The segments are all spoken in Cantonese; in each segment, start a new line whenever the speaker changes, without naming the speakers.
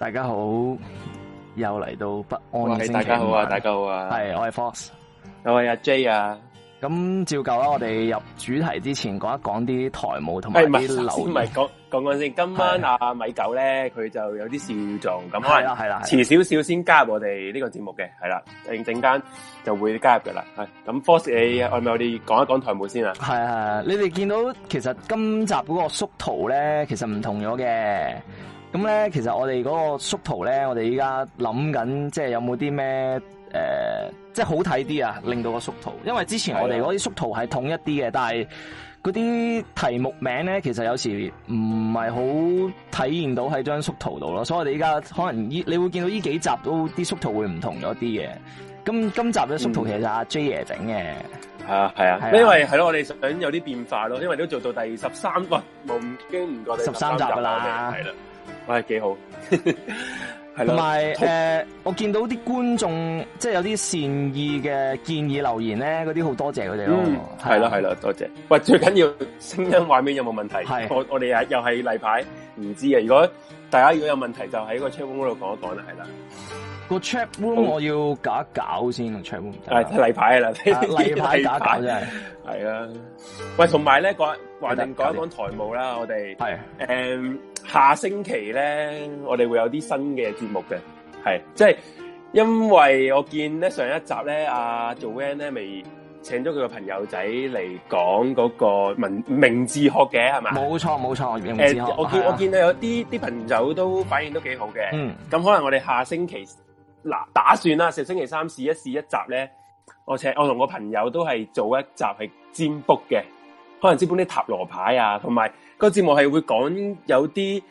大家好，又嚟到不安嘅星期五。大家好啊，大家好啊，係，我係 Force，我係阿 J 啊。咁照舊啦，我哋入主題之前講一講啲台務同埋啲樓。唔係
講講講先，今晚阿米狗咧，佢就有啲事要做，咁係啦係啦，遲少少先加入我哋呢個節目嘅，係啦，陣間就會加入嘅啦。係咁，Force 你係咪我哋講一講台務先啊？係係，你哋見到其實今集
嗰個縮圖咧，其實唔同咗嘅。咁咧、嗯，其實我哋嗰個縮圖咧，我哋依家諗緊，即係有冇啲咩誒，即係好睇啲啊，令到個縮圖。因為之前我哋嗰啲縮圖係統一啲嘅，但係嗰啲題目名咧，其實有時唔係好體現到喺張縮圖度咯。所以我哋依家可能依，你會見到依幾集都啲縮圖會唔同咗啲嘅。咁今集嘅縮圖其實阿 J 爺
整嘅，係啊係啊，因為係咯，我哋想有啲變化咯。因為都做到第十三集唔經唔覺得十三集噶啦，係啦。了 okay, 係幾好，係同埋誒，
我見到啲觀眾即係有啲善意嘅建議留言咧，嗰啲好多謝佢哋咯，係啦係啦，
多謝。喂，最緊要聲音畫面有冇問題？係我我哋又又係例牌，唔知啊。如果大家如果有問題，就喺個 chat room 嗰度講一講係係啦。
個 chat room 我要搞一搞先，chat room 係例牌啦，例牌搞真係係啦。
喂，同埋咧講，話定講一講台務啦，我哋係誒。下星期咧，我哋會有啲新嘅節目嘅，係即係因為我見咧上一集咧，阿 Joanne 咧未請咗佢個朋友仔嚟講嗰個文名，名字學嘅係咪？冇
錯冇錯，呃，我見、啊、我見
到有啲啲朋友都反應都幾好嘅，嗯，咁可能我哋下星期嗱打算啦，上星期三試一試一，試一集咧，我請我同個朋友都係做一集係占卜嘅，可能占本啲塔羅牌啊，同埋。個節目係會講有啲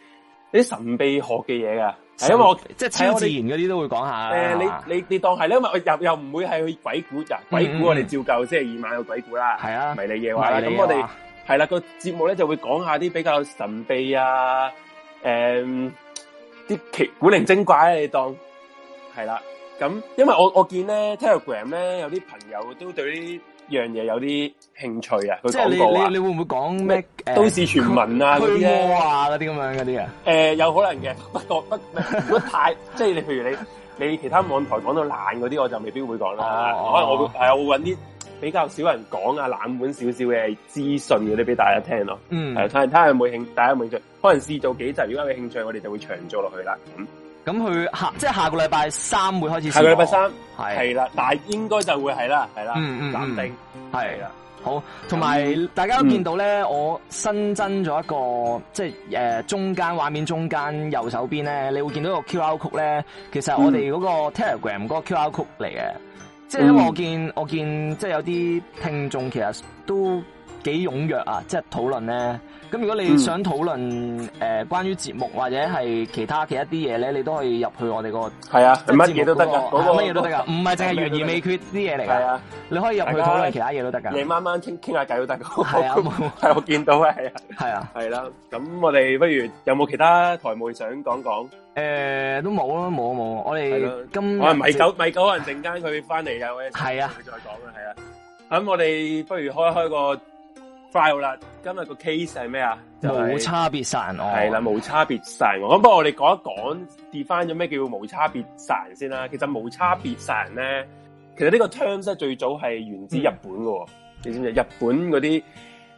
啲神秘學嘅嘢噶，係因為我即係超自然嗰啲都會講下。誒，你你你當係因為又又唔會係去鬼故噶，鬼故我哋照舊即係二晚有鬼故啦，係啊，迷離夜話啦。咁我哋係啦，個節目咧就會講下啲比較神秘啊，誒、嗯，啲奇古靈精怪啊，你當係啦。咁、啊、因為我我見咧 Telegram 咧有啲朋友都對呢。一樣嘢有啲興趣啊！即係你你，你會唔會講咩都市傳聞啊、驅魔啊
嗰啲咁樣啲啊？誒、
啊呃，有可能嘅， 不過不如果太即係你，譬如你你其他網台講到爛嗰啲，我就未必會講啦。可能、哦、我，我會係啊，我會搵啲比較少人講啊、冷門少少嘅資訊嗰啲俾大家聽咯。嗯、啊，睇睇下有冇興，大家有，有冇興趣，可能試做幾集。如果有興趣，我哋就會長做落去啦。咁。咁佢
下即係、就是、下個禮拜三會開始，下個禮拜三係啦是，但係應該就會係啦，係啦，暫、嗯嗯、定係啦。是了好，同埋、嗯、大家都見到咧，嗯、我新增咗一個、嗯、即係誒中間畫面中間右手邊咧，你會見到個個 QR Code 咧，其實我哋嗰個 Telegram 嗰個 QR Code 嚟嘅，嗯、即係因為我見、嗯、我見即係有啲聽眾其實都。幾踴躍啊！即係討論咧，咁如果你想討論，誒關於節目或者係其他嘅一啲嘢咧，你都可以入去
我哋個係啊，乜嘢都得噶，嗰個乜嘢都得噶，唔係淨係懸而未決啲嘢嚟噶，係啊，你可以入去討論其他嘢都得噶，你晚晚傾傾下偈都得噶，係啊，我見到啊，係啊，係啊，係啦，咁我哋不如有冇其他台妹想講講？誒，都冇啊，冇冇，我哋今我係咪九咪九人陣間佢翻嚟噶。係啊，佢再講啊，係啊，咁我哋不如開開個。啦，今日個 case 係咩啊？冇、就是、差別殺人，係啦，冇差別殺人。咁 不過我哋講一講，define 咗咩叫冇差別殺人先啦。其實冇差別殺人咧，其實個呢個 terms 最早係源自日本噶，嗯、你知唔知？日本嗰啲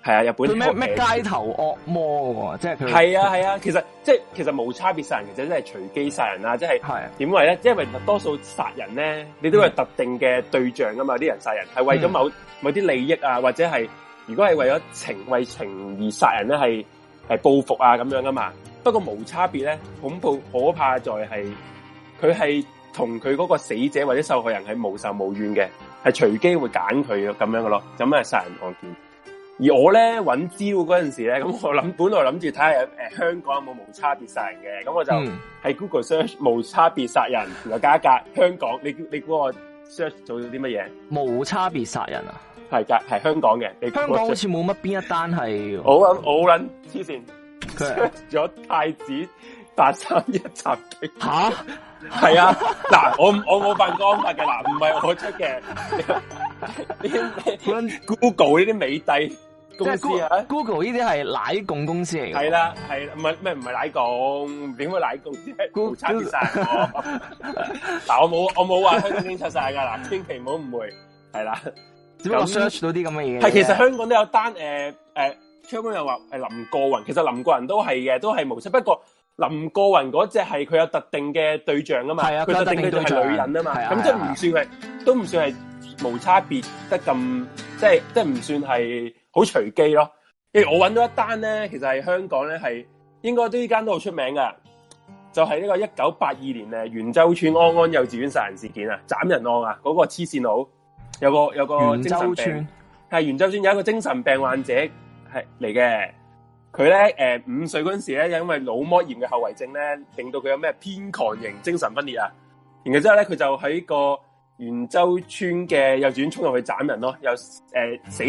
係啊，日本咩咩街頭惡
魔喎、啊。即係佢係啊係啊 其。其
實即係其實冇差別殺人，其實真係隨機殺人啦、啊。即係點為咧？因為多數殺人咧，你都會有特定嘅對象噶嘛。啲、嗯、人殺人係為咗某、嗯、某啲利益啊，或者係。如果係為咗情為情而殺人咧，係係報復啊咁樣噶嘛？不過無差別咧，恐怖可怕在係佢係同佢嗰個死者或者受害人係無仇無怨嘅，係隨機會揀佢咁樣噶咯，咁咪係殺人案件。而我咧揾招嗰陣時咧，咁我諗本來諗住睇下誒香港有冇無差別殺人嘅，咁我就喺 Google search 無差別殺人，然後加格香港，你你估我 search 做咗啲乜嘢？
無差別
殺人啊！係噶，係香港嘅。你香港好似冇乜邊一單係。O 倫 O 倫黐線，之前出咗太子八三一襲擊吓？係啊。嗱，我我冇扮光法嘅，嗱，唔係我出嘅。Google 呢啲美帝公司啊
？Google 呢啲係奶共
公司嚟嘅。係啦，係啦，唔係咩唔係奶共？點會奶共啫？出晒我。嗱，我冇我冇話香港已經出晒噶啦，千祈唔好誤會。係啦。咁我 search 到
啲咁嘅嘢，係其實香
港都有單誒誒，香港又話係林過雲，其實林過雲都係嘅，都係無失。不過林過雲嗰隻係佢有特定嘅對象啊嘛，佢、啊、特定嘅對象係女人啊嘛，咁即係唔算係、啊啊、都唔算係無差別得咁即係即係唔算係好隨機咯。譬如我揾到一單咧，其實係香港咧係應該都呢間都好出名噶，就係、是、呢個一九八二年嘅元洲村安安幼稚園殺人事件斬人啊，斬人案啊，嗰個黐線佬。有個有個精神病係圓洲村有一個精神病患者係嚟嘅，佢咧誒，五歲嗰陣時咧，因為腦膜炎嘅後遺症咧，令到佢有咩偏狂型精神分裂啊，然後之後咧佢就喺個圓洲村嘅幼稚園衝入去斬人咯，又誒、呃、死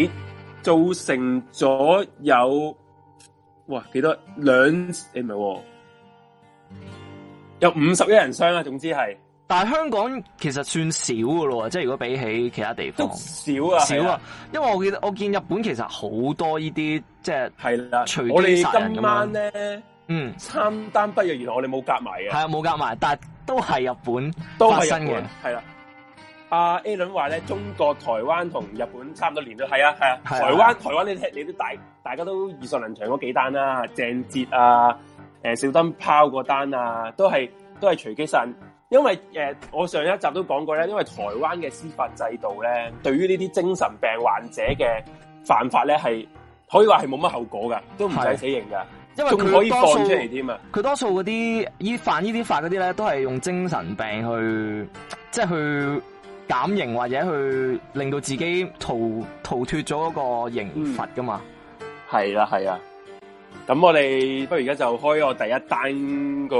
造成咗有哇幾多兩誒唔係，有五十幾人傷啊，總之係。但係香港其實算少噶咯，即係如果比起其他地方，都少啊，少啊了，是的
因為我記得我見日本其實好多呢啲，即係係啦，隨機殺人的我哋今晚咧，
嗯參，參單不如原來我哋冇夾埋啊，係啊，冇夾埋，但係都係日本都發生嘅，係啦。阿 A 倫話咧，中國台灣同日本差唔多年都係啊，係啊是的，台灣台灣你你都大，大家都耳熟能詳嗰幾單啦，鄭捷啊，誒、啊呃，小燈泡嗰單啊，都係都係隨機殺人因為誒、呃，我上一集都講過咧，因為台灣嘅司法制度咧，對於呢啲精神病患者嘅犯法咧，係可以話係冇乜後果噶，都唔使死刑噶，因為佢可以放出嚟添啊。
佢多數嗰啲依犯呢啲法嗰啲咧，都係用精神病去即係去減刑或者去令到自己逃逃脱咗嗰個刑罰噶嘛、嗯，係啦係啊。是
咁我哋不如而家就開我第一單個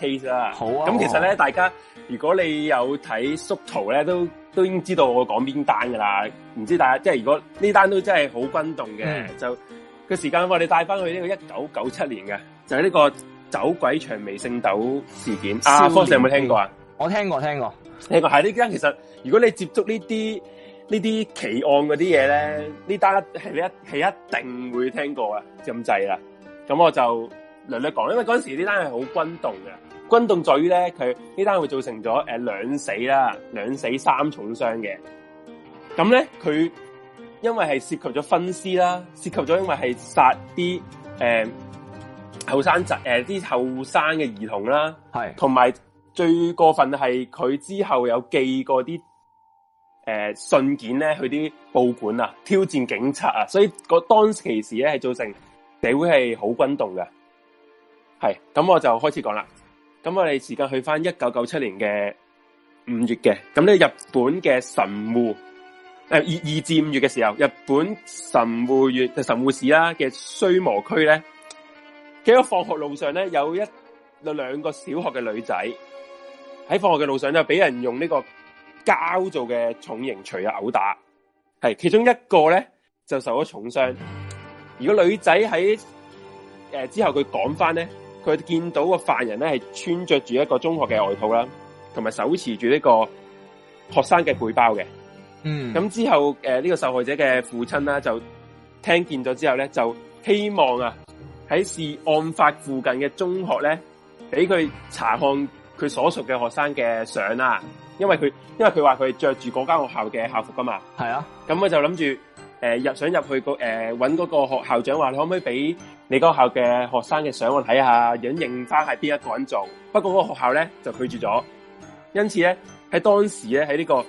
case 啦。好啊。咁其實咧，哦啊、大家如果你有睇縮圖咧，都都已經知道我講邊單噶啦。唔知大家即係如果呢單都真係好轟動嘅、嗯，就個時間我哋帶翻去呢個一九九七年嘅，就係呢個酒鬼薔薇聖斗事件。阿方，Sir, 年 S、啊、有冇聽過啊？我聽過聽過，聽過係呢間。其實如果你接觸呢啲呢啲奇案嗰啲嘢咧，呢單係一係一定會聽過嘅，咁滯啦。咁我就略略講，因為嗰陣時呢單係好轟動嘅，轟動在於咧佢呢單會造成咗誒兩死啦，兩死三重傷嘅。咁咧佢因為係涉及咗分屍啦，涉及咗因為係殺啲誒後生仔誒啲後生嘅兒童啦，係同埋最過分係佢之後有寄過啲誒、呃、信件咧去啲報館啊，挑戰警察啊，所以個當其時咧係造成。地會係好轟動嘅，係咁我就開始講啦。咁我哋時間去翻一九九七年嘅五月嘅，咁呢日本嘅神戶，誒二二至五月嘅時候，日本神戶月神戶市啦嘅須磨區咧，喺放學路上咧有一兩兩個小學嘅女仔喺放學嘅路上就俾人用呢個膠做嘅重型錘啊毆打，係其中一個咧就受咗重傷。如果女仔喺誒之後佢講翻咧，佢見到個犯人咧係穿着住一個中學嘅外套啦，同埋手持住呢個學生嘅背包嘅。嗯，
咁之後
誒呢、呃這個受害者嘅父親啦、啊、就聽見咗之後咧就希望啊喺事案發附近嘅中學咧俾佢查看佢所屬嘅學生嘅相啦，因為佢因為佢話佢着住嗰間學校嘅校服噶嘛。係啊，咁我就諗住。誒，入、呃、想入去個誒，搵、呃、嗰個學校長話，你可唔可以俾你嗰個學校嘅學生嘅相我睇下，想認翻係邊一個人做？不過嗰個學校咧就拒絕咗。因此咧，喺當時咧，喺呢個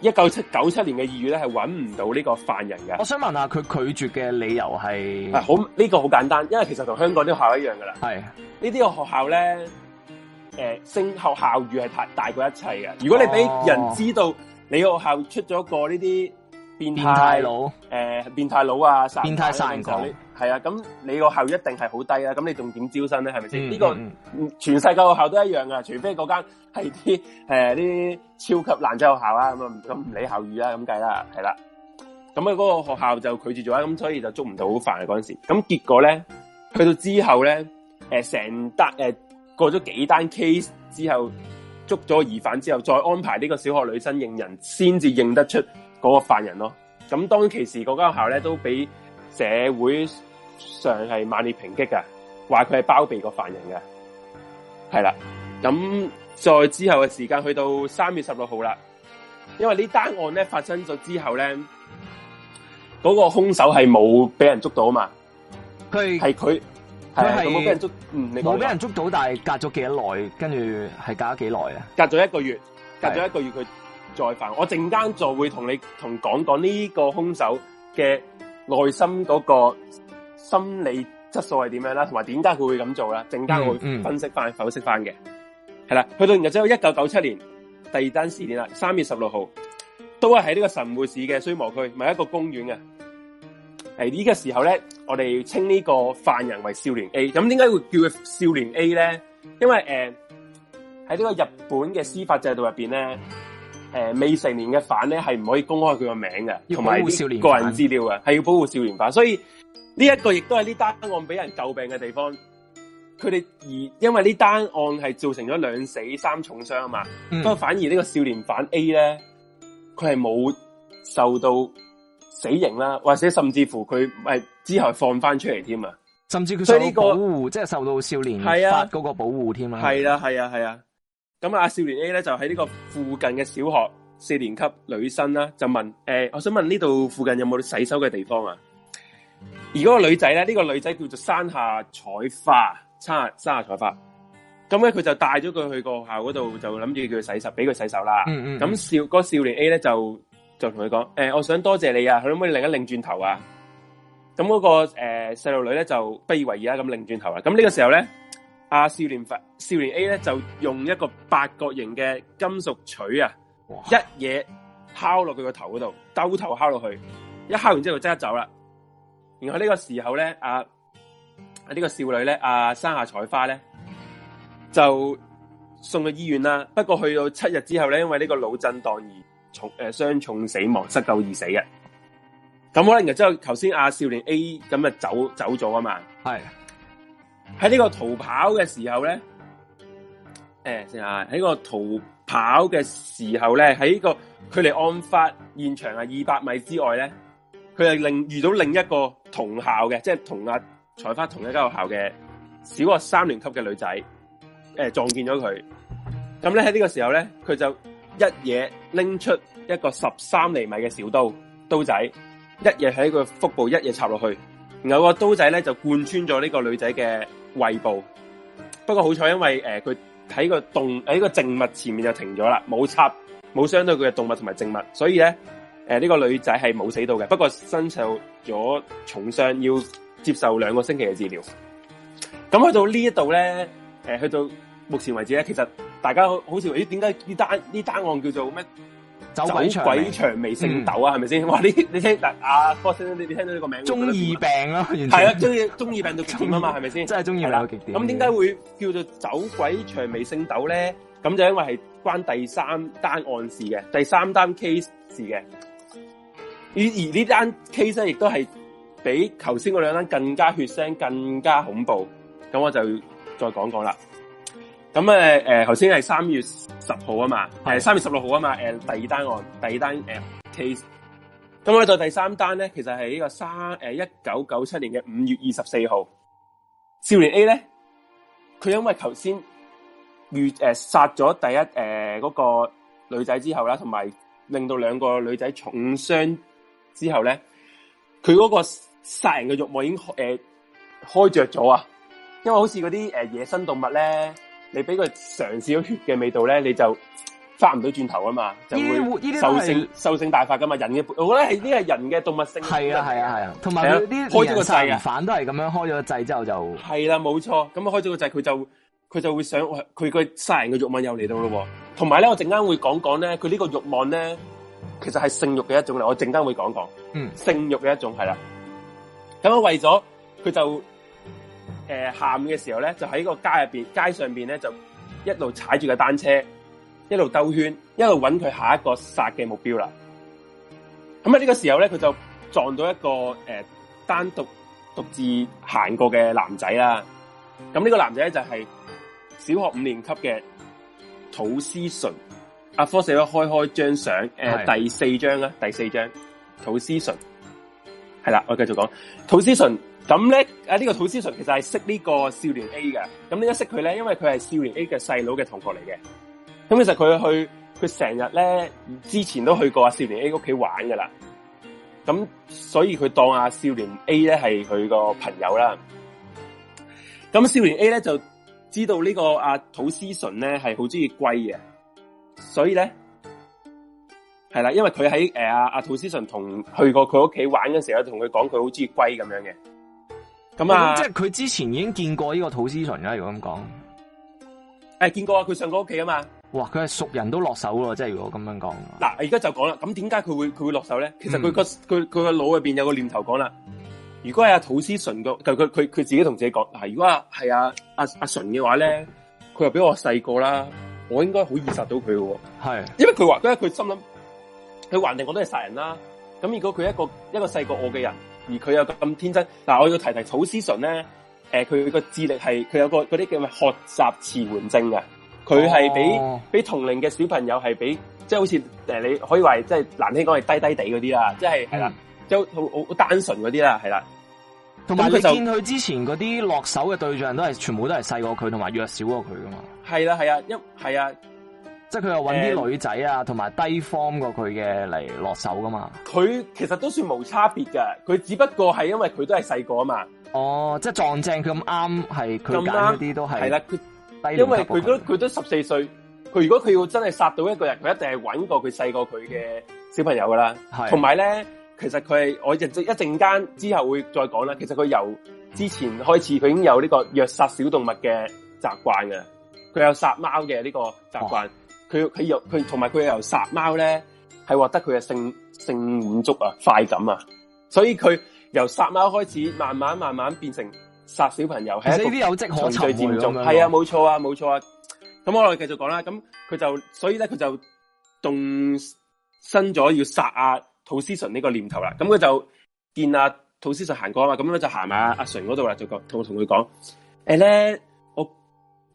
一九七九七年嘅二月咧，係搵唔到呢個犯人嘅。我想問下，佢拒絕嘅理由係啊？好呢、嗯，這個好簡單，因為其實同香港啲學校一樣噶啦。係呢啲個學校咧，誒、呃，聲學校譽係太大過一切嘅。如果你俾人知道你個學校出咗個呢啲。變態佬誒，變態佬啊，變態晒港係啊，咁你個、啊、校一定係好低啊。咁你仲點招生咧？係咪先？呢、嗯呢個全世界的學校都一樣噶、啊，除非嗰間係啲誒啲超級爛仔學校啦、啊，咁啊咁唔理校譽啦，咁計啦，係啦。咁啊，嗰、啊、個學校就拒絕咗，咁所以就捉唔到好犯嗰陣時。咁結果咧，去到之後咧，誒成單誒過咗幾單 case 之後，捉咗疑犯之後，再安排呢個小學女生認人，先至認得出。嗰個犯人咯、哦，咁當其時嗰間學校咧都俾社會上係猛烈抨擊㗎，話佢係包庇個犯人嘅，係啦。咁再之後嘅時間去到三月十六號啦，因為呢單案咧發生咗之後咧，嗰、嗰個凶手係冇俾人捉到啊嘛，佢係佢佢
係冇俾人捉，
唔、嗯、你講冇俾人捉
到，但係隔咗幾耐，跟住係隔咗幾
耐啊？隔咗一個月，隔咗一個月佢。再犯，我陣間就會同你同講講呢個凶手嘅內心嗰個心理質素係點樣啦，同埋點解佢會咁做啦？陣間我會分析翻、剖析翻嘅。係啦，去到然之後，一九九七年第二單事件啦，三月十六號都係喺呢個神戶市嘅須磨區，咪一個公園嘅。誒，呢個時候咧，我哋稱呢個犯人為少年 A。咁點解會叫佢少年 A 咧？因為誒喺呢個日本嘅司法制度入邊咧。嗯誒、呃，未成年嘅犯咧係唔可以公開佢個名嘅，同埋少年，個、個人資料嘅，係要保護少年犯。所以呢一個亦都係呢單案俾人詬病嘅地方。佢哋而因為呢單案係造成咗兩死三重傷啊嘛，不過、嗯、反而呢個少年犯 A 咧，佢係冇受到死刑啦，或者甚至乎佢係之後放翻出嚟添啊，甚
至佢受保護，即係、這個、受到少年法嗰個保護添啊，係啦，
係啊，係啊。是啊。咁啊！少年 A 咧就喺呢個附近嘅小學四年級女生啦，就問誒、呃，我想問呢度附近有冇洗手嘅地方啊？而嗰個女仔咧，呢、這個女仔叫做山下彩花，差山，山下彩花。咁咧，佢就帶咗佢去個學校嗰度，就諗住叫佢洗手，俾佢洗手啦。嗯嗯。咁少少年 A 咧就就同佢講誒，我想多謝，謝你啊，佢可唔可以另一擰轉頭啊？咁嗰、那個誒細路女咧就不以為意啦，咁擰轉頭啦。咁呢個時候咧。阿、啊、少年佛少年 A 咧就用一個八角形嘅金屬錘啊，哇一嘢敲落佢個頭嗰度，兜頭敲落去，一敲完之後就即刻走啦。然後呢個時候咧，阿阿呢個少女咧，阿、啊、山下彩花咧就送去醫院啦。不過去到七日之後咧，因為呢個腦震盪而重誒傷、呃、重死亡，失救而死嘅。咁好啦，然之後頭先阿少年 A 咁啊走走咗啊嘛，係。喺呢個逃跑嘅時候咧，誒，先下喺個逃跑嘅時候咧，喺呢個距離案發現場啊二百米之外咧，佢係另遇到另一個同校嘅，即係同阿彩花同一間學校嘅小學三年級嘅女仔，誒，撞見咗佢。咁咧喺呢個時候咧，佢就一嘢拎出一個十三厘米嘅小刀刀仔，一嘢喺佢腹部一嘢插落去，然後那個刀仔咧就貫穿咗呢個女仔嘅。胃部，不過好彩，因為誒佢喺個動喺個靜脈前面就停咗啦，冇插冇傷到佢嘅動脈同埋靜脈，所以咧誒呢、呃這個女仔係冇死到嘅，不過身受咗重傷，要接受兩個星期嘅治療。咁、嗯、去到呢一度咧，誒、呃、去到目前為止咧，其實大家好似咦點解呢單呢單案叫做咩？走鬼薔薇聖斗啊，係咪先？哇！你你聽嗱，阿哥生，你、啊、你，你聽到呢個名字？中二病咯，係啊，中意中二病到極點啊嘛，係咪先？真係中意到極點。咁歡點解了會叫做走鬼薔薇聖斗咧？咁、嗯、就因為係關第三單案事嘅，第三單 case 事嘅。而而這呢單 case 咧，亦都係比頭先嗰兩單更加血腥、更加恐怖。咁我就再講講啦。咁誒，誒，頭先係三月十號啊嘛，係三、呃、月十六號啊嘛，誒、呃，第二單案，第二單誒、呃、case。咁我到第三單咧，其實係呢、這個三誒一九九七年嘅五月二十四號，少年 A 咧，佢因為頭先，遇、呃、誒殺咗第一誒嗰、呃那個女仔之後啦，同埋令到兩個女仔重傷之後咧，佢嗰個殺人嘅慾望已經誒開、呃、開着咗啊，因為好似嗰啲誒野生動物咧。你畀佢嘗試咗血嘅味道呢，你就翻唔到轉頭啊嘛，就會獸性，獸性大發㗎嘛，人嘅我覺得係呢，係人嘅動物性係啊，係啊，係啊，同埋佢啲開咗個掣反都係咁樣，開咗個掣之後就係啦，冇錯，咁開咗個掣佢就，佢就會想，佢個殺人嘅慾望又嚟到咯喎，同埋呢，我陣間會講講咧，佢呢個慾望咧，其實係性慾嘅一種嚟，我陣間會講講，嗯，性慾嘅一種，係啦，咁啊為咗佢就。誒，下午嘅時候咧，就喺個街入邊，街上邊咧就一路踩住個單車，一路兜圈，一路揾佢下一個殺嘅目標啦。咁、嗯、啊，呢、這個時候咧，佢就撞到一個誒、呃、單獨獨自行過嘅男仔啦。咁、嗯、呢、這個男仔呢就係、是、小學五年級嘅土司純。阿科社開開張相，誒是、啊，第四張啦，第四張土司純。係啦，我繼續講土司純。咁咧，呢、啊呢個土司純其實係識呢個少年 A 嘅。咁點解識佢咧？因為佢係少年 A 嘅細佬嘅同學嚟嘅。咁其實佢去佢成日咧，之前都去過少年 A 屋企玩噶啦。咁所以佢當阿少年 A 咧係佢個朋友啦。咁少年 A 咧就知道呢個阿土司純咧係好中意龜嘅。所以咧係啦，因為佢喺誒阿阿土司純同去過佢屋企玩嘅時候，同佢講佢好中意龜咁樣嘅。咁啊！即係佢
之前已經見過呢個土司淳啦，如果咁講，
誒、哎、見過啊，佢上過屋企啊嘛。
哇，佢係熟人都落手咯，即係如果咁樣講。嗱，
而家就講啦，咁點解佢會佢會落手咧？其實佢個佢佢個腦入邊有個念頭講啦。如果係阿土司淳佢佢佢自己同自己講，如果係阿係阿阿淳嘅話咧，佢又俾我細個啦，我應該好易殺到佢喎，係是，因為佢話佢一刻心諗，佢還定我都係殺人啦、啊。咁如果佢一個一個細我嘅人。而佢有咁天真，但我要提提草思純咧，誒、呃，佢個智力係佢有個嗰啲叫咩學習遲緩症嘅，佢係比、哦、比同齡嘅小朋友係比，即係好似誒，你可以話即係難聽講係低低地嗰啲啦，嗯、即係係啦，即係好好好單純嗰啲啦，係啦。同埋佢見
佢之前嗰啲落手嘅對象都係全部都係細過佢同埋弱少過佢噶嘛？
係啦係啊，因係啊。
即係佢又搵啲女仔啊，同埋低 form 過佢嘅嚟落手噶嘛？佢
其實都算冇差別㗎，佢只不過係因為佢都係細個啊嘛。
哦，即係撞正佢咁啱係佢揀，嗰啲都係係啦，
因為佢都佢都十四歲，佢如果佢要真係殺到一個人，佢一定係搵過佢細過佢嘅小朋友噶啦。同埋咧，其實佢係我一陣一陣間之後會再講啦。其實佢由之前開始，佢已經有呢個虐殺小動物嘅習慣嘅，佢有殺貓嘅呢個習慣。哦佢佢佢同埋佢由殺貓咧，係獲得佢嘅性性滿足啊、快感啊，所以佢由殺貓開始，慢慢慢慢變成殺小朋友，係呢啲有跡可尋，係啊，啊，冇錯啊，冇錯啊。咁、啊、我哋繼續講啦。咁佢就所以咧，佢就動身咗要殺阿、啊、土師淳呢個念頭啦。咁佢就見阿、啊、土師淳行過啊嘛，咁咧就行埋阿阿淳嗰度啦，就同同佢講，誒咧。欸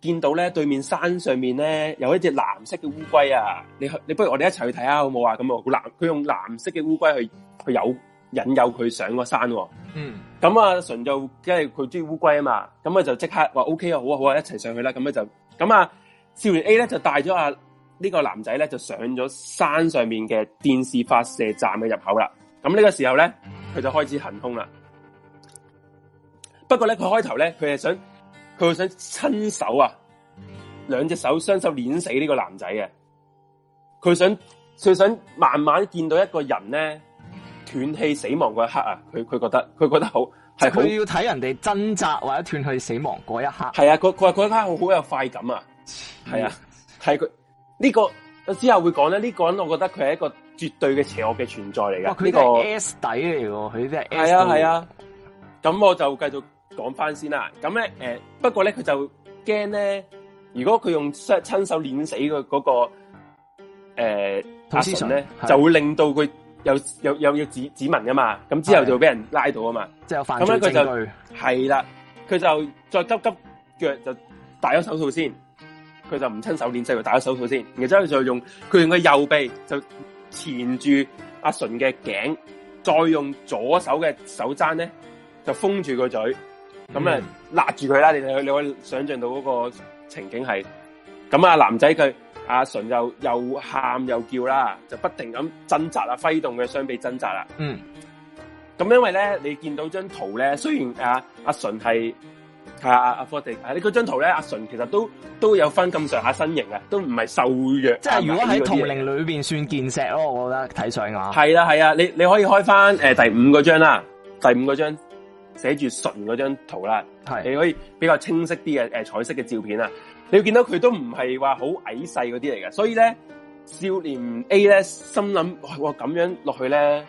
見到咧對面山上面咧有一隻藍色嘅烏龜啊！你去你不如我哋一齊去睇下好冇啊？咁啊，藍佢用藍色嘅烏龜去去誘引誘佢上個山啊。嗯，咁啊，純就即係佢中意烏龜啊嘛，咁啊就即刻話 O K 啊，好啊好啊，一齊上去啦。咁咧就咁啊，少年 A 咧就帶咗啊呢、呢個男仔咧就上咗山上面嘅電視發射站嘅入口啦。咁呢個時候咧，佢就開始行凶啦。不過咧，佢開頭咧，佢係想。佢想親手啊，兩隻手雙手碾死呢個男仔嘅，佢想佢想慢慢見到一個人咧斷氣死亡嗰一刻啊，佢佢覺得佢覺得好係佢要睇人哋掙扎或者斷氣死亡嗰一刻，係啊，佢佢話嗰一刻好好有快感啊，係啊，係佢呢個之後會講咧，呢、這個人我覺得佢係一個絕對嘅邪惡嘅存在嚟噶，呢個 S 底嚟佢啲係 S 到、這個，係啊係啊，咁、啊、我就繼續。講翻先啦，咁咧誒，不過咧佢就驚咧，如果佢用親手碾死佢嗰、那個誒、呃、阿純咧，的就會令到佢有有有有指指紋噶嘛，咁之後就俾人拉到啊嘛，即係有犯罪證據，係啦，佢就再急急腳就戴咗手套先，佢就唔親手碾死佢，戴咗手套先，然之後佢就用佢用個右臂就纏住阿純嘅頸，再用左手嘅手踭咧就封住個嘴。咁啊，勒、嗯、住佢啦！你你你可以想象到嗰個情景係咁啊，男仔佢阿純又又喊又叫啦，就不停咁掙扎啦，揮動嘅雙臂掙扎啦。嗯。咁因為咧，你見到張圖咧，雖然啊，阿純係啊阿阿 Forty，你嗰張圖咧，阿、啊、純其實都都有分咁上下身形嘅，都唔係瘦弱。即係如果喺同齡
裏邊算健碩咯，我覺得睇上眼。係
啦、啊，係啊，你你可以開翻誒第五個張啦，第五個張。寫住純嗰張圖啦，是你可以比較清晰啲嘅誒彩色嘅照片啦，你要見到佢都唔係話好矮細嗰啲嚟嘅。所以咧，少年 A 咧心諗、哦哦，我咁樣落去咧，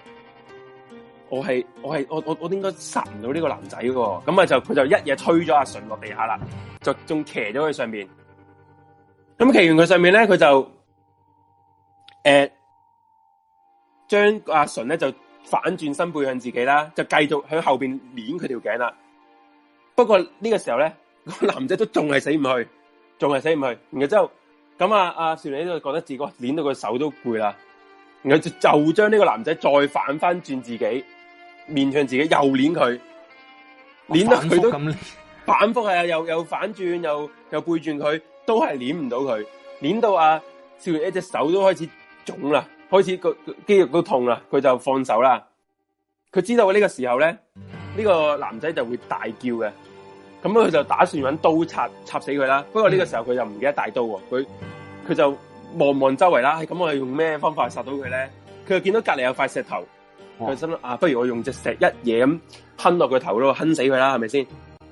我係我係我我我應該殺唔到呢個男仔喎？咁啊就佢就一夜推咗阿純落地下啦，就仲騎咗佢上面。咁騎完佢上面咧，佢就誒、呃、將阿純咧就。反轉身背向自己啦，就繼續向後邊捻佢條頸啦。不過呢個時候咧，個男仔都仲係死唔去，仲係死唔去。然後之後咁啊，阿少年就覺得自己捻到個手都攰啦。然後就將呢個男仔再反翻轉自己，面向自己又捻佢，捻得佢都咁反覆係 啊，又又反轉又又背轉佢，都係捻唔到佢，捻到阿少年一隻手都開始腫啦。開始個肌肉都痛啦，佢就放手啦。佢知道呢個時候咧，呢、呢個男仔就會大叫嘅。咁佢就打算搵刀插插死佢啦。不過呢個時候佢就唔記得帶刀喎。佢佢就望望周圍啦。咁我哋用咩方法殺到佢咧？佢就見到隔籬有塊石頭，佢哇心諗啊，不如我用隻石一嘢咁，吞落佢頭咯，吞死佢啦，係咪先？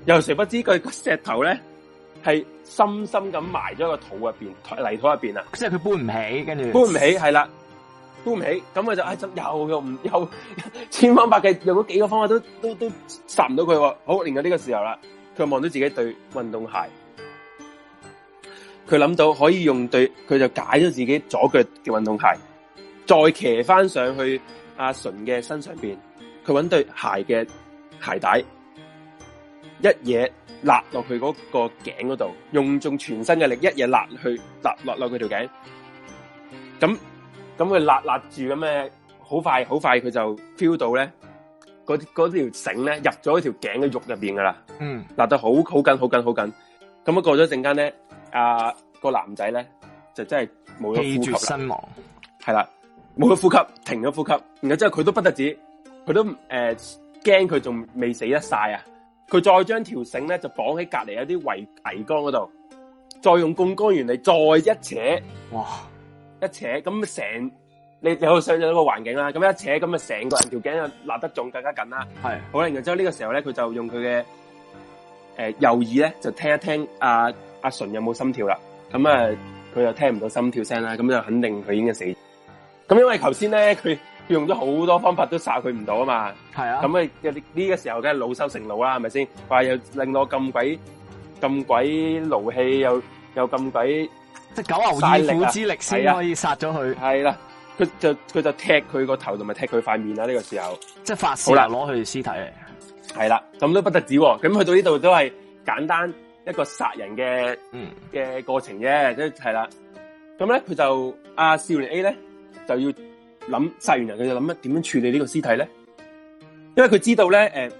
又誰不知佢個石頭咧，係深深咁埋咗個土入邊、泥土入邊啦。即係佢搬唔起，跟住搬唔起，係啦。都唔起，咁佢就唉、哎，又唔又，又千方百計用嗰幾個方法都都都殺唔到佢。好，嚟到呢個時候啦，佢望到自己對運動鞋，佢諗到可以用對，佢就解咗自己左腳嘅運動鞋，再騎翻上去阿純嘅身上邊，佢揾對鞋嘅鞋帶，一嘢勒落去嗰個頸嗰度，用盡全身嘅力，一嘢勒去勒落落佢條頸，咁。咁佢勒勒住咁嘅，好快好快佢就 feel 到咧，嗰嗰條繩咧入咗條頸嘅肉入邊噶啦，勒、嗯、得好好緊好緊好緊。咁啊過咗一陣間咧，阿個男仔咧就真係冇咗呼吸記住身亡。係啦，冇咗呼吸，停咗呼吸。然後之後佢都不得止，佢都誒驚佢仲未死得晒啊！佢再將條繩咧就綁喺隔籬有啲圍圍杆嗰度，再用槓桿原理再一扯，哇！一扯咁成，你可以想像到個環境啦，咁一扯咁啊，成個人條頸就勒得仲更加緊啦。係，好啦，然之後呢個時候咧，佢就用佢嘅誒右耳咧，就聽一聽阿阿純有冇心跳啦。咁啊，佢又聽唔到心跳聲啦，咁就肯定佢已經死。咁因為頭先咧，佢用咗好多方法都殺佢唔到啊嘛。
係啊，咁啊，
有呢呢個時候梗係惱羞成怒啦，係咪先？話又令到我咁鬼咁鬼勞氣，又又咁鬼。即
九牛二虎之力先可以
殺咗佢，係啦，佢、啊啊啊、就佢就踢佢個頭和他的，同埋踢佢塊面啦，呢個時候即
法師攞
佢屍體，係啦、啊，咁都不得止咁、啊、去到呢度都係簡單一個殺人嘅，嗯嘅過程啫，即係啦。咁咧佢就阿、啊、少年 A 咧就要諗殺完人，佢就諗乜點樣處理這個屍體呢個屍體咧？因為佢知道咧，誒、呃。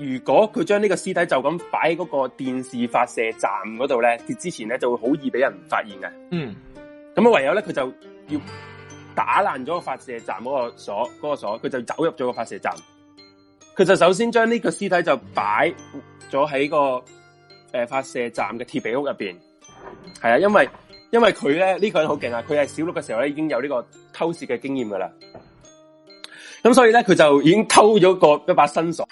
如果佢將呢個屍體就咁擺喺嗰個電視發射站嗰度咧，之前咧就會好易俾人發現嘅。嗯，咁啊唯有咧佢就要打爛咗個發射站嗰個鎖，嗰個鎖，佢就走入咗個發射站。佢就首先將呢個屍體就擺咗喺個誒、呃、發射站嘅鐵皮屋入邊。係啊，因為因為佢咧呢個人好勁啊，佢係小六嘅時候咧已經有呢個偷竊嘅經驗噶啦。咁所以咧佢就已經偷咗個一把新鎖。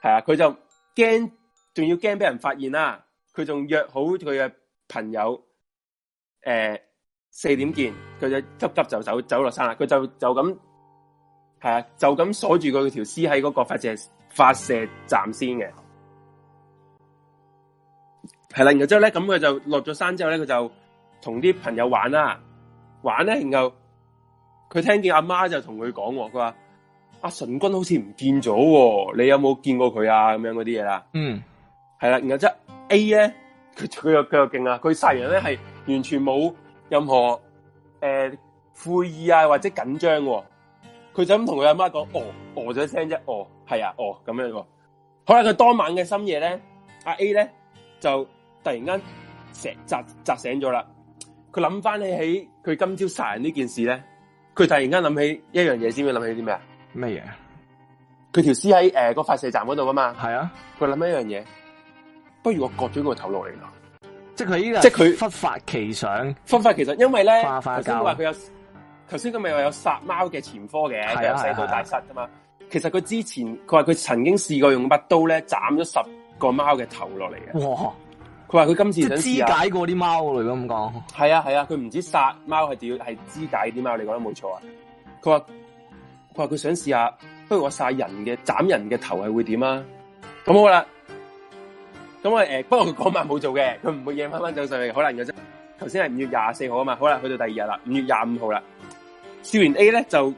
係啊，佢就驚，仲要驚俾人發現啦、啊。佢仲約好佢嘅朋友，誒、呃，四點見。佢就急急就走，走落山啦。佢就就咁，係啊，就咁鎖住佢條屍喺嗰個發射發射站先嘅。係啦、啊，然後之後咧，咁佢就落咗山之後咧，佢就同啲朋友玩啦、啊，玩咧，然後佢聽見阿媽就同佢講，佢話。阿淳、啊、君好似唔見咗、哦，你有冇見過佢啊？咁樣嗰啲嘢啦，
嗯，
係啦，然後即係 A 咧，佢佢又佢又勁啊！佢殺人咧係完全冇任何誒、呃、悔意啊，或者緊張、哦。佢就咁同佢阿媽講，哦哦咗聲啫，哦係、哦、啊，哦咁樣哦。好啦，佢當晚嘅深夜咧，阿、啊、A 咧就突然間紮醒咗啦。佢諗翻起佢今朝殺人呢件事咧，佢突然間諗起一樣嘢，先會諗起啲咩啊？咩嘢？佢條屍喺誒個發射站嗰度啊嘛，係啊。佢諗一樣嘢，不如我割咗個頭落嚟咯。即係佢呢個，即係佢忽發奇想。忽發奇想？因為咧，頭先話佢有，頭先佢咪話有殺貓嘅前科嘅，啊、有死到大失噶嘛。啊、其實佢之前，佢話佢曾經試過用把刀咧斬咗十個貓嘅頭落嚟嘅。哇！佢話佢今次想肢解過啲貓嚟咯，咁講。係啊係啊，佢唔、啊、止殺貓，係點係肢解啲貓？你講得冇錯啊？佢話。話佢想試下，不如我晒人嘅，斬人嘅頭係會點啊？咁好啦，咁誒、呃，不過佢嗰晚冇做嘅，佢唔會影翻翻走上嘅。好啦，然之後頭先係五月廿四號啊嘛，好啦，去到第二日啦，五月廿五號啦，笑完 A 咧就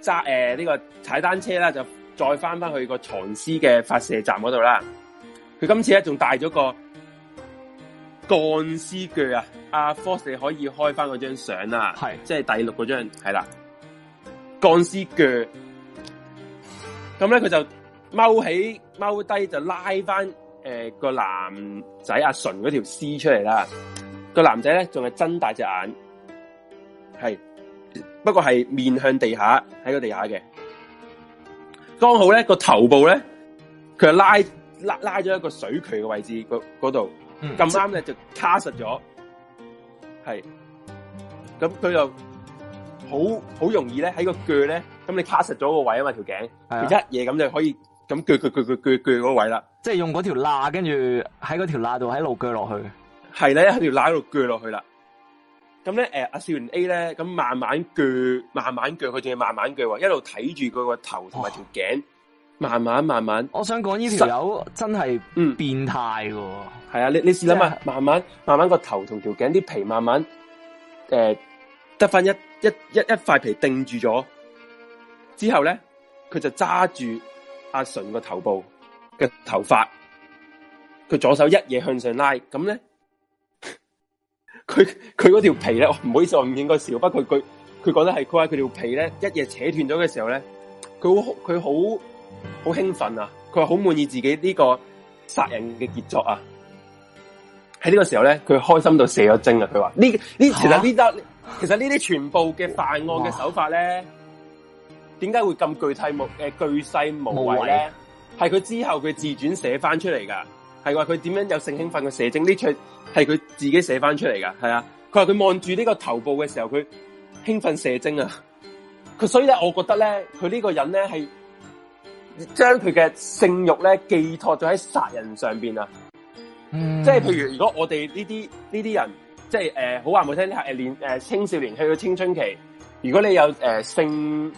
揸誒呢個踩單車啦，就再翻翻去個藏屍嘅發射站嗰度啦。佢今次咧仲帶咗個鋼絲鋸啊！阿 Force 可以開翻嗰張相啊，係是即係第六嗰張係啦。鋼絲腳咁，咧佢就踎起踎低就拉翻誒個男仔阿純嗰條屍出嚟啦。個男仔咧仲係睜大隻眼，係不過係面向地下喺個地下嘅，剛好咧個頭部咧佢拉拉拉咗一個水渠嘅位置嗰度，咁啱咧就卡實咗，係咁佢就。好好容易咧，喺個鋸咧，咁你卡實咗個位啊嘛，條頸係一嘢咁就可以咁鋸鋸鋸鋸鋸鋸嗰位啦，
即係用嗰條罅，跟住喺嗰條罅度喺度鋸落去，係咧喺條
罅度鋸落去啦。咁咧，誒、呃，阿少年 A 咧，咁慢慢鋸，慢慢鋸，佢仲要慢慢鋸啊，一路睇住佢個頭同埋條頸，哦、慢慢慢慢。我想講呢條友真係變變態噶，係、嗯、啊，你你試諗下，慢慢慢慢個頭同條頸啲皮慢慢誒。呃得翻一一一一塊皮定住咗之後咧，佢就揸住阿純個頭部嘅頭髮，佢左手一嘢向上拉，咁咧，佢佢嗰條皮咧，唔好意思，我唔應該笑，不過佢佢覺得係佢話佢條皮咧一嘢扯斷咗嘅時候咧，佢好佢好好興奮啊！佢話好滿意自己呢個殺人嘅傑作啊！喺呢個時候咧，佢開心到射咗精啊！佢話呢呢，其實呢、這個其實呢啲全部嘅犯案嘅手法咧，點解會咁巨細無誒巨細無遺咧？係佢畏之後佢自轉寫翻出嚟噶，係話佢點樣有性興奮嘅射精呢出係佢自己寫翻出嚟噶，係啊，佢話佢望住呢個頭部嘅時候，佢興奮射精啊！佢 所以咧，我覺得咧，佢呢個人咧係將佢嘅性欲咧寄託咗喺殺人上邊啊！嗯、即係譬如，如果我哋呢啲呢啲人。即係誒、呃，好話唔好聽，誒年誒青少年去到青春期，如果你有誒、呃、性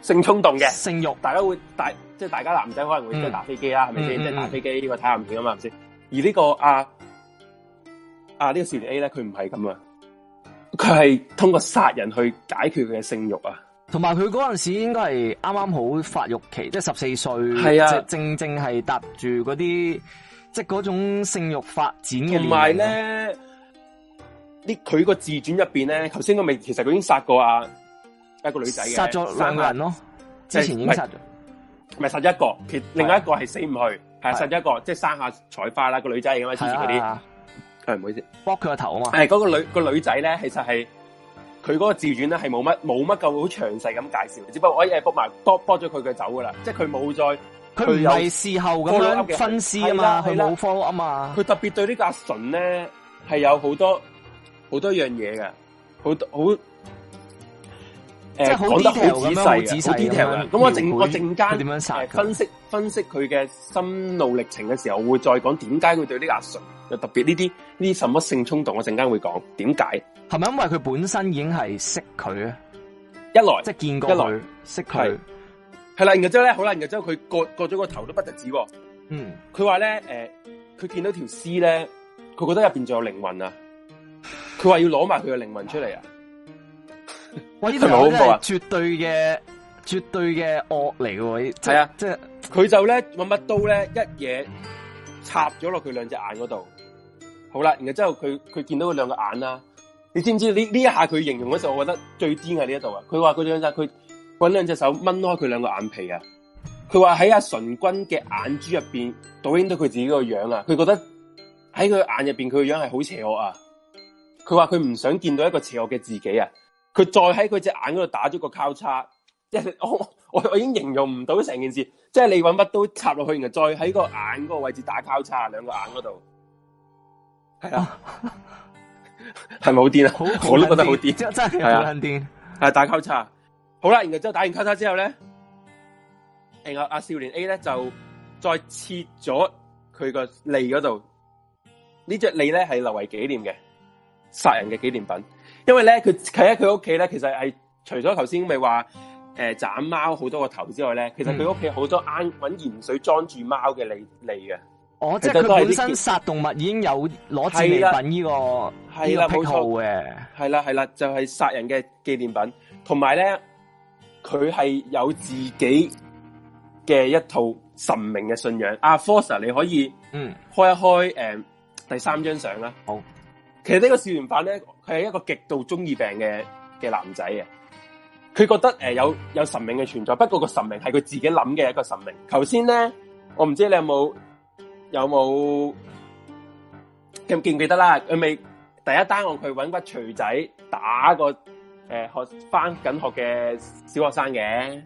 性衝動嘅性欲慾，大家會大即係大家男仔可能會即係打飛機啦，係咪先？吧嗯、即係打飛機、嗯、個睇下片啊嘛，係咪先？而呢、呢個啊，呢個少年 A 咧，佢唔係咁啊，佢、呢個、係通過殺人去解決佢嘅性欲啊。同埋佢嗰陣時應該係
啱
啱好發育期，即係十四歲，係啊，正正係搭住嗰啲即係嗰種性欲發展嘅。同埋咧。
呢佢個自傳入邊咧，頭先我未其實佢已經殺過啊一個女仔嘅，殺咗兩個人咯，之前已經殺咗，唔係殺咗一個，其另外一個係死唔去，係殺咗一個，即係生下彩花啦個女仔咁啊之前嗰啲，
係唔好意思，剝佢個頭啊嘛，係嗰個女
個女仔咧，其實係佢嗰個自傳咧係冇乜冇乜夠好詳細咁介紹，只不過我一係剝埋剝剝咗佢嘅走噶啦，即係佢冇再佢唔係事後咁樣分屍啊嘛，佢冇慌啊嘛，佢特別對呢個阿純咧係有好多。好多樣嘢嘅好好好，呃、即係講得好仔細，仔細啦。咁我陣妙卑 我陣間點樣、呃、分析分析佢嘅心路歷程嘅時候，會再講點解佢對呢個阿叔又特別呢啲呢？什麼性衝動？我陣間會講點解？係咪因為佢本身已經係識佢啊？一來即係見過佢，一來識佢係啦。然後之後咧，好啦，然後之後佢割割咗個頭都唔止。嗯，佢話咧，誒、呃，佢見到條屍咧，佢覺得入邊仲有靈魂啊。佢話要攞埋佢嘅靈魂出嚟啊！哇，呢度 真係，絕對嘅絕對嘅惡嚟喎！係啊、 就是，即係佢就咧揾把刀咧，一嘢插咗落佢兩隻眼嗰度。好啦，然後之後佢佢見到佢兩個眼啦。你知唔知呢呢一下佢形容嘅時候，我覺得最癲喺呢一度啊！佢話佢兩隻佢揾兩隻手掹開佢兩個眼皮他說在啊！佢話喺阿純君嘅眼珠入邊倒影到佢自己個樣啊！佢覺得喺佢眼入邊佢個樣係好邪惡啊！佢話佢唔想見到一個邪惡嘅自己啊！佢再喺佢隻眼嗰度打咗個交叉，即係我我我已經形容唔到成件事，即係你揾把刀插落去，然後再喺個眼嗰個位置打交叉，兩個眼嗰度，係啊，係咪好 癲啊，我都覺 得好癲，真係好癲，係、啊、 打交叉。好啦、啊，然後之後打完交叉之後咧，誒阿阿少年 A 咧就再切咗佢個脷嗰度，呢隻脷咧係留為紀念嘅。殺人嘅紀念品，因為咧佢喺佢屋企咧，其實係除咗頭先咪話誒斬貓好多個頭之外咧，其實佢屋企好多啱滾鹽水裝住貓嘅利利嘅。哦，即係佢本身殺
動物已經有攞紀念品呢、這個呢、啊、個癖好嘅。
係啦，係啦，就係、是、殺人嘅紀念品，同埋咧佢係有自己嘅一套神明嘅信仰。阿、啊、Forster，你可以
嗯
開一開誒、嗯嗯、第三張相啦。好。其實呢個少年犯咧，佢係一個極度中二病嘅嘅男仔啊！佢覺得誒有有神明嘅存在，不過個神明係佢自己諗嘅一個神明。頭先咧，我唔知你有冇有冇記唔記得啦？佢未第一單我佢揾，個錘仔打個誒、呃、學翻緊學嘅小學生嘅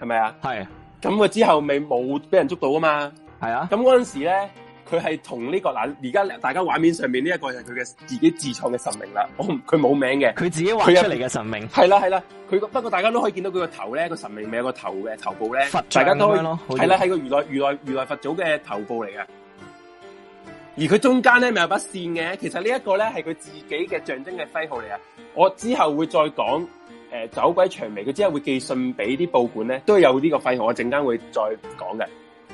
係咪啊？係。咁佢是的 之後未冇俾人捉到啊嘛？係啊是的。咁嗰陣時咧。佢係同呢、呢個嗱，而家大家畫面上面呢一個係佢嘅自己自創嘅神明啦。我佢冇名嘅，佢自己畫出嚟嘅神明。係啦係啦，佢不過大家都可以見到佢個頭咧，個神明咪有個頭嘅頭部咧。佛像，大家都係啦係個如來如來如來佛祖嘅頭部嚟嘅。嗯、而佢中間咧咪有一把線嘅，其實呢個呢一個咧係佢自己嘅象徵嘅徽號嚟嘅。我之後會再講誒、呃、酒鬼薔薇，佢之後會寄信俾啲報館咧，都有呢個徽號，我陣間會再講嘅。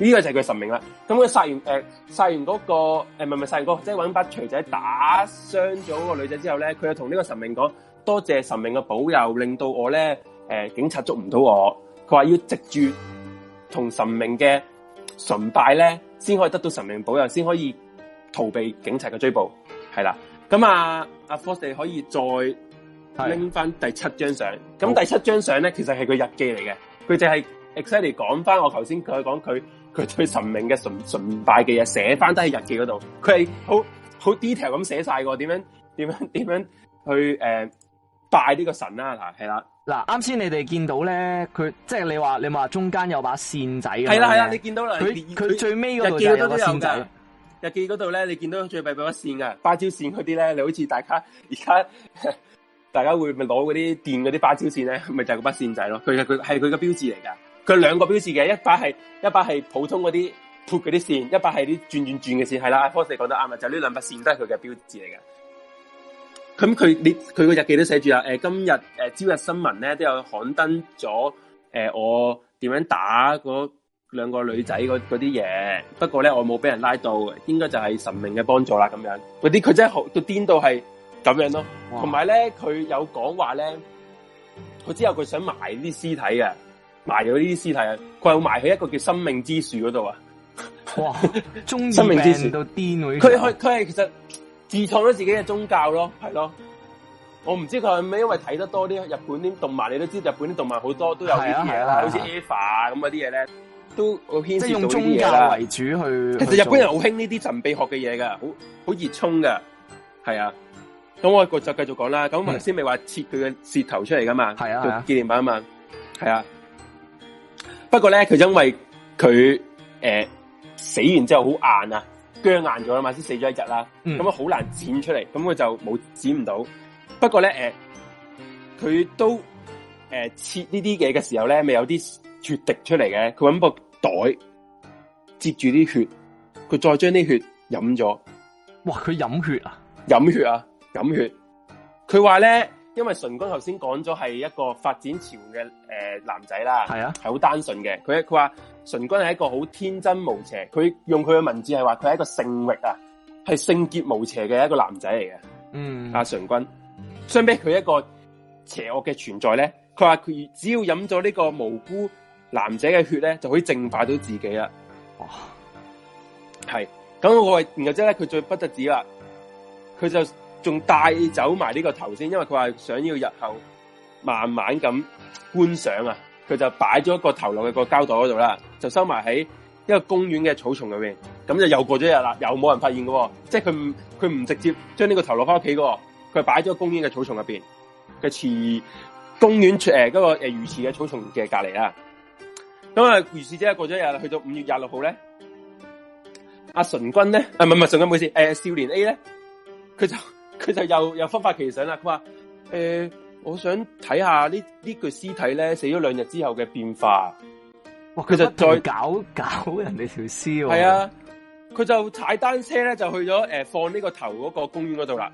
呢個就係佢嘅神明啦。咁佢殺完誒、呃，殺完嗰、嗰個，誒，唔係唔係殺完即係揾把錘仔打傷咗個女仔之後咧，佢就同呢個神明講：多謝神明嘅保佑，令到我咧誒、呃，警察捉唔到我。佢話要藉住同神明嘅崇拜咧，先可以得到神明保佑，先可以逃避警察嘅追捕。係啦，咁啊，阿的、啊、Force 可以再拎翻第七張相。咁的第七張相咧，其實係個日記嚟嘅。佢就係 exactly 講翻我頭先佢講佢。佢最神明嘅崇拜嘅嘢寫翻低喺日記嗰度，佢係好好 detail 咁寫晒個點樣點樣點樣去誒、呃、拜呢個神啦、啊，係啦
嗱，啱先你哋見到咧，佢即係你話你話中間有把扇仔，係啦係啦，你見到啦，佢
佢最尾嗰度有把扇仔，日記嗰度咧，你見到最尾有把扇噶芭蕉扇嗰啲咧，你好似大家而家大家會咪攞嗰啲電嗰啲芭蕉扇咧，咪就係個把扇仔咯，佢佢係佢個標誌嚟噶。佢兩個標誌嘅，一把係一把係普通嗰啲潑嗰啲線，一把係啲轉轉轉嘅線，係啦。阿科四講得啱啊，就呢、是、兩把線都係佢嘅標誌嚟嘅。咁佢你佢個日記都寫住啦，誒、呃、今日誒、呃、朝日新聞咧都有刊登咗，誒、呃、我點樣打嗰兩個女仔嗰啲嘢，不過咧我冇俾人拉到，應該就係神明嘅幫助啦咁樣。嗰啲佢真係好到癲到係咁樣咯，同埋咧佢有講話咧，佢之後佢想埋啲屍體嘅。埋咗呢啲屍體啊！佢係會埋喺一個叫生命之樹嗰度啊！ 哇，
中意 生命之樹，到癲。佢係
佢係其實自創咗自己嘅宗教咯，係咯。我唔知佢係咪因為睇得多啲日本啲動漫，你都知日本啲動漫好多都有呢啲嘢，啦、啊，好似 Eva 咁嗰啲嘢咧，都好牽涉到嘢啦。使用宗教為
主去，去其實日本人好興
呢啲神秘學嘅嘢噶，好好熱衷噶，係啊。咁、嗯、我就繼續講啦。咁頭先咪話切佢嘅舌頭出嚟噶嘛？係啊，紀念品啊嘛，係啊。不過咧，佢因為佢誒、呃、死完之後好硬啊，僵硬咗啦嘛，先死咗一日啦、啊，咁啊好難剪出嚟，咁佢就冇剪唔到。不過咧，誒、呃、佢都誒、呃、切呢啲嘢嘅時候咧，咪有啲血滴出嚟嘅，佢搵個袋接住啲血，佢再將啲血飲咗。哇！佢飲血啊？飲血啊！飲血。佢話咧。因為淳君頭先講咗係一個發展潮嘅誒男仔啦，係啊，係好單純嘅。佢佢話淳君係一個好天真無邪，佢用佢嘅文字係話佢係一個聖域啊，係聖潔無邪嘅一個男仔嚟
嘅。嗯，阿
淳君相比佢一個邪惡嘅存在咧，佢話佢只要飲咗呢個無辜男仔嘅血咧，就可以淨化到自己啦。哇，哦，係，咁我哋然後之後咧，佢最不得止啦，佢就。仲帶走埋呢個頭先，因為佢話想要日後慢慢咁觀賞啊，佢就擺咗一個頭落去個膠袋嗰度啦，就收埋喺一個公園嘅草叢入面。咁就又過咗一日啦，又冇人發現嘅，哦，即係佢唔佢唔直接將呢個頭落翻屋企喎。佢擺咗公園嘅草叢入邊嘅池，公園誒嗰個誒魚池嘅草叢嘅隔籬啦。咁啊，啊，如是者即係過咗一日啦，去到五月廿六號咧，阿淳君咧，唔係唔係淳君冇事，誒少年 A 咧，佢就。佢就又又忽發奇想啦！佢話誒，我想睇下具屍體呢呢具屍體咧死咗兩日之後嘅變化。
哇！佢就再
搞搞
人哋條屍喎。係啊，
佢就踩單車咧，就去咗誒、呃、放呢個頭嗰個公園嗰度啦。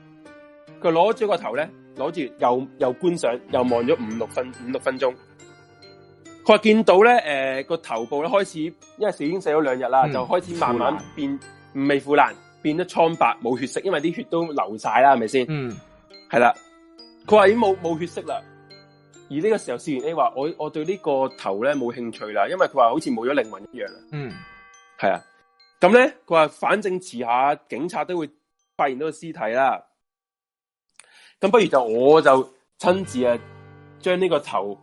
佢攞住個頭咧，攞住又又觀賞又望咗五六分五六分鐘。佢話見到咧誒個頭部咧開始，因為死已經死咗兩日啦，嗯、就開始慢慢變難未腐爛，變得蒼白冇血色，因為啲血都流晒啦，係咪先？嗯，係啦。佢話已經冇冇血色啦。而呢個時候，少年 A 話：我我對呢個頭咧冇興趣啦，因為佢話好似冇咗靈魂一樣啦，嗯，係啊。咁咧，佢話反正遲下警察都會發現到個屍體啦。咁不如就我就親自啊，將呢個頭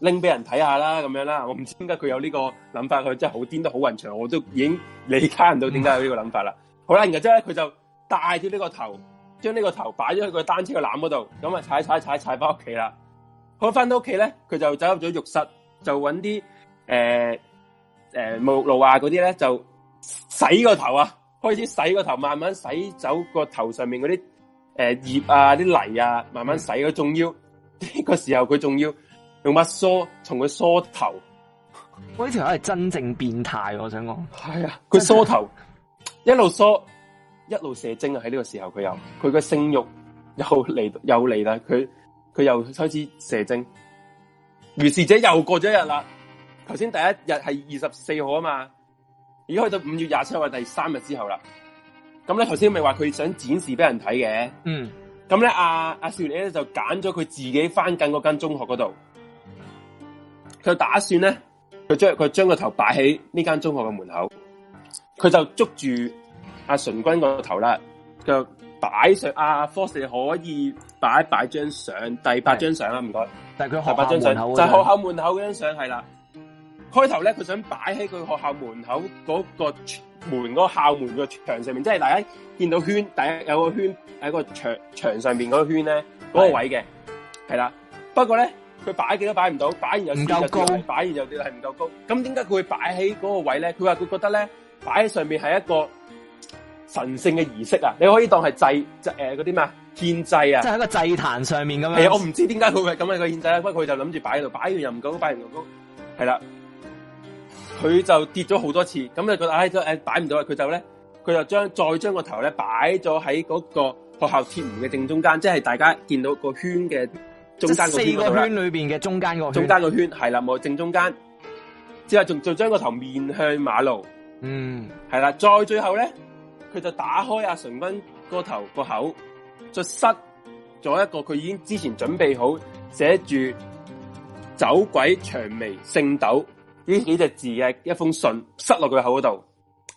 拎俾人睇下啦，咁樣啦。我唔知點解佢有呢個諗法，佢真係好癲得好混長，我都已經理解唔到點解有呢個諗法啦。嗯 好啦，然後之後咧，佢就帶住呢個頭，將呢個頭擺咗喺個單車個籃嗰度，咁啊踩踩踩踩翻屋企啦。佢翻到屋企咧，佢就走入咗浴室，就揾啲誒誒沐浴露啊嗰啲咧，就洗個頭啊，開始洗個頭，慢慢洗走個頭上面嗰啲誒葉啊、啲泥啊，慢慢洗。佢仲要呢個時候，佢仲要用乜梳從佢梳頭。喂呢條友係真正變態，我想講。係啊，佢梳頭。 一路梳，一路射精啊！喺呢個時候他，佢又佢個性欲又嚟又嚟啦，佢佢又開始射精。如是者又過咗一日啦，頭先第一日係二十四號啊嘛，而家去到五月廿七號第三日之後啦。咁、嗯、咧，頭先咪話佢想展示俾人睇嘅。嗯。咁咧、嗯，阿阿、嗯啊、少年咧就揀咗佢自己返緊嗰間中學嗰度，佢打算咧，佢將佢將個頭擺喺呢間中學嘅門口。佢就捉住阿、啊、淳君個頭啦，就擺上阿科士可以擺擺，一擺一張相，第八張相啦、啊，唔該。但係佢學校門，八張相門就，是、就係學校門口嗰張相係啦。開頭咧，佢想擺喺佢學校門口嗰個門、嗰個校門個牆上面，即係大家見到圈，大家有個圈喺個，個牆牆上面嗰個圈咧，嗰、嗰個位嘅係啦。不過咧，佢擺幾多擺唔到，擺完又唔、就係、夠高，擺完又係唔夠高。咁點解佢會擺喺嗰個位咧？佢話佢覺得咧。擺喺上面係一個神聖嘅儀式啊！你可以當係祭，誒嗰啲咩獻祭啊！即係喺
個祭壇上面咁樣。誒，我唔知點
解佢會咁樣個獻祭啦，不過佢就諗住擺喺度，擺完又唔夠，擺完又夠，係啦，佢就跌咗好多次，咁就覺得唉，擺唔到啊！佢就咧，佢就將再將個頭咧擺咗喺嗰個學校鐵門嘅正中間，即係大家見到個圈嘅中間個圈。四個圈裏邊嘅中間個圈。中間個圈係啦，冇正中間，之後仲仲將個頭面向馬路。嗯，係啦，再最後咧，佢就打開阿淳君個頭個口，就塞咗一個佢已經之前準備好寫住酒鬼薔薇聖斗呢幾隻字嘅一封信，塞落佢口嗰度。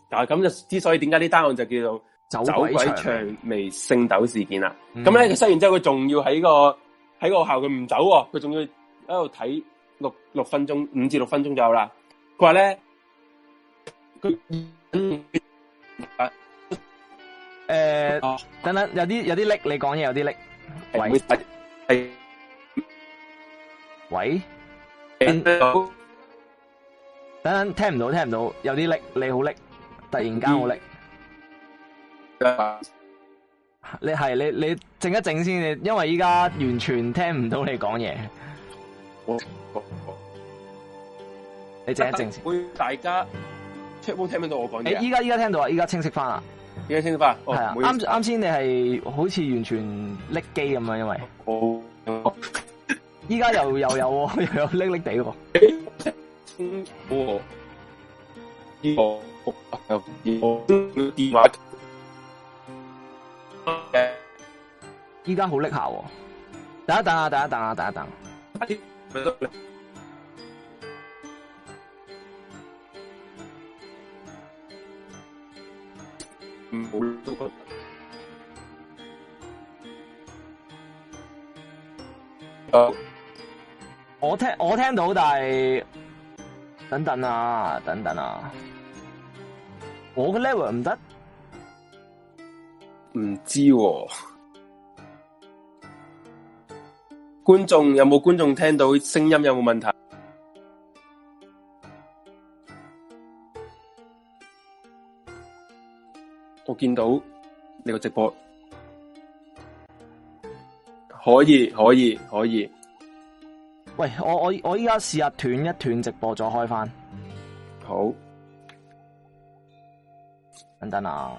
但係，啊，咁就之所以點解呢單案就叫做酒鬼薔薇聖斗事件啦。咁咧，嗯，佢塞完之後他，佢仲要喺個喺個學校他不，哦，佢唔走，佢仲要喺度睇六六分鐘，五至六分鐘左右啦。佢話咧。
誒、呃，等等，有啲有啲 lag、like,，你講嘢有啲 lag。
喂，
次喂，
等
等，聽唔到，到，聽唔到，有啲 lag、like, like, like 次，你好 lag，突然間好
lag。
你係你你靜一靜先，因為依家完全聽唔到你講嘢。好好好，你靜一靜
先。大家。聽唔聽到我講嘢？誒，依
家依家聽到啊，依家清晰翻啦，依家清晰翻。
係啊，啱
啱先你係好似完全拎機咁樣，因為，
哦，依家又又有又有拎拎地喎。嗯，好個個
依家好拎下。等一等啊，等一等啊，等一等。唔好，我聽我聽到，但係等等啊，等等啊，我嘅 level 唔得，
唔知道，啊，觀眾有冇觀眾聽到聲音有冇問題？我見到你個直播可以，可以，可以。
喂，我我我依家試下斷一斷直播，再開翻。好。等等啊！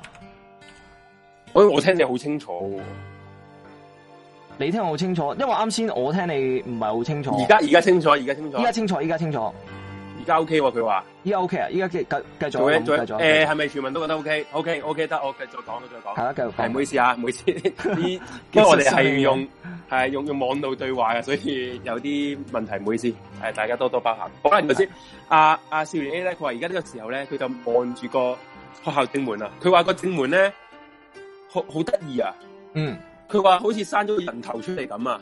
喂，我聽你好清楚啊。你聽好清楚，因為啱先我聽你唔係好清楚。而家而家清楚，而家清楚，而家清楚，而家清楚。家 OK
喎，佢話依家 OK 啊，依家繼繼續做一誒，係咪、呃、全民都覺得 OK？OK？OK？、OK? OK, OK, 得我繼續講我再講係繼續講，唔好意思啊，唔好意思，不過 我哋係用係 用用網路對話嘅，所以有啲問題唔好意思，係大家多多包涵。講翻頭先阿阿少年 A 咧，佢話而家呢個時候咧，佢就望住個學校正門啊，佢話個正門咧好好得意啊，嗯，佢話好似生咗人頭出嚟咁啊，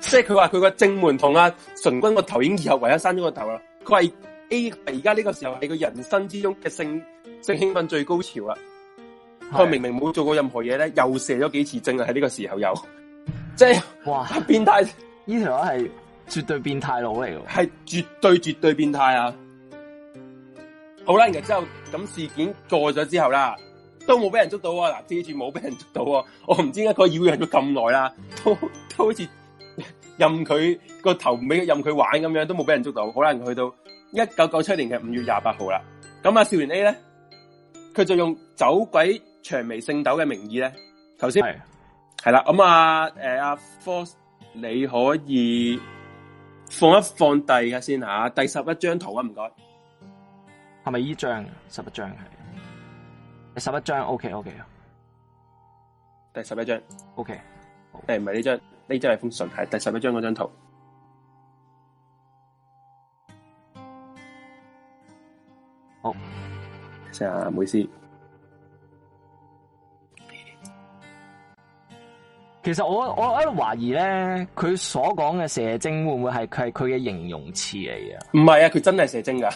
即係佢話佢個正門同阿淳君個投影以後唯一生咗個頭了佢係 A 而家呢個時候，係佢人生之中嘅性性興奮最高潮啊。佢的明明冇做過任何嘢咧，又射咗幾次了，正係喺呢個時候有，即係哇，變態態！呢條友係絕對變態佬嚟嘅，係絕對絕對變態啊！好啦，然之後咁事件過咗之後啦，都冇俾人捉到啊、哦！嗱，呢處冇俾人捉到、哦，啊？我唔知點解個妖養咗咁耐啦，都都好似。任佢個頭尾任佢玩咁樣都冇俾人捉到，好啦，去到一九九七年嘅五月廿八號啦。咁的啊，少年 A 咧，佢就用酒鬼薔薇聖斗嘅名義咧。頭先係啦，咁啊，誒，阿 Force 你可以放一放第嘅先吓，第十一張圖啊，唔該，係咪呢張？十一張係，第十一張，OK OK，第十一張，OK，誒好，唔係呢張。呢張係封信，係第十一張嗰張圖。Oh, 下好，成阿梅先。
其實我我喺度懷疑咧，佢所講嘅蛇精會唔會係係佢嘅形容詞嚟啊？唔係啊，佢真係蛇精噶，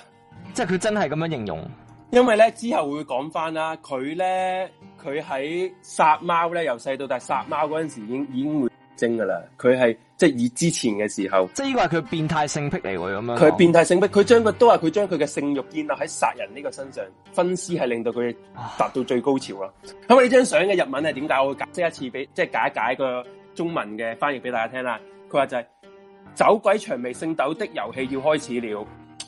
即係佢真係咁樣形容。
因為咧之後會講翻啦，佢咧佢喺殺貓咧，由細到大殺貓嗰陣時候已，已經已經會。噶啦，佢係即係以之前嘅時候，即係話佢變態性癖嚟喎咁樣，佢變變態性癖，佢將佢都話佢將佢嘅性欲建立喺殺人呢個身上，分屍係令到佢達到最高潮咯。咁啊，呢張相嘅日文係點解？我會解即一次俾即係解,解一解個中文嘅翻譯俾大家聽啦。佢話就係、是、 酒鬼薔薇聖斗的遊戲要開始了，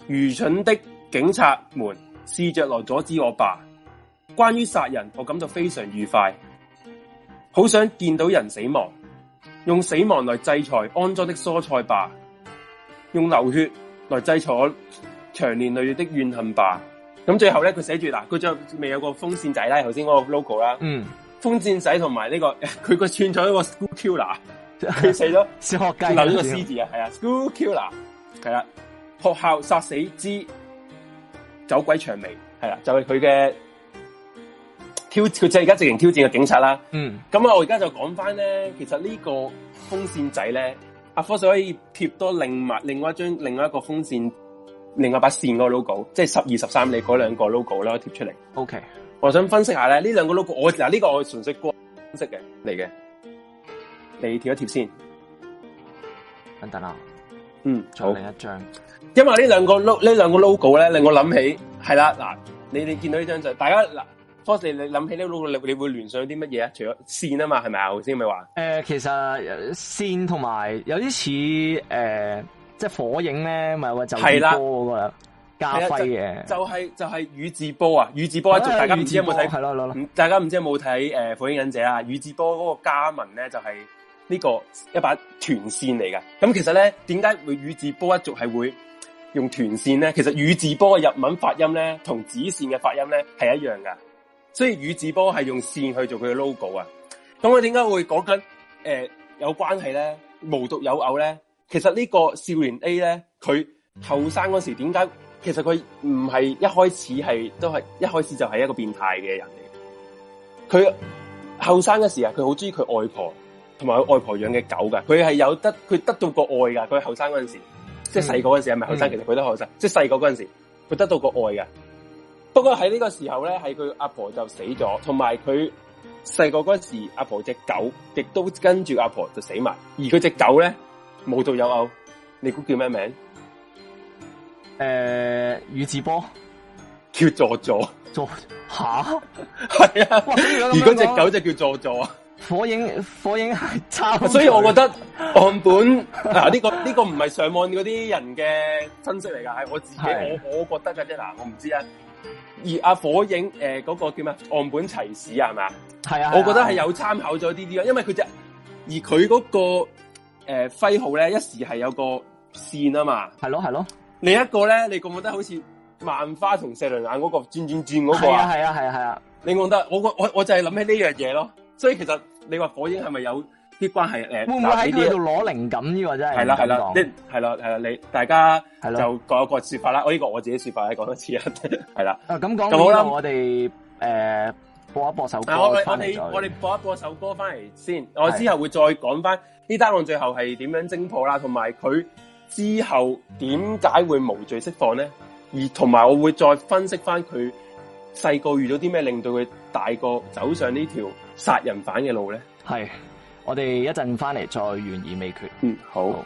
愚蠢的警察們試着來阻止我吧。關於殺人，我感到非常愉快，好想見到人死亡。用死亡來制裁骯髒的蔬菜吧，用流血來制裁長年累月的怨恨吧。咁最後咧，佢寫住嗱，佢仲未有個風扇仔啦，頭先嗰個 logo 啦。嗯，風扇仔同埋呢個佢個串咗一個 school killer，佢寫咗
小學
雞嗱呢個獅子
啊，係啊，school killer 係啦，學校殺死之酒鬼薔薇，係啦，就係佢嘅。挑，即係而家直情挑戰嘅警察啦。嗯，咁啊，我而家就講翻咧，其實呢個風扇仔咧，阿科士可以貼多另外另外一張另外一個風扇另外一把扇個 logo，即係十二十三你嗰兩個 logo 啦。貼出嚟。OK，我想分析一下咧，呢兩個 logo，我嗱，呢、這個我純色光色嘅嚟嘅，你貼一貼先。等等啦。嗯，仲有另一張。因為呢兩,兩個 logo 呢兩個 logo 咧，令我諗起係啦嗱，你哋見到呢張就大家嗱。當時你諗起呢咧，力，你會聯想啲乜嘢啊？除咗線啊嘛，係咪啊？先咪話
誒，其實線同埋有啲似誒，即係火影咧，咪話就係啦，個個是的 家紋就
係就係宇智波啊！宇智波一族，是的大家唔知有冇睇？係咯大家唔知有冇睇誒《有有火影忍者》啊？宇智波嗰個家紋咧，就係、是、呢、這個一把團扇嚟嘅。咁其實咧，點解會宇智波一族係會用團扇咧？其實宇智波嘅日文發音咧，同紙線嘅發音咧係一樣噶。所以宇智波係用線去做佢嘅 logo 啊！咁我點解會講緊誒有關係咧？無獨有偶咧，其實呢個少年 A 咧，佢後生嗰時點解？其實佢唔係一開始係都係一開始就係一個變態嘅人嚟。佢後生嗰時啊，佢好中意佢外婆同埋佢外婆養嘅狗噶。佢係有得佢得到過愛噶。佢喺後生嗰陣時，即係細個嗰陣時係咪後生？是嗯、其實佢都後生，即係細個嗰陣時，佢得到過、就是、愛噶。不過喺呢個時候咧，係佢阿婆就死咗，同埋佢細個嗰時，阿婆隻狗亦都跟住阿婆就死埋。而佢隻狗咧，冇獨有偶，你估叫咩名？誒、呃，宇智波，叫佐佐佐吓，係 啊！如果這而嗰隻狗就叫佐佐
啊。火影，火影係
差， 所以我覺得岸本啊，呢個呢個唔係上網嗰啲人嘅親戚嚟噶，係我自己的我我覺得嘅啫。嗱，我唔知啊。而阿、啊、火影誒嗰、呃那個叫咩？岸本齊史是是啊，係嘛？
啊，我覺得係有
參考咗啲啲，因為佢就而佢嗰、那個揮、呃、號咧，一時係有個線啊嘛。係咯，係咯。另一個咧，你覺唔覺得好似萬花同石輪眼嗰個轉轉轉嗰個？係啊，係啊，係啊，係啊。你覺得我我我就係諗起呢樣嘢咯。所以其實你話火影係咪有？啲關係誒，呃、會唔會喺呢度攞
靈感，呢個真係。係啦係啦，
係啦係啦，你大家就講一個說法啦。我呢的、哦這個我自己說法，你講多次啦，係 啦的。咁講完我哋誒、呃，播一播一首歌，啊。我哋我哋播一播一首歌翻嚟先。我之後會再講翻呢單案最後係點樣偵破啦，同埋佢之後點解會無罪釋放呢？而同埋我會再分析翻佢細個遇到啲咩令到佢大個走上這條殺人犯的路呢條殺人犯嘅路咧。係。我哋一陣翻嚟，再懸疑未
決。嗯，好。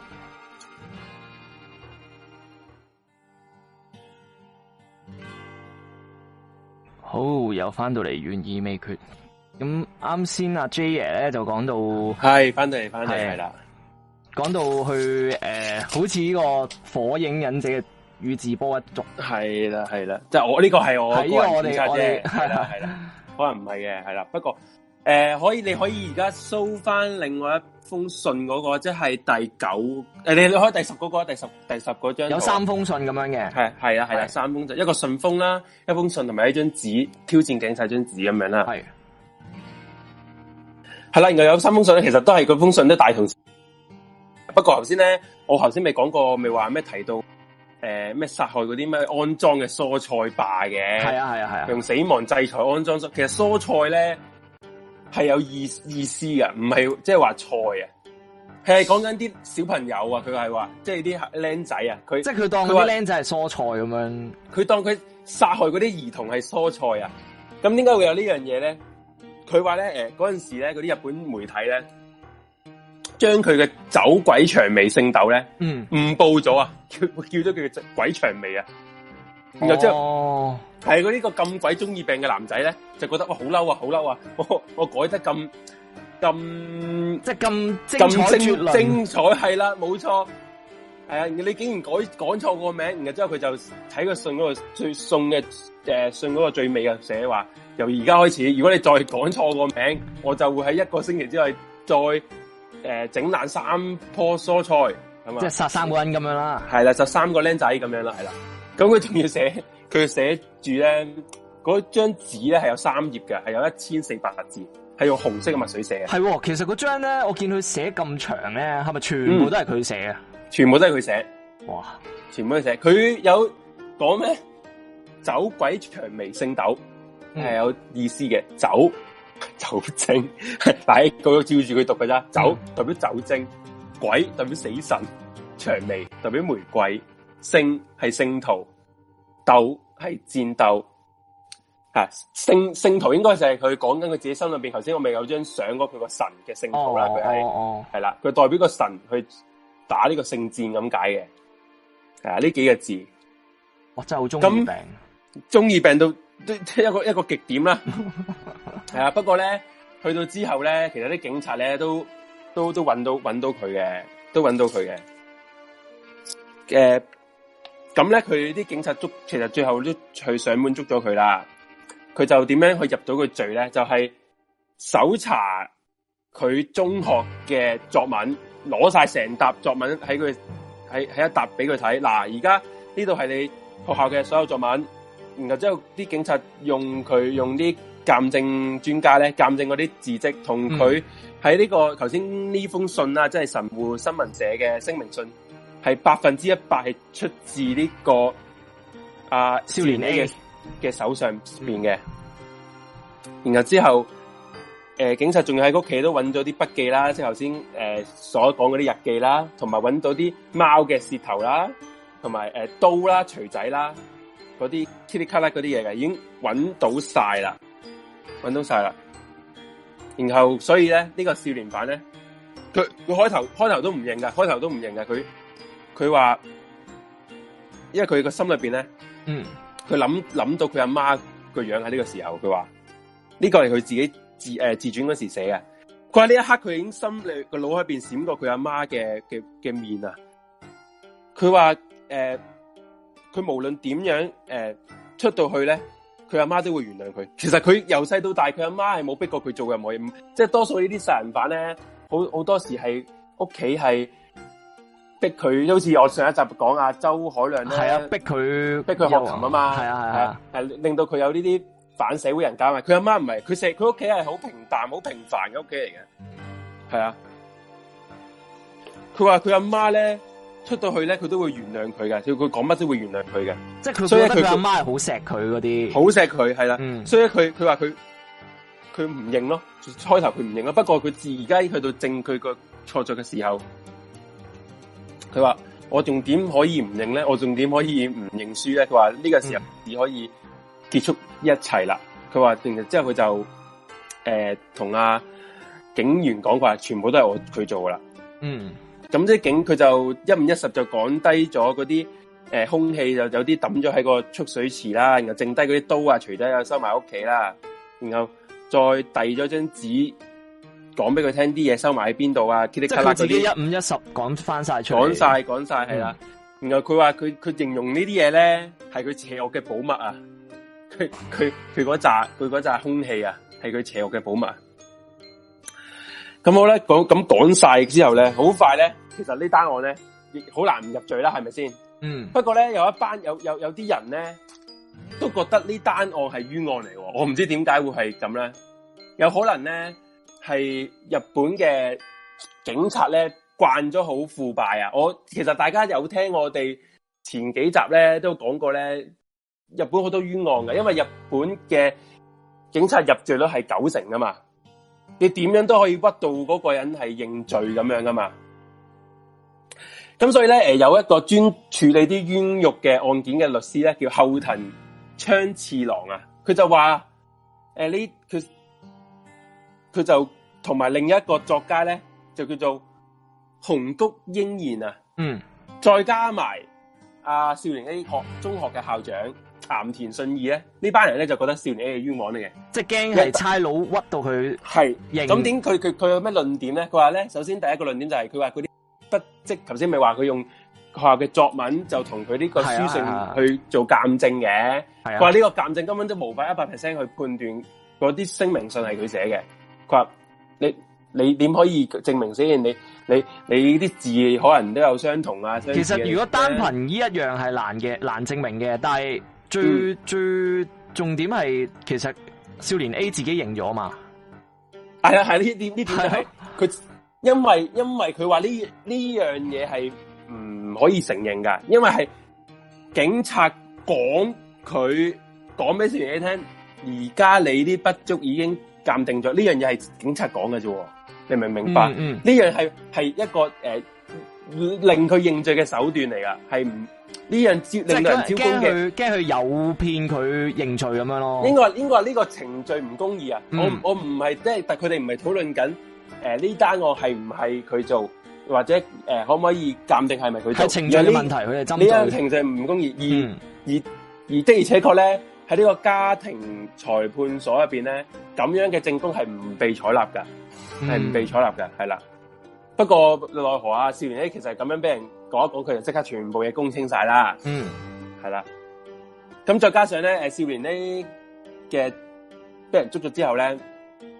好，又翻到嚟懸疑未決。咁啱先阿 J 爺咧就講到係翻嚟翻嚟係啦，講是到去誒、呃，好似呢個火影忍者嘅宇智波一族。
係啦係啦，即係我呢個係我個人觀察係啦係啦，可能唔係嘅，係啦，不過。誒、呃，可以，你可以而家 show 翻另外一封信嗰、那個，即、就、係、是、第九誒，你你可以第十嗰、那個，第十第十張有三
封信咁樣嘅，
係係啊係啊，啊啊三封就一個信封啦，一封信同埋一張紙，挑戰警察張紙咁樣啦，係係啦，然後有三封信咧，其實都係嗰封信都大同，不過頭先咧，我頭先未講過，未話咩提到誒咩、呃、殺害嗰啲咩安裝嘅蔬菜霸嘅，係啊係啊係啊，是啊是啊用死亡制裁安裝，其實蔬菜咧。係有意意思嘅，唔係即係話菜啊，係係講緊啲小朋友啊，佢係話即係啲僆仔啊，佢即係佢當佢啲僆仔係蔬菜咁樣，佢當佢殺害嗰啲兒童係蔬菜啊，咁點解會有呢樣嘢咧？佢話咧，誒嗰陣時咧，嗰啲日本媒體咧，將佢嘅酒鬼薔薇聖斗咧，嗯，誤報咗啊，叫叫咗佢嘅鬼薔薇啊。然後之後，睇佢、oh. 呢個咁鬼中意病嘅男仔咧，就覺得哇好嬲啊，好嬲啊！我我改得咁咁即係咁精彩絕倫，精，精彩係啦，冇錯。係啊，你竟然改講錯個名，然後之後佢就睇個信嗰個最送嘅誒、呃、信嗰個最尾嘅寫話，由而家開始，如果你再講錯個名，我就會喺一個星期之內再誒整、呃、爛三棵蔬菜咁啊！即係殺三個
人咁樣啦，
係啦，殺三個僆仔咁樣啦，係啦。咁佢仲要寫，佢寫寫住咧，嗰張紙咧係有三頁嘅，係有一千四百個字，係用紅色嘅墨水寫嘅。
係、哦，其實嗰張咧，我見佢寫咁長咧，係咪
全部都係佢寫啊？全部都係佢寫，哇！全部都寫，佢有講咩？酒鬼薔薇聖斗，係有意思嘅。酒酒精，嗱，個都照住佢讀㗎。咋。酒， 酒、嗯、代表酒精，鬼代表死神，薔薇代表玫瑰。聖係聖徒，鬥係戰鬥，啊，聖聖聖徒應該就係佢講緊佢自己心裏邊。頭先我未有張相過佢個神嘅聖徒啦，佢係係啦，佢是、哦、代表個神去打呢個聖戰咁解嘅。係啊，呢幾個字，我真係好中意病，中意病到即一個一個極點啦。係 啊，不過咧去到之後咧，其實啲警察咧都都都揾到搵到佢嘅，都搵到佢嘅嘅。咁咧，佢啲警察捉，其實最後都去上門捉咗佢啦。佢就點樣去入到個罪咧？就係、是、搜查佢中學嘅作文，攞晒成沓作文喺佢喺喺一沓俾佢睇。嗱、啊，而家呢度係你學校嘅所有作文，然後之後啲警察用佢用啲鑑證專家咧鑑證嗰啲字跡，同佢喺呢個頭先呢封信啦，即係神戶新聞社嘅聲明信。係百分之一百係出自呢、這個阿、啊、少年 A 嘅嘅你手上面嘅。嗯、然後之後誒、呃，警察仲喺屋企都揾咗啲筆記啦，即係頭先誒所講嗰啲日記啦，同埋揾到啲貓嘅舌頭啦，同埋誒刀啦、錘仔啦嗰啲 cutter 嗰啲嘢嘅，已經揾到晒，啦，揾到晒啦。然後所以咧呢、這個少年版咧，佢佢開頭開頭都唔認噶，開頭都唔認噶佢。開頭都不認，佢話，因為佢個心裏邊咧，嗯，佢諗諗到佢阿媽個樣喺呢個時候，佢話呢個係佢自己自誒、呃、自傳嗰時寫嘅。佢話呢一刻佢已經心裏個腦海邊閃過佢阿媽嘅嘅嘅面啊。佢話誒，佢、呃、無論點樣誒、呃、出到去咧，佢阿媽都會原諒佢。其實佢由細到大，佢阿媽係冇逼過佢做任何嘢，即、就、係、是、多數呢啲殺人犯咧，好好多時係屋企係。逼佢好似我上一集講阿周海亮咧，係啊，逼佢逼佢學琴啊嘛，係啊係啊，係、啊啊啊，令到佢有呢啲反社會人格。佢阿媽唔係，佢錫佢屋企係好平淡、好平凡嘅屋企嚟嘅，係啊。佢話佢阿媽咧出到去咧，佢都會原諒佢嘅，佢佢講乜都會原諒佢嘅。即係佢覺得佢阿媽係好錫佢嗰啲，好錫佢係啦。所以咧，佢佢話佢佢唔認咯，開頭佢唔認咯，不過佢自己去到證佢個錯作嘅時候。佢話我仲點可以唔認咧？我仲點可以唔認輸咧？佢話呢個時候只可以結束一切啦。佢話、嗯，定之後佢就誒同阿警員講話，全部都係我佢做噶啦。嗯，咁即係警佢就一五一十就講低咗嗰啲誒空氣就有啲抌咗喺個蓄水池啦，然後剩低嗰啲刀啊、錘仔啊收埋屋企啦，然後再遞咗張紙。講俾佢聽啲嘢，收埋喺邊度啊！即係佢自己一五
一十講翻晒出嚟，講晒
講晒係啦。嗯、然後佢話佢佢形容呢啲嘢咧，係佢邪惡嘅寶物啊！佢佢佢嗰扎佢嗰扎空氣啊，係佢邪惡嘅寶物、啊。咁好咧，講咁講晒之後咧，好快咧，其實呢單案咧，亦好難唔入罪啦，係咪先？嗯。不過咧，有一班有有有啲人咧，都覺得呢單案係冤案嚟，我唔知點解會係咁咧。有可能咧。係日本嘅警察咧，慣咗好腐敗啊！我其實大家有聽我哋前幾集咧，都講過咧，日本好多冤案嘅。因為日本嘅警察入罪率係九成啊嘛，你點樣都可以屈到嗰個人係認罪咁樣噶嘛。咁所以咧，誒有一個專處理啲冤獄嘅案件嘅律師咧，叫後藤昌次郎啊，佢就話誒、呃，你佢佢就。同埋另一個作家咧，就叫做紅谷英彥啊，嗯，再加埋阿、啊、少年 A 學中學嘅校長岩田信義咧，呢班人咧就覺得少年 A 係冤枉嚟嘅，即係驚係
差佬屈
到佢係，咁點佢佢佢有咩論點咧？佢話咧，首先第一個論點就係佢話嗰啲筆跡，頭先咪話佢用學校嘅作文就同佢呢個書信去做鑑證嘅，佢話呢個鑑證根本都無法一百 percent 去判斷嗰啲聲明信係佢寫嘅，佢話、嗯。你你點可以證明先？你你你啲字可能都有相同啊！啊其實如果單憑
呢一樣係難嘅，難證明嘅。但係最、嗯、最重點係，其實少年 A 自己認咗嘛？
係啊，係呢點呢點就係、是、佢的，因為因為佢話呢呢樣嘢係唔可以承認㗎，因為係警察講佢講俾少年 A 聽，而家你啲不足已經。鑒定咗呢樣嘢，係警察講嘅啫，你明唔明白？呢樣係係一個誒、呃、令佢認罪嘅手段嚟噶，係唔呢樣招令佢招供嘅，驚
佢誘騙佢認罪咁樣咯。應該話
應該話呢個程序唔公義啊、嗯！我我唔係即係，但佢哋唔係討論緊誒呢單案係唔係佢做，或者誒、呃、可唔可以鑒定係咪佢做程序嘅問題？佢係針對呢樣程序唔公義，而、嗯、而而的而且確咧。喺呢個家庭裁判所入邊咧，咁樣嘅證供係唔被採納嘅，係唔、嗯、被採納嘅，係啦。不過奈何啊，少年 A 呢其實咁樣俾人講一講，佢就即刻全部嘢供清晒啦。
嗯，
係啦。咁再加上咧，誒少年 A 嘅，俾人捉咗之後咧，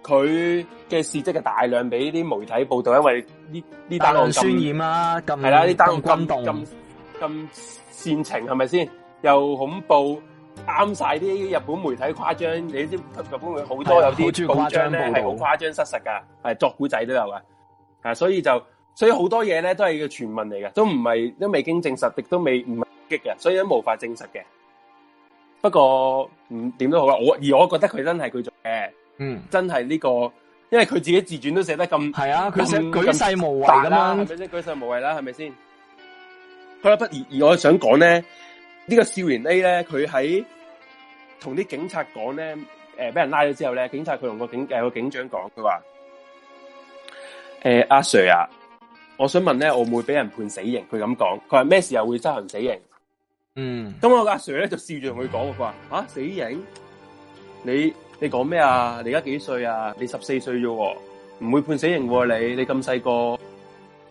佢嘅事跡嘅大量俾啲媒體報導，因為呢呢單案咁渲染啊，
啦了，係啦麼，呢單案咁動、
咁咁煽情係咪先？又恐怖。啱晒啲日本媒體誇張，你知日本會好多有啲誇張咧，係好誇張失實噶，係作古仔都有噶，啊！所以就所以好多嘢咧都係個傳聞嚟嘅，都唔係都未經證實，亦都未唔係激嘅，所以都無法證實嘅。不過唔點都好啦，我而我覺得佢真係佢做嘅，嗯，真係呢、這個，因為佢自己自傳都寫得咁係啊，佢寫麼舉世無畏啦，係咪先舉世無畏啦，係咪先？好啦，不而而我想講咧。呢個少年 A 咧，佢喺同啲警察講咧，誒、呃，俾人拉咗之後咧，警察佢同個警誒個、呃、警長講，佢話：誒、呃、阿 Sir 啊，我想問咧，我會唔會俾人判死刑？佢咁講，佢話咩時候會執行死刑？嗯，咁我阿 Sir 咧就笑住同佢講，佢話：啊，死刑？你你講咩啊？你而家幾歲啊？你十四歲啫，唔會判死刑喎、啊。你你咁細個，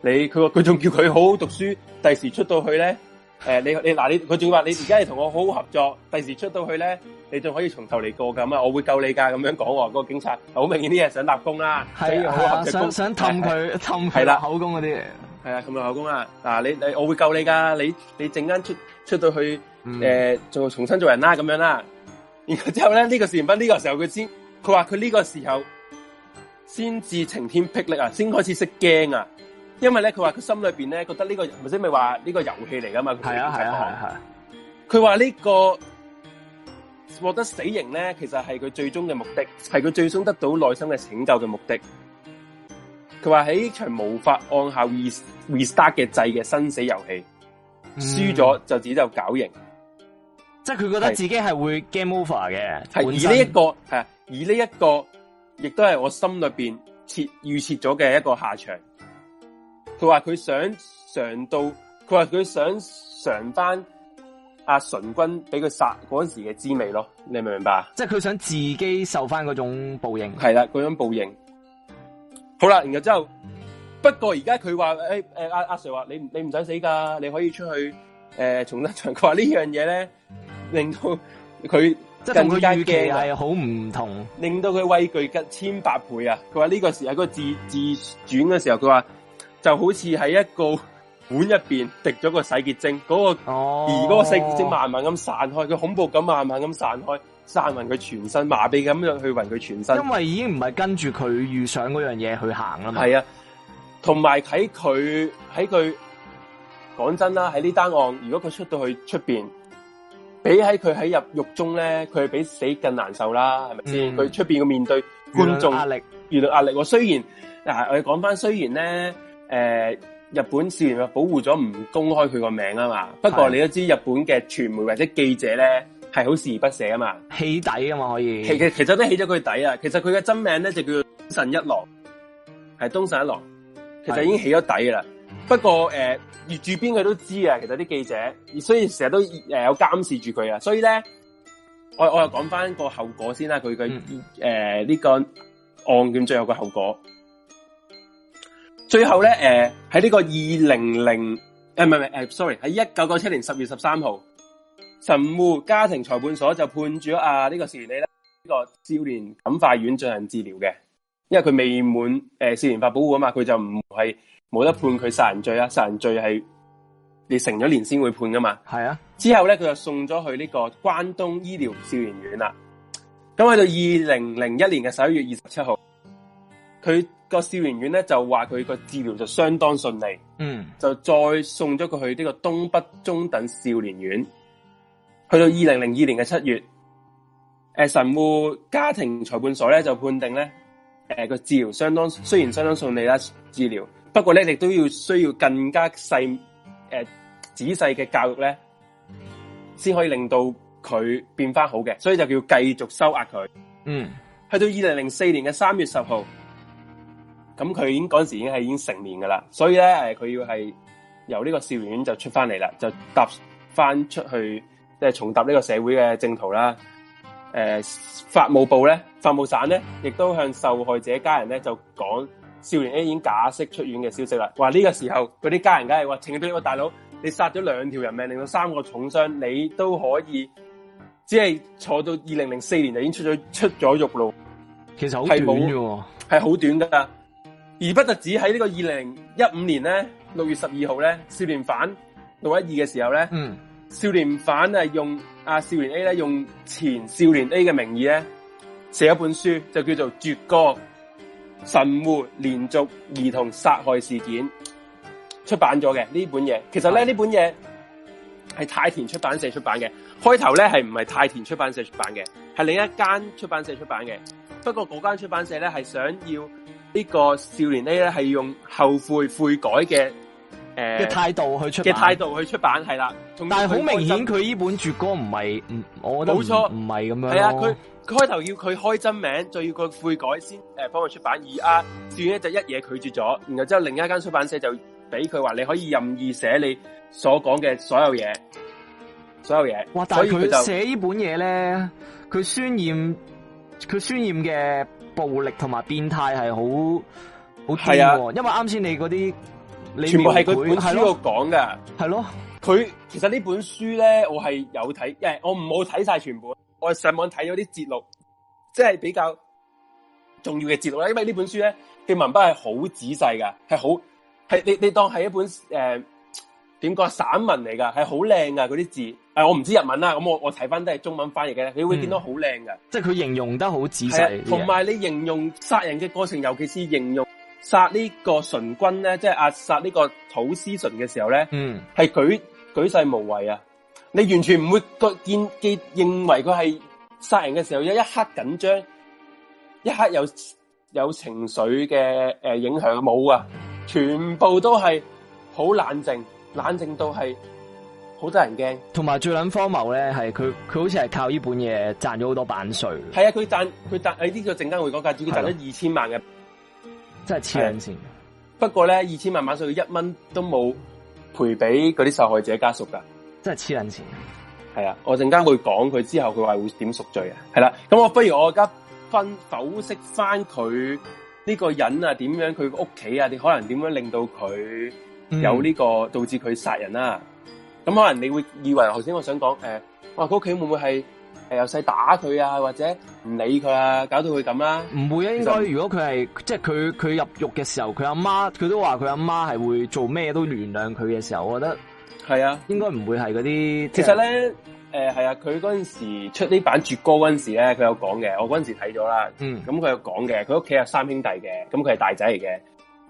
你佢話佢仲叫佢好好讀書，第時出到去咧。誒， 你你嗱你，佢仲話你而家係同我好好合作，第時出到去咧，你仲可以從頭嚟過噶嘛？我會救你噶，咁樣講喎。個警察好明顯啲嘢想立功啦、啊啊，想想氹
佢氹佢口供嗰啲，
係啊，氹佢口供啊，嗱，你你我會救你噶，你你陣間出出到去誒、呃、做重新做人啦、啊、咁樣啦。然後之後咧呢、呢個士兵兵呢個時候佢先，佢話佢呢個時候先至晴天霹靂啊，先開始識驚啊。因為咧，佢話佢心裏邊咧覺得呢、呢個唔係先咪話呢個遊戲嚟噶嘛？係啊，係啊，係啊。佢話呢個獲得死刑咧，其實係佢最終嘅目的，係佢最終得到內心嘅拯救嘅目的。佢話喺場無法按下 restart 嘅掣嘅生死遊戲，
輸咗
就只就絞刑、嗯、即
係佢覺得自己係會 game over 嘅。
而呢、呢、一個係啊，而呢一個亦都係我心裏邊預預設咗嘅一個下場。佢話佢想嘗到，佢話佢想嘗翻阿、啊、純君俾佢殺嗰時嘅滋味咯，你明唔明白
啊？即係佢想自己受翻嗰種報應，係啦，嗰
種報應。好啦，然後之後，不過而家佢話誒誒，阿阿 Sir 話你你唔想死噶，你可以出去誒從得長。佢，呃、話呢樣嘢咧，令到佢即係佢嘅，預期係
好唔同，
令到佢畏懼嘅千百倍啊！佢話呢個時候，那個自自轉嘅時候，佢話。就好似喺一個碗入邊滴咗，嗰個 oh. 個洗潔精，嗰個，而嗰個洗潔精慢慢咁散開，佢恐怖感慢慢咁散開，散匀佢全身，麻痹咁樣去匀佢全身。因為已經唔係跟住佢遇上嗰樣嘢去行啊嘛。係啊，同埋喺佢喺佢講真啦，喺呢單案，如果佢出到去出邊，
比起佢喺
入獄中咧，佢係比死更難受啦，係咪先？佢出邊嘅面對觀眾壓力，遇到壓力。我雖然嗱，啊，我哋講返，雖然咧。誒，日本少年保護咗唔公開佢個名啊嘛。不過你都知道日本嘅傳媒或者記者咧，係好鍥而不捨啊嘛，起底啊嘛可以。其其其實都起咗佢底啊。其實佢嘅真名咧就叫做神一郎，係東神一郎。
其實已經起
咗底噶啦。的不過誒，佢住邊佢都知啊。其實啲記者，雖然成日都誒有監視住佢啊，所以咧，我我又講翻個後果先啦。佢嘅誒呢個案件最後嘅後果。最後咧，誒喺呢個二零零誒唔係唔係誒，sorry，喺一九九七年十月十三號，神戶家庭裁判所就判住咗啊呢個少年咧呢個少年感化院進行治療嘅，因為佢未滿誒、呃、少年法保護啊嘛，佢就唔係冇得判佢殺人罪啊，殺人罪係你成咗年先會判噶嘛。係是啊，之後咧佢就送咗去呢個關東醫療少年院啦。咁去到二零零一年嘅十一月二十七號，佢。個少年院咧就話佢個治療就相當順利，嗯，就再送咗佢去呢個東北中等少年院。去到二零零二年嘅七月，誒、呃、神戶家庭裁判所咧就判定咧，誒、呃、個治療相當雖然相當順利啦，治療不過咧亦都要需要更加細誒、呃、仔細嘅教育咧，先可以令到佢變翻好嘅，所以就叫繼續收押佢。嗯，去到二零零四年嘅三月十號。咁佢已經嗰時已經係已經成年噶啦，所以咧，誒，佢要係由呢個少年院就出翻嚟啦，就搭翻出去，即係重踏呢個社會嘅正途啦。誒、呃，法務部咧，法務省咧，亦都向受害者家人咧就講，少年 A 已經假釋出院嘅消息啦。話呢個時候，嗰啲家人梗係話，請俾個大佬，你殺咗兩條人命，令到三個重傷，你都可以，只係坐到二零零四年就已經出咗出咗獄咯。其實好短喎，係好短噶。而不特止喺呢個二零一五年咧，六月十二號咧，少年犯六一二嘅時候咧，少年犯、嗯、啊用啊少年 A 咧用前少年 A 嘅名義咧寫一本書，就叫做《絕歌神戶連續兒童殺害事件》出版咗嘅呢本嘢。其實咧呢、嗯、這本嘢係太田出版社出版嘅，開頭咧係唔係太田出版社出版嘅，係另一間出版社出版嘅，不過嗰間出版社咧係想要。呢個少年 A 咧係用後悔悔改嘅誒嘅態度去出嘅態度去出版係啦，但係好明顯
佢呢本絕歌唔係唔，我覺得冇錯唔係咁樣。係啊，佢
開頭要佢開真名，再要佢悔改先誒，幫、呃、佢出版。而 啊趙宇咧就一嘢拒絕咗，然後之後另一間出版社就俾佢話你可以任意寫你所講嘅所有嘢，所有嘢。哇！但是所以佢寫
呢本嘢咧，佢宣言，佢宣言嘅。暴力同埋
變態係好
好睇啊！因為啱先你嗰啲，
你全部係佢本書度講㗎，係咯，佢其實呢本書咧，我係有睇，誒，我唔冇睇晒全部。我上網睇咗啲節錄，即係比較重要嘅節錄啦，因為呢本書咧嘅文筆係好仔細㗎，係好係你你當係一本誒。呃點講散文嚟噶，係好靚噶嗰啲字。誒、哎，我唔知日文啦，咁我我睇翻，都係中文翻譯嘅，你會見到好靚㗎，
即係佢形容得好仔細，同埋
你形容殺人嘅過程，尤其是形容殺個君呢個純君咧，即係阿、啊、殺呢個土司純嘅時候咧，嗯，係舉舉世無為啊！你完全唔會個見嘅認為佢係殺人嘅時候有一刻緊張，一刻有有情緒嘅誒、呃、影響，冇啊！全部都係好冷靜。冷靜到係好得人驚，
同埋最捻荒謬咧，係佢佢
好似係靠呢本嘢賺咗好多
版稅。
係啊，佢賺佢賺喺呢個陣間會講價，自己賺咗二千萬嘅，真係黐撚線。不過咧，二千萬版稅佢一蚊都冇賠俾嗰啲受害者家屬噶，真係黐撚線。係啊，我陣間會講佢之後佢話會點贖罪嘅，係啦，咁我不如我而家分剖析翻佢呢個人啊，點樣佢屋企啊，你可能點樣令到佢？嗯、有呢個導致佢殺人啦、啊，咁可能你會以為頭先我想講誒，我話佢屋企會唔會係誒由細打佢啊，或者唔理佢啊，搞到佢咁啦？唔會啊，應該
如果佢係實即係佢佢入獄嘅時候，佢阿媽佢都話佢阿媽係會做咩都原
諒佢嘅時候，我覺得係、呃、啊，應該唔會係嗰啲。其實咧誒係啊，佢嗰陣時出呢版絕歌嗰陣時咧，佢有講嘅，我嗰陣時睇咗啦。嗯，咁佢有講嘅，佢屋企有三兄弟嘅，咁佢係大仔嚟嘅。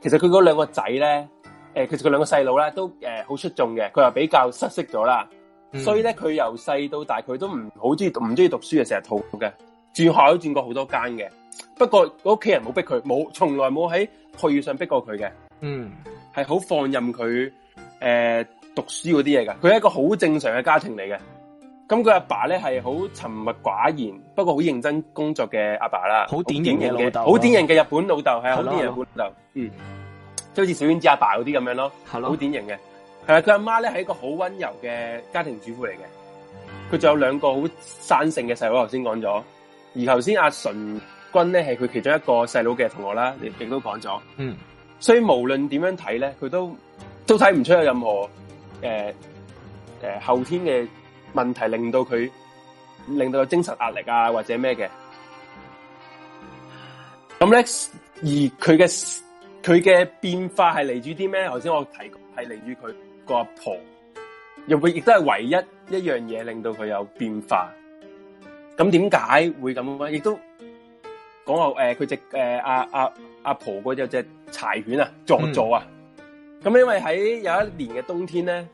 其實佢嗰兩個仔咧。誒，其實佢兩個細佬咧都誒好、呃、出眾嘅，佢又比較失色咗啦。嗯、
所以咧，
佢由細到大，佢都唔好鍾意讀，唔鍾意讀書嘅，成日逃嘅。轉學都轉過好多間嘅。不過，屋企人冇逼佢，冇，從來冇喺學業上逼過佢嘅。嗯，係好放任佢誒、呃、讀書嗰啲嘢㗎。佢係一個好正常嘅家庭嚟嘅。咁佢阿爸咧係好沉默寡言，不過好認真工作嘅阿爸啦。好典型嘅老豆，好典型嘅日本老豆，係好典型嘅日本老豆。的老嗯。嗯即好似小丸子阿爸嗰啲咁樣咯，好典型嘅。係啊 Hello?，佢阿媽咧係一個好溫柔嘅家庭主婦嚟嘅。佢仲有兩個好生性嘅細佬，頭先講咗。而頭先阿純君咧係佢其中一個細佬嘅同學啦，亦亦都講咗。嗯
，hmm.
所以無論點樣睇咧，佢都都睇唔出有任何誒誒、呃呃、後天嘅問題，令到佢令到個精神壓力啊，或者咩嘅。咁咧，而佢嘅。佢嘅變化係嚟住啲咩？頭先我提係嚟住佢個阿婆，又會亦都係唯一一樣嘢令到佢有變化。咁點解會咁樣、呃呃、啊？亦都講下誒，佢隻誒阿阿阿婆嗰隻隻柴犬啊，壯壯啊。咁、嗯、因為喺有一年嘅冬天咧，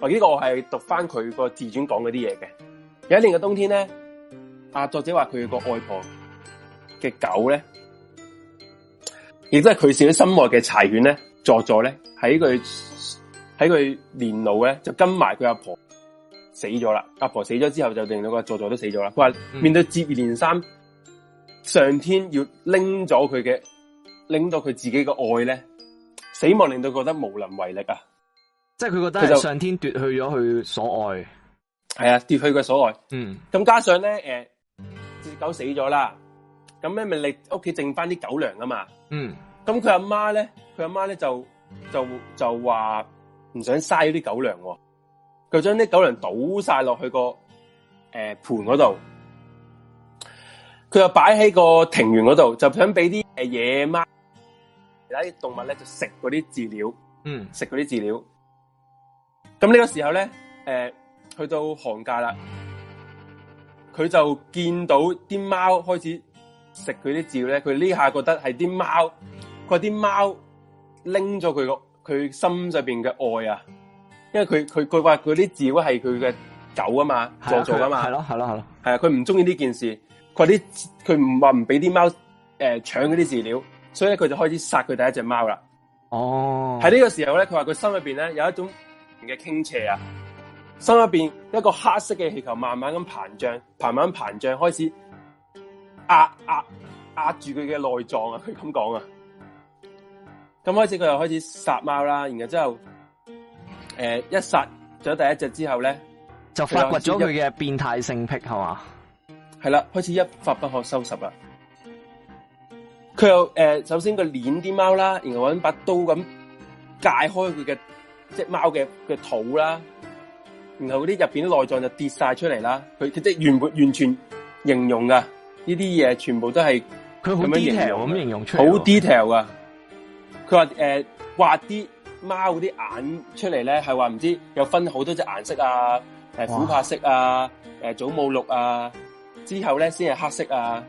哦、這、呢個係讀翻佢個自傳講嗰啲嘢嘅。有一年嘅冬天咧，阿作者話佢個外婆嘅狗咧。亦都係佢自己心愛嘅柴犬咧，座座咧，喺佢喺佢年老咧就跟埋佢阿婆死咗啦，阿婆死咗之後就令到個座座都死咗啦。佢話、嗯、面對接二連三上天要拎咗佢嘅拎到佢自己嘅愛咧，死亡令到佢覺得無能為力啊！即係佢覺得就上
天奪去咗佢所愛，係啊，奪去佢所愛。嗯，
咁加上咧，誒、呃，隻狗死咗啦。咁咩咪你屋企剩翻啲狗糧啊嘛，嗯，咁佢阿媽咧，佢阿媽咧就就就話唔想嘥咗啲狗糧，哦，佢將啲狗糧倒晒落去個誒盤嗰度，佢、呃、就擺喺個庭園嗰度，就想俾啲誒野貓其他啲動物咧就食嗰啲飼料，嗯，食嗰啲飼料。咁呢個時候咧，誒、呃、去到寒假啦，佢就見到啲貓開始。食佢啲飼料咧，佢呢下覺得係啲貓，佢話啲貓拎咗佢個佢心上邊嘅愛啊，因為佢佢佢話佢啲飼料係佢嘅狗啊嘛，啊做做啊嘛，係咯係咯係咯，係啊，佢唔中意呢件事，佢話啲佢唔話唔俾啲貓誒搶嗰啲飼料，所以咧佢就開始殺佢第一隻貓啦。
哦，喺
呢個時候咧，佢話佢心裏邊咧有一種嘅傾斜啊，心入邊一個黑色嘅氣球慢慢咁膨脹，慢慢膨脹開始。壓壓壓住佢嘅內臟啊！佢咁講啊，咁開始佢又開始殺貓啦，然後之後，誒、呃、一殺咗第一隻之後咧，就發掘咗佢嘅
變態性癖
係嘛？係啦，開始一發不可收拾啦。佢又誒，首先佢捻啲貓啦，然後揾把刀咁解開佢嘅隻貓嘅嘅肚啦，然後嗰啲入邊啲內臟就跌晒出嚟啦。佢佢即係完完全形容噶。呢啲嘢全部都係佢好 detail 咁
形容出嚟，好 detail 噶。
佢話誒，挖啲貓嗰啲眼出嚟咧，係話唔知有分好多隻顏色啊，誒、呃、琥珀色啊，誒哇、呃、祖母綠啊，之後咧先係黑色啊。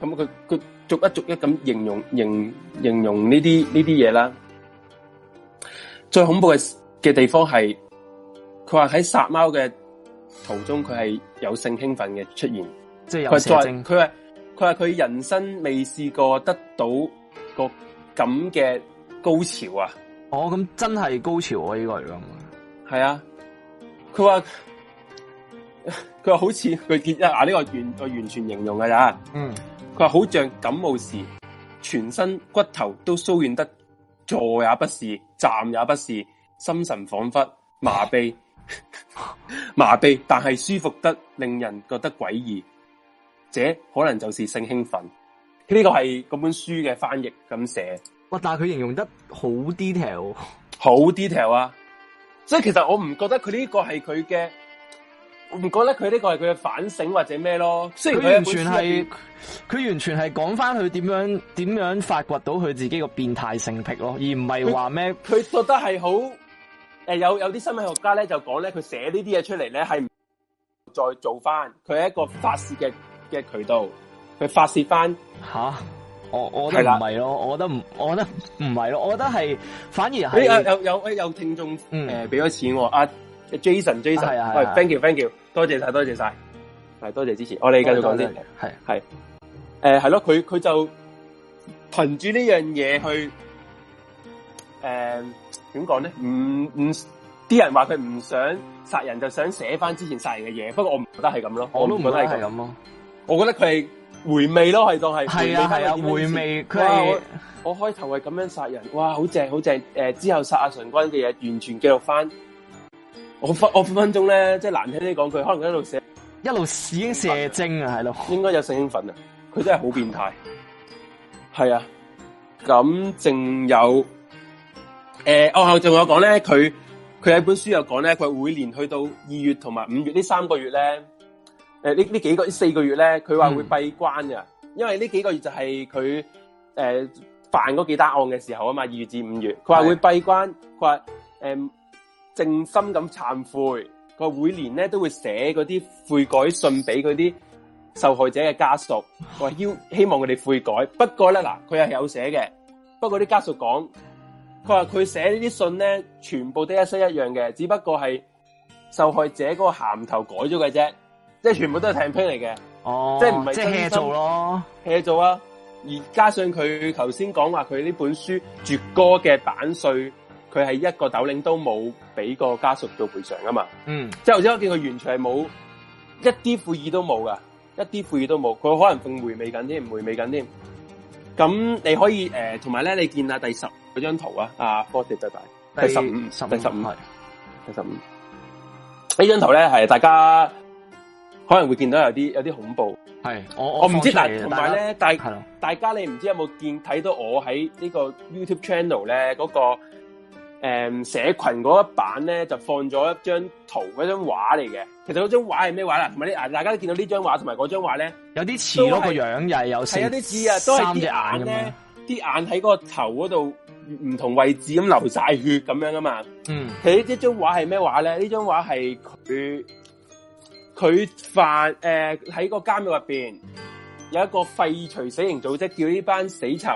咁佢佢逐一逐一咁形容，形形容呢啲呢啲嘢啦。最恐怖嘅嘅地方係，佢話喺殺貓嘅途中，佢係有性興奮嘅出現，即係有性症。佢話。佢話佢人生未試過得到個咁嘅高潮啊！哦，咁真係高潮啊！呢個嚟講，係啊，佢話佢話好似佢見啊，呢個完個完全形容㗎咋？嗯，佢話好像感冒時，全身骨頭都酥軟得坐也不是，站也不是，心神恍惚，麻痹 麻痹，但係舒服得令人覺得詭異。這可能就是性興奮，呢個係嗰本書嘅翻譯咁寫。哇！但係佢形容得好 detail，好 detail 啊！ 所以其實我唔覺得佢呢個係佢嘅，唔覺得佢呢個係佢嘅反省或者咩咯。雖然佢完全係，
佢完全係講翻佢點樣點樣發掘到佢自己個變態性癖咯，而唔係話咩。
佢覺得係好誒有有，啲心理學家咧，就講咧，佢寫這些東西呢啲嘢，出嚟咧，係再做翻佢一個發洩嘅。嗯嘅渠道去發泄翻吓？我我覺得唔係
咯，我覺得唔，我覺得唔係咯，我覺得係反而係有有
有有聽眾誒俾咗錢喎 Jason Jason 啊 thank you thank you 多謝晒，多謝晒係多謝支持，我哋繼續講先係，係誒係咯，佢佢就憑住呢樣嘢，去誒點講咧？唔唔，啲人話佢唔想殺人，就想寫翻之前殺人嘅嘢。不過我唔覺得係咁咯，我都唔覺得係咁咯。我覺得佢係回味咯，係當係係啊係啊，啊啊回味佢係我開頭係咁樣殺人，哇，好正好正！誒、呃，之後殺阿純君嘅嘢，完全記錄翻。我分我分分鐘咧，即係難聽啲講，佢可能一路寫一路射精啊，係咯，了應該有性興奮啊！佢真係好變態，係、呃、啊。咁、哦、仲有誒，我後仲有講咧，佢佢喺本書又講咧，佢每年去到二月同埋五月呢三個月咧。誒，呢呢幾個四個月咧，佢話會閉關㗎！嗯、因為呢幾個月就係佢誒犯嗰幾單案嘅時候啊嘛，二月至五月，佢話會閉關，佢話誒靜心咁懺悔，佢話每年咧都會寫嗰啲悔改信俾嗰啲受害者嘅家屬，話要希望佢哋悔改。不過咧嗱，佢係有寫嘅，不過啲家屬講，佢話佢寫呢啲信咧，全部都一式一樣嘅，只不過係受害者嗰個銜頭改咗嘅啫。即係全部都係堆砌嚟嘅，哦、即係唔係即係做咯，做啊！而加上佢頭先講話佢呢本書絕歌嘅版稅，佢係一個斗零都冇俾個家屬做賠償啊嘛。嗯，即係頭先我見佢完全係冇一啲悔意都冇噶，一啲悔意都冇。佢可能仲回味緊添，回味緊添。咁你可以誒，同埋咧，你見下第十嗰張圖啊，阿波迪對白，是第十五、第十五係，第十五呢張圖咧係大家。可能會見到有啲有啲恐怖，係我我唔知嗱，同埋咧大家大，的大家你唔知有冇見睇到我喺呢個 YouTube channel 咧嗰個社群嗰一版咧就放咗一張圖，嗰張畫嚟嘅。其實嗰張畫係咩畫啦？同埋大家都見到呢張畫同埋嗰張畫咧是，有啲似咯，個樣又係有，有啲似啊，都係三隻眼咁，啲眼喺個頭嗰度唔同位置咁流曬血咁樣㗎嘛。嗯，係呢張畫係咩畫咧？呢張畫係佢。佢犯誒喺個監獄入邊有一個廢除死刑組織，叫呢班死囚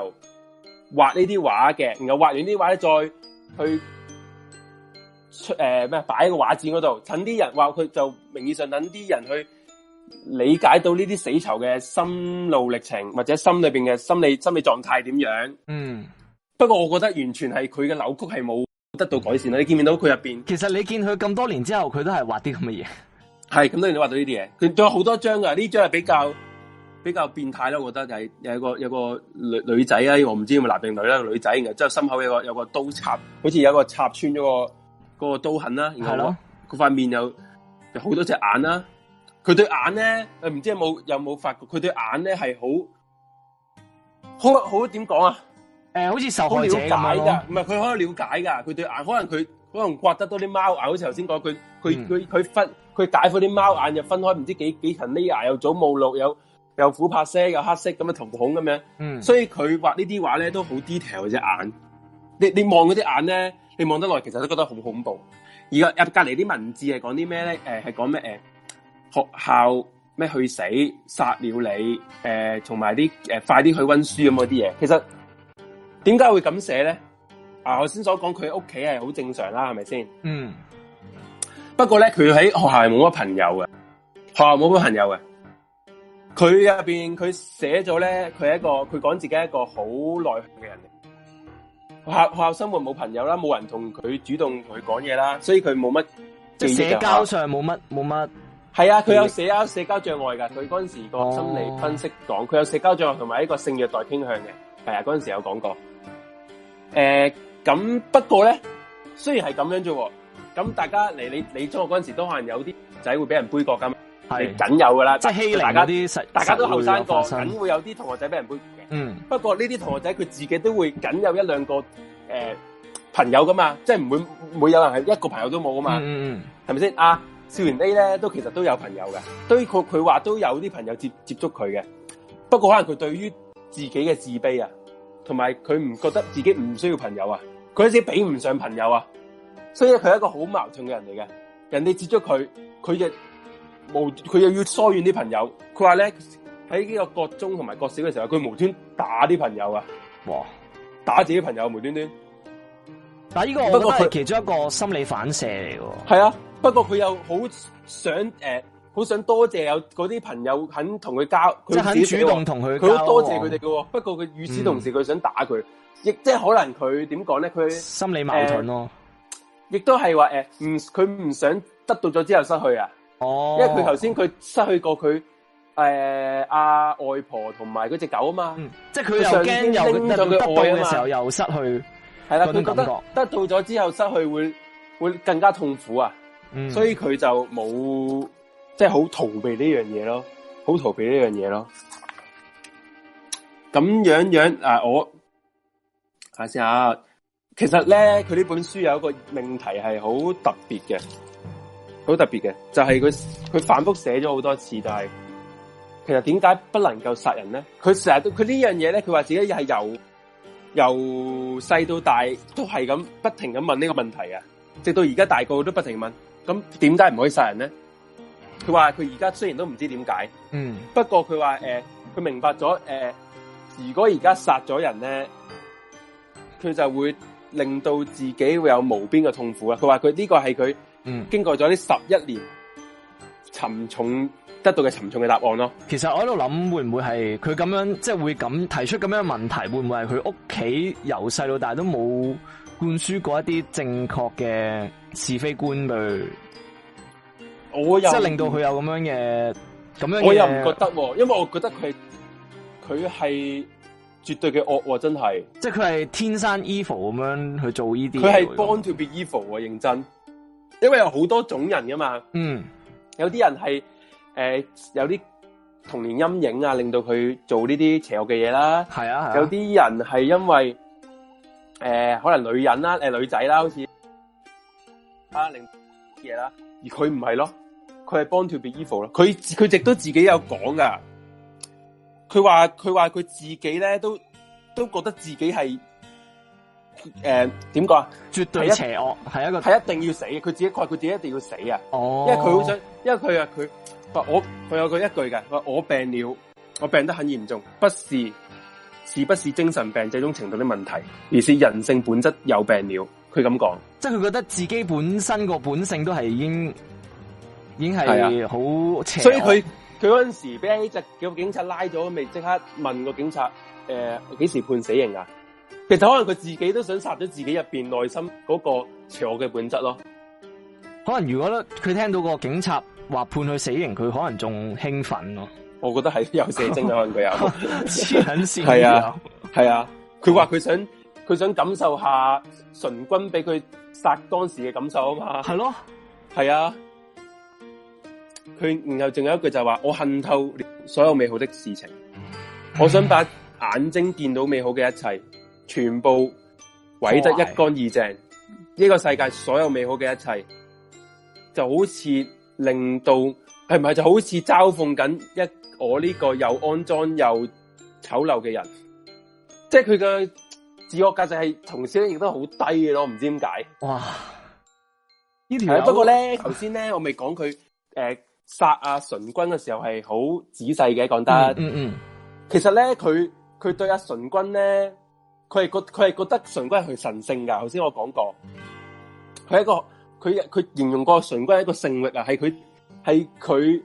畫呢啲畫嘅，然後畫完啲畫咧再去出誒咩擺喺個畫展嗰度，趁啲人話，佢就名義上等啲人去理解到呢啲死囚嘅心路歷程，或者心裏邊嘅心理心理狀態點樣？
嗯，
不過我覺得完全係佢嘅扭曲係冇得到改善啦。你見唔見到佢入邊？其實你見佢咁多年之後，佢都係畫啲咁嘅嘢。係咁，當然你話到呢啲嘢，佢仲有好多張噶。呢張係比較比較變態咯，我覺得就係有個有個女女仔啊，我唔知係咪男定女啦，女仔然嘅，即係心口有個有個刀插，好似有個插穿咗個個刀痕啦。然後咯，佢塊面有有好多隻眼啦。佢對眼咧，唔知有冇有冇發覺？佢對眼咧係好好好點講啊？誒、欸，好似受害者了解樣噶，唔係佢可以了解噶。佢對眼可能佢可能刮得多啲貓眼，好似頭先講佢佢佢佢忽。佢解開啲貓眼就分開唔知幾幾層 layer 又祖母綠，有又琥珀色，又黑色咁嘅瞳孔咁樣。嗯，所以佢畫呢啲畫咧都好 detail 隻眼。你你望嗰啲眼咧，你望得耐，其實都覺得好恐怖。而家入隔籬啲文字係講啲咩咧？誒、呃，係講咩？誒，學校咩去死，殺了你！誒、呃，同埋啲誒快啲去溫書咁嗰啲嘢。嗯，其實點解會咁寫咧？啊，我先所講佢屋企係好正常啦，係咪先？嗯。不過咧，佢喺學校係冇乜朋友嘅，學校冇乜朋友嘅。佢入邊佢寫咗咧，佢係一個佢講自己係一個好內向嘅人嚟。學校學校生活冇朋友啦，冇人同佢主動同佢講嘢啦，所以佢冇乜即社交
上冇乜冇乜。係啊，佢有
寫啊，社交障礙噶。佢嗰陣時個心理分析講，佢有社交障礙同埋一個性虐待傾向嘅。係啊，嗰陣時有講過。誒、呃，咁不過咧，雖然係咁樣啫。咁大家嚟，你你中學嗰陣時都可能有啲仔會俾人杯葛噶，係僅是有噶啦，即係欺凌嗰啲，大家，大家都後生過，緊會有啲同學仔俾人杯葛嘅。嗯，不過呢啲同學仔佢自己都會僅有一兩個誒、呃、朋友噶嘛，即係唔會會有人係一個朋友都冇噶嘛。嗯嗯，係咪先啊？少年 A 咧都其實都有朋友嘅，對佢佢話都有啲朋友接接觸佢嘅。不過可能佢對於自己嘅自卑啊，同埋佢唔覺得自己唔需要朋友啊，佢好似比唔上朋友啊。所以佢係一個好矛盾嘅人嚟嘅，人哋接觸佢，佢亦無佢又要疏遠啲朋友。佢話咧喺呢個國中同埋國小嘅時候，佢無端打啲朋友啊！哇，打自己朋友無端端。但
係呢個我都係其中一個心理反射嚟
嘅。係啊，不過佢又好想誒，好、呃、想多謝有嗰啲朋友肯同佢交，即係主動同佢，佢好多謝佢哋嘅。嗯、不過佢與此同時，佢想打佢，亦即係可能佢點講咧？佢心理矛盾咯、呃。亦都係話誒，唔佢唔想得到咗之後失去啊！哦，oh. 因為佢頭先佢失去過佢誒阿外婆同埋嗰隻狗啊嘛，即係佢又驚又得到嘅時候又失
去，係啦的，佢覺，覺得
得到咗之後失去會會更加痛苦啊！Mm. 所以佢就冇即係好逃避呢樣嘢咯，好逃避呢樣嘢咯。咁樣樣啊，我睇下先下。其實咧，佢呢本書有一個命題係好特別嘅，好特別嘅，就係佢佢反覆寫咗好多次，就係，但係其實點解不能夠殺人咧？佢成日都佢呢樣嘢咧，佢話自己係由由細到大都係咁不停咁問呢個問題啊，直到而家大個都不停問，咁點解唔可以殺人咧？佢話佢而家雖然都唔知點解，嗯，不過佢話誒，佢、呃、明白咗誒、呃，如果而家殺咗人咧，佢就會。令到自己會有無邊嘅痛苦啊！佢話佢呢個係佢經過咗呢十一年沉重得到嘅沉重嘅答案咯、嗯。
其實我喺度諗，會唔會係佢咁樣，即係會咁提出咁樣嘅問題，會唔會係佢屋企由細到大都冇灌輸過一啲正確嘅是非觀去？我即有係令到佢有咁樣嘅咁樣嘢我又唔覺
得、啊，因為我覺得佢佢係。佢係絕對嘅惡、啊，真係，即係
佢係天生 evil 咁樣去做呢啲。佢係 born
to be evil、啊，認真，因為有好多種人㗎嘛。嗯，有啲人係誒、呃、有啲童年陰影啊，令到佢做呢啲邪惡嘅嘢啦。係啊，是啊有啲人係因為誒、呃、可能女人啦，誒、呃、女仔啦，好似啊令嘢啦，啊，而佢唔係咯，佢係 born to be evil 咯。佢佢直都自己有講㗎。嗯佢話佢話佢自己咧都都覺得自己係誒點講啊？呃、絕對邪惡係一,一個係一定要死嘅。佢自己話佢自己一定要死啊！哦，因
為佢好
想，因為佢啊，佢話我佢有佢一句嘅，話我病了，我病得很嚴重，不是是不是精神病這種程度的問題，而是人性本質有病了。佢咁講，
即係佢覺得自己本身個本性都係已經已經係好
邪、啊、所以佢。佢嗰陣時俾呢隻叫警察拉咗，咪即刻問個警察：誒、呃，幾時判死刑啊？其實可能佢自己都想殺咗自己入邊內心嗰個邪惡嘅本質咯。
可能如果佢聽到個警察話判佢死刑，佢可能仲興奮咯。
我覺得係有邪精可能佢有黐緊線。係啊，係啊，佢話佢想佢想感受一下淳君俾佢殺當時嘅感受啊嘛。係咯，係啊。佢然後仲有一句就話：我恨透所有美好的事情。我想把眼睛見到美好嘅一切全部毀得一乾二淨。呢個世界所有美好嘅一切，就好似令到係唔係就好似嘲諷緊一我呢個又骯髒又醜陋嘅人。即係佢嘅自我價值係同時咧，亦都好低嘅咯。唔知點解哇？
呢條不過咧，
頭先咧，我未講佢誒。呃殺阿純君嘅時候係好仔細嘅，講得，嗯嗯，嗯嗯，其實咧，佢佢對阿、啊、純君咧，佢係覺佢係覺得純君係佢神聖噶。頭先我講過，佢一個佢佢形容過純君係一個聖域啊，係佢係佢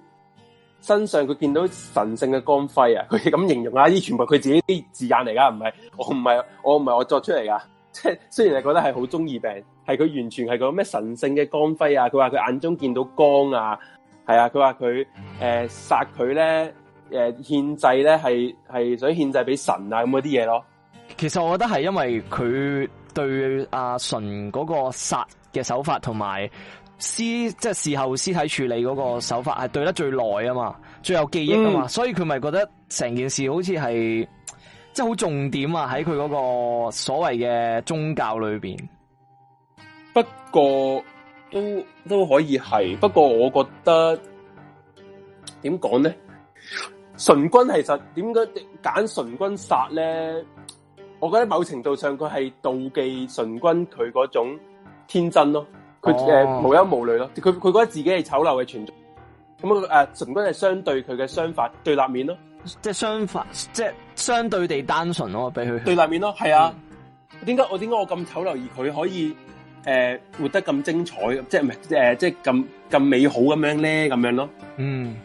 身上佢見到神聖嘅光輝啊，佢係咁形容啊，呢啲全部佢自己啲字眼嚟噶，唔係我唔係我唔係我作出嚟噶，即係雖然係覺得係好中二病，係佢完全係個咩神聖嘅光輝啊，佢話佢眼中見到光啊。係啊，佢話佢誒殺佢咧，誒獻祭咧係係想獻祭俾神啊咁嗰啲嘢咯。其實我覺
得係因為佢對阿純嗰個殺嘅手法同埋屍即係事後屍體處理嗰個手法係對得最耐啊嘛，最有記憶啊嘛，嗯、所以佢咪覺得成件事好似係即係好重點啊喺佢嗰個所謂嘅宗教裏邊。不過。
都都可以係，不過我覺得點講咧？純君其實點解揀純君殺咧？我覺得某程度上佢係妒忌純君佢嗰種天真咯、哦，佢誒、哦呃、無憂無慮咯、哦，佢佢覺得自己係醜陋嘅存在，咁啊誒純君係相對佢嘅相反對立面咯、哦，即係相反，即係相對地單純咯、哦，俾佢對立面咯、哦，係啊？點解、嗯、我點解我咁醜陋而佢可以？誒、呃，活得咁精彩，即係唔係？即係咁咁美好咁樣咧，咁樣咯。嗯，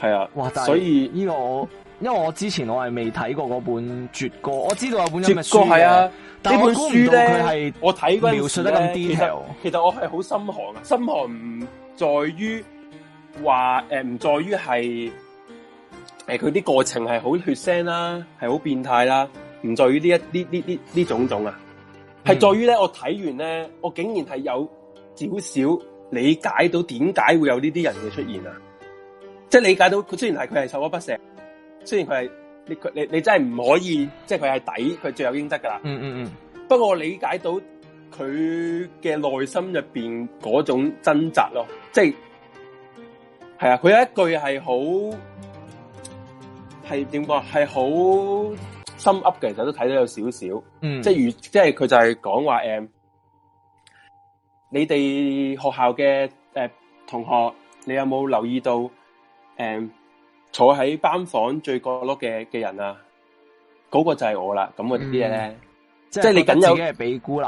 係啊。哇！所以
呢個我，因為我之前我係未睇過嗰本絕歌，我知道本有本絕歌係啊，但係呢本書咧，佢係我睇描述得咁 detail。其實，
其實我係好心寒啊！心寒唔在於話誒，唔、呃、在於係誒，佢、呃、啲過程係好血腥啦，係好變態啦，唔在於呢一呢呢呢呢種種啊。係在於咧，我睇完咧，我竟然係有少少理解到點解會有呢啲人嘅出現啊！即係理解到佢雖然係佢係十惡不赦，雖然佢係你佢你你真係唔可以，即係佢係抵，佢罪有應得噶啦。嗯嗯嗯。不過我理解到佢嘅內心入邊嗰種掙扎咯，即係係啊！佢有一句係好係點講，係係好。心噏嘅其實都睇到有少少，即係如即係佢就係講話，誒、嗯，你哋學校嘅誒、呃、同學，你有冇留意到，誒、嗯，坐喺班房最角落嘅嘅人啊？嗰、那個就係我啦，咁嗰啲嘢咧，即係即是 你僅有自己係俾孤立，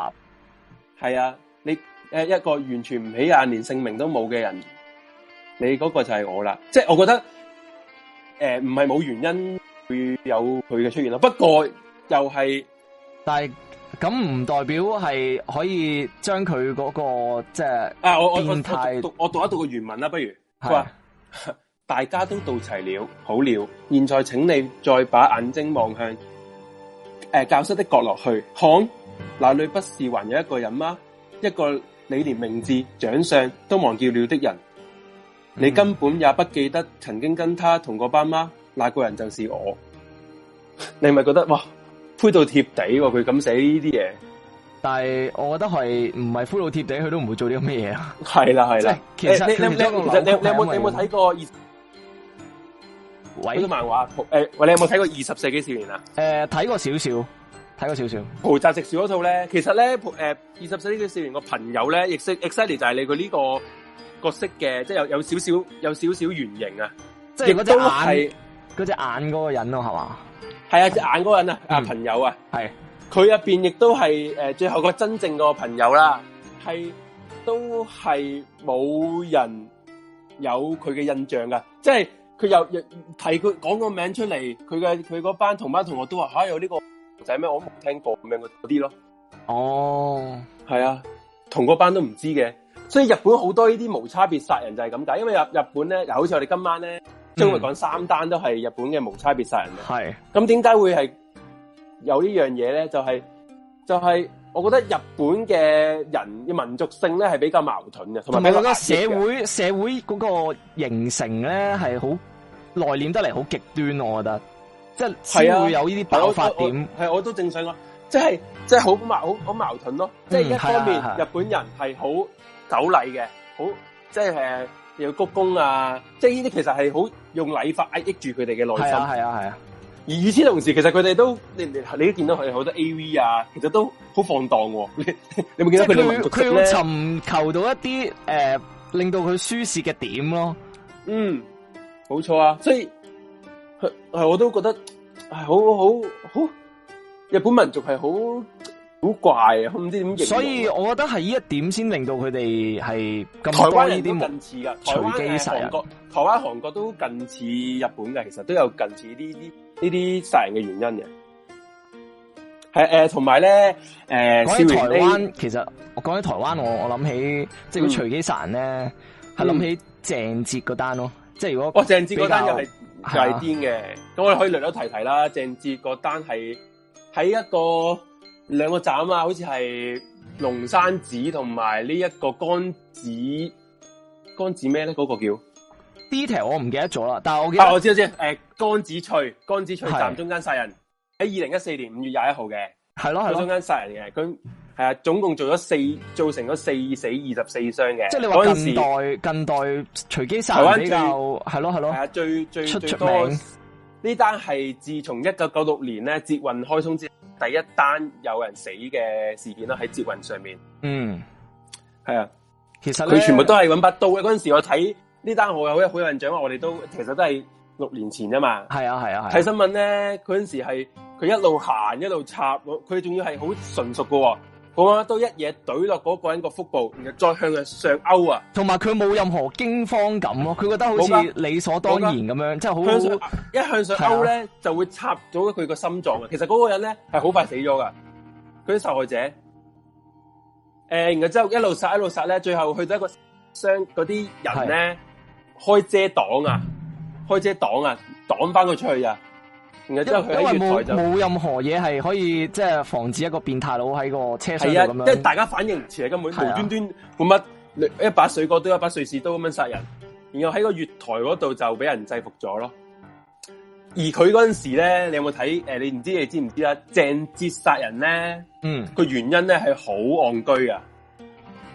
係啊，你誒一個完全唔起眼、連姓名都冇嘅人，你嗰個就係我啦，即係我覺得，誒唔係冇原因。會有佢嘅出現啦，不過又係，但係
咁唔代表係可以將佢嗰個
即係、就是、啊！我態我我，我讀我讀一讀個原文啦，不如佢話是大家都到齊了，好了，現在請你再把眼睛望向誒、呃、教室的角落去，看那裡不是還有一個人嗎？一個你連名字、長相都忘掉了的人，你根本也不記得曾經跟他同個班嗎？那個人就是我，你咪覺得哇，灰到貼地，啊？佢咁寫呢啲嘢，
但係我覺得係唔係灰到貼地，佢都唔會做啲咁咩嘢啊！係啦係啦，其實、欸、其實你其實你你你有冇為你有冇
睇過二？嗰個喂漫畫誒、欸，你者有冇睇過二十世紀少年啊？誒、呃，睇過少少，睇過少少。浦澤直樹嗰套咧，其實咧，誒，二十世紀少年個朋友咧，亦是 exactly 就係你佢呢個角色嘅，即係有有少少有少少原型啊，
即係嗰隻眼
嗰隻眼嗰個人咯，係嘛？係啊，隻眼嗰人啊，啊、嗯、朋友啊，係佢入邊亦都係誒，最後個真正個朋友啦，係都係冇人有佢嘅印象噶，即係佢又提佢講個名出嚟，佢嘅佢嗰班同班同學都話吓、啊、有呢個仔咩，我冇聽過咁樣嗰啲咯。哦，係啊，同嗰班都唔知嘅，所以日本好多呢啲無差別殺人就係咁解，因為日日本咧，嗱好似我哋今晚咧。即、嗯、會講講三單都係日本嘅無差別殺人。係咁點解會係有呢樣嘢咧？就係、是、就係、是、我覺得日本嘅人嘅民族性咧係比較矛盾嘅，同埋你覺得社
會社會嗰個形成咧係好內斂得嚟，好極端咯。我覺
得即係會有呢啲爆發點。係我,我,我,我都正想我，即係即係好矛好好矛盾咯。即係一方面是的是的日本人係好守禮嘅，好即係誒。有鞠躬啊，即係呢啲其實係好用禮法壓抑住佢哋嘅內心。係啊係啊係啊，而與此同時，其實佢哋都你你都見到佢哋好多 AV 啊，其實都好放蕩啊。你你冇見到佢哋民族咧？佢尋
求到一啲誒、呃、令到佢舒適嘅點咯。嗯，冇錯
啊，所以係我都覺得係、哎、好好好，日本民族係好。好怪啊！唔知點形容，所以
我覺得係呢一點先令到佢
哋係咁多呢啲近似噶，台灣、韓國、台灣、韓國都近似日本嘅，其實都有近似呢啲呢啲殺人嘅原因嘅。係誒，同埋咧，誒，呃、台灣其實
我講起台灣，我我諗起即係佢隨機殺人咧，係諗起鄭捷嗰單咯。即係、嗯、如果我鄭捷嗰單又係又係癲
嘅，咁我哋可以略略提一提啦。鄭捷嗰單係喺一個。兩個站啊，好似係龍山寺同埋呢一個江子江子咩咧？嗰個叫 detail，我唔記得咗啦。但係我，我知啦知啦。誒、啊，江子翠，江子翠站中間殺人喺二零一四年五月廿一號嘅，係咯係咯，中間殺人嘅，佢係啊，總共做咗四，造成咗四死二十四傷嘅。即係你話近代嗰時
近代隨機殺人比較
係咯係咯，係啊最最，最出出名。最呢單係自從一九九六年咧捷運開通之。第一單有人死嘅事件啦，喺捷運上面。嗯，係啊其實，其實佢全部都係揾不到嘅。嗰陣時我睇呢單我有好有印象，我哋都其實都係六年前啊嘛。係啊
係啊，睇、啊啊、新
聞咧，嗰陣時係佢一路行一路插，佢仲要係好純熟嘅、哦。我啊，都一嘢懟落嗰個人個腹部，然後再向上勾啊！
同埋佢冇任何驚慌感咯，佢覺得好似理所當然咁
樣，即係、就是、好向一向上勾咧，是的 就會插咗佢個心臟啊！其實嗰個人咧係好快死咗噶，嗰啲是的 受害者。誒、呃，然後之後一路殺一路殺咧，最後去到一個傷嗰啲人咧，是的 開遮擋啊，開遮擋啊，擋翻佢出去啊！然後佢喺月台就因為冇冇
任何嘢係可以即係、就是、防止一個變態佬喺個車上咁、啊、樣即係大
家反應，其實根本無端端冇乜一把水果刀一把瑞士刀咁樣殺人，然後喺個月台嗰度就俾人制服咗咯。而佢嗰陣時咧，你有冇睇？誒、呃，你唔知你知唔知啦？鄭捷殺人咧，嗯，個原因咧係好戇居啊！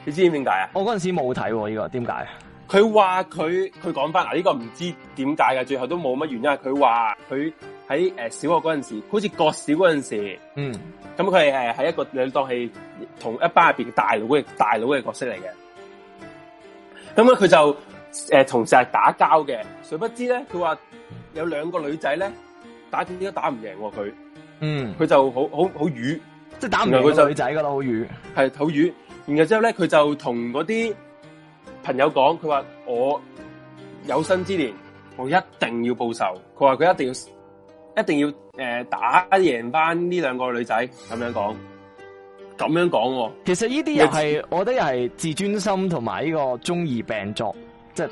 你知唔知點解啊？嗯、知知我嗰陣時冇睇呢個，點解？佢話佢佢講翻啊，呢、這個唔知點解嘅，最後都冇乜原因。佢話佢。喺誒小學嗰陣時，好似國小嗰陣時，嗯，咁佢誒喺一個，當係同一班入邊嘅大佬嘅大佬嘅角色嚟嘅。咁咧佢就誒同成日打交嘅，誰不知咧佢話有兩個女仔咧打點點都打唔贏佢，他嗯他，佢就好好好瘀，即係打唔贏女仔㗎喇，好瘀，係好瘀。然後之後咧佢就同嗰啲朋友講，佢話我有生之年我一定要報仇。佢話佢一定要。一定要誒、呃、打贏翻呢兩個女仔咁樣講，咁樣講、哦。其實呢啲又係，你
我覺得又係自尊心同埋呢個中二病作，即係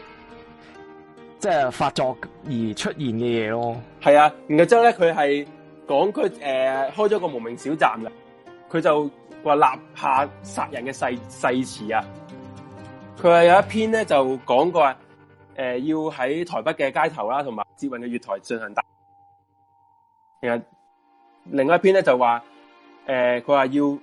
即係發作而出現嘅嘢咯。
係啊，然後之後咧，佢係講佢誒開咗個無名小站嘅，佢就話立下殺人嘅誓誓詞啊。佢係有一篇咧就講過誒、呃，要喺台北嘅街頭啦、啊，同埋捷運嘅月台進行打。另外一篇咧就話，誒、呃，佢話要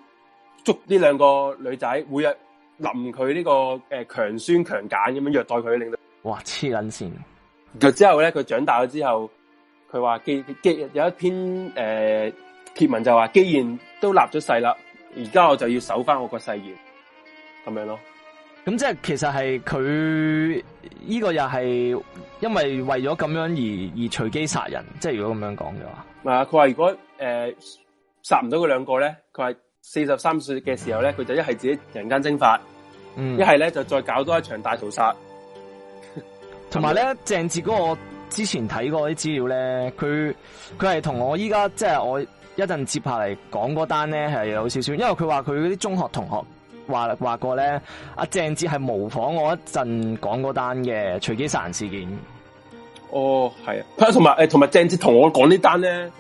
捉呢兩個女仔，每日淋佢呢、這個誒強、呃、酸強鹼咁樣虐待佢，令到，哇黐撚線！就之後咧，佢長大咗之後，佢話既既有一篇誒貼、呃、文就話，既然都立咗誓啦，而家我就要守翻我個誓言，咁樣咯。
咁即係其實係佢呢個又係因為為咗咁樣而而隨機殺人，即係如果咁樣講嘅話，
咪啊佢話如果誒殺唔到佢兩個咧，佢係四十三歲嘅時候咧，佢就一係自己人間蒸發，
嗯，一係
咧就再搞多一場大屠殺。
同埋咧，鄭智哥我之前睇過啲資料咧，佢佢係同我依家即係我一陣接下嚟講嗰單咧係有少少，因為佢話佢嗰啲中學同學。話話過咧，阿鄭捷係模仿我一陣講嗰單嘅隨機殺人事件。哦，
係啊，佢同埋誒，同埋鄭捷同我講呢單咧、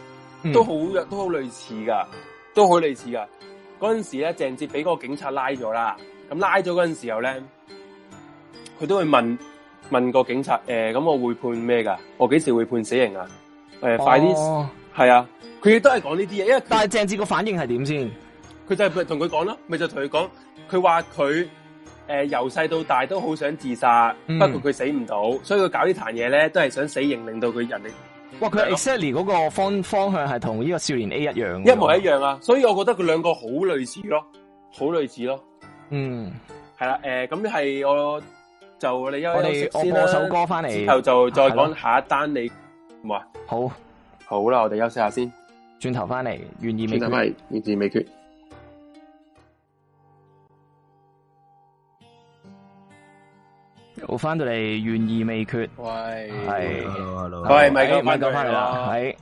嗯，都好都好類似噶，都好類似噶。嗰陣時咧，鄭捷俾個警察拉咗啦，咁拉咗嗰陣時候咧，佢都會問問個警察，誒、呃，咁我會判咩噶？我幾時會判死刑啊？誒、呃，哦、快啲，係啊，佢都係講呢啲嘢，因為但係鄭捷個反應係點先？佢就係同佢講咯，咪 就同佢講。佢話佢誒，由細、呃、到大都好想自殺，嗯、他不過佢死唔到，所以佢搞事呢壇嘢咧，都係想死刑令到佢人哋。哇！佢 exactly
嗰個方方向係同呢個少年 A 一樣的，一模一
樣啊！所以我覺得佢兩個好類似咯，好類似咯。嗯，係啦，誒、呃，咁係我就你休息先啦。我，我播首歌翻嚟之後就再講下一單你，唔啊的？嗎好，好啦，我哋休息下先。轉頭翻嚟，懸疑未決。轉頭翻嚟，懸疑未決。
我翻到嚟，懸疑未決。喂，係是，喂，咪哥
hello, 喂，咪哥翻嚟啦，係，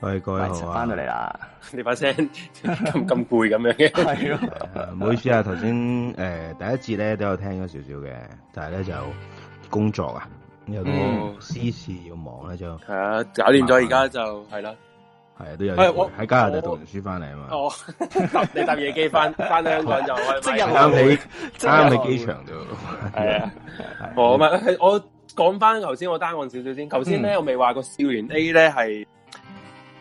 喂，各位、啊，翻到
嚟啦，你把聲咁咁攰咁樣嘅，係啊，
唔好意思啊，頭先誒，第一節咧都有聽咗少少嘅，但係咧就是、工作啊，有啲私事要忙咧、就是嗯、就，係啊、嗯，搞掂咗而家
就係啦。係啊都有喺加拿大讀完書翻嚟啊嘛，你搭夜機翻翻香港就即係啱喺啱喺機場度係啊，我講我講翻頭先我單案少少先，頭先咧我未話個少年 A 咧係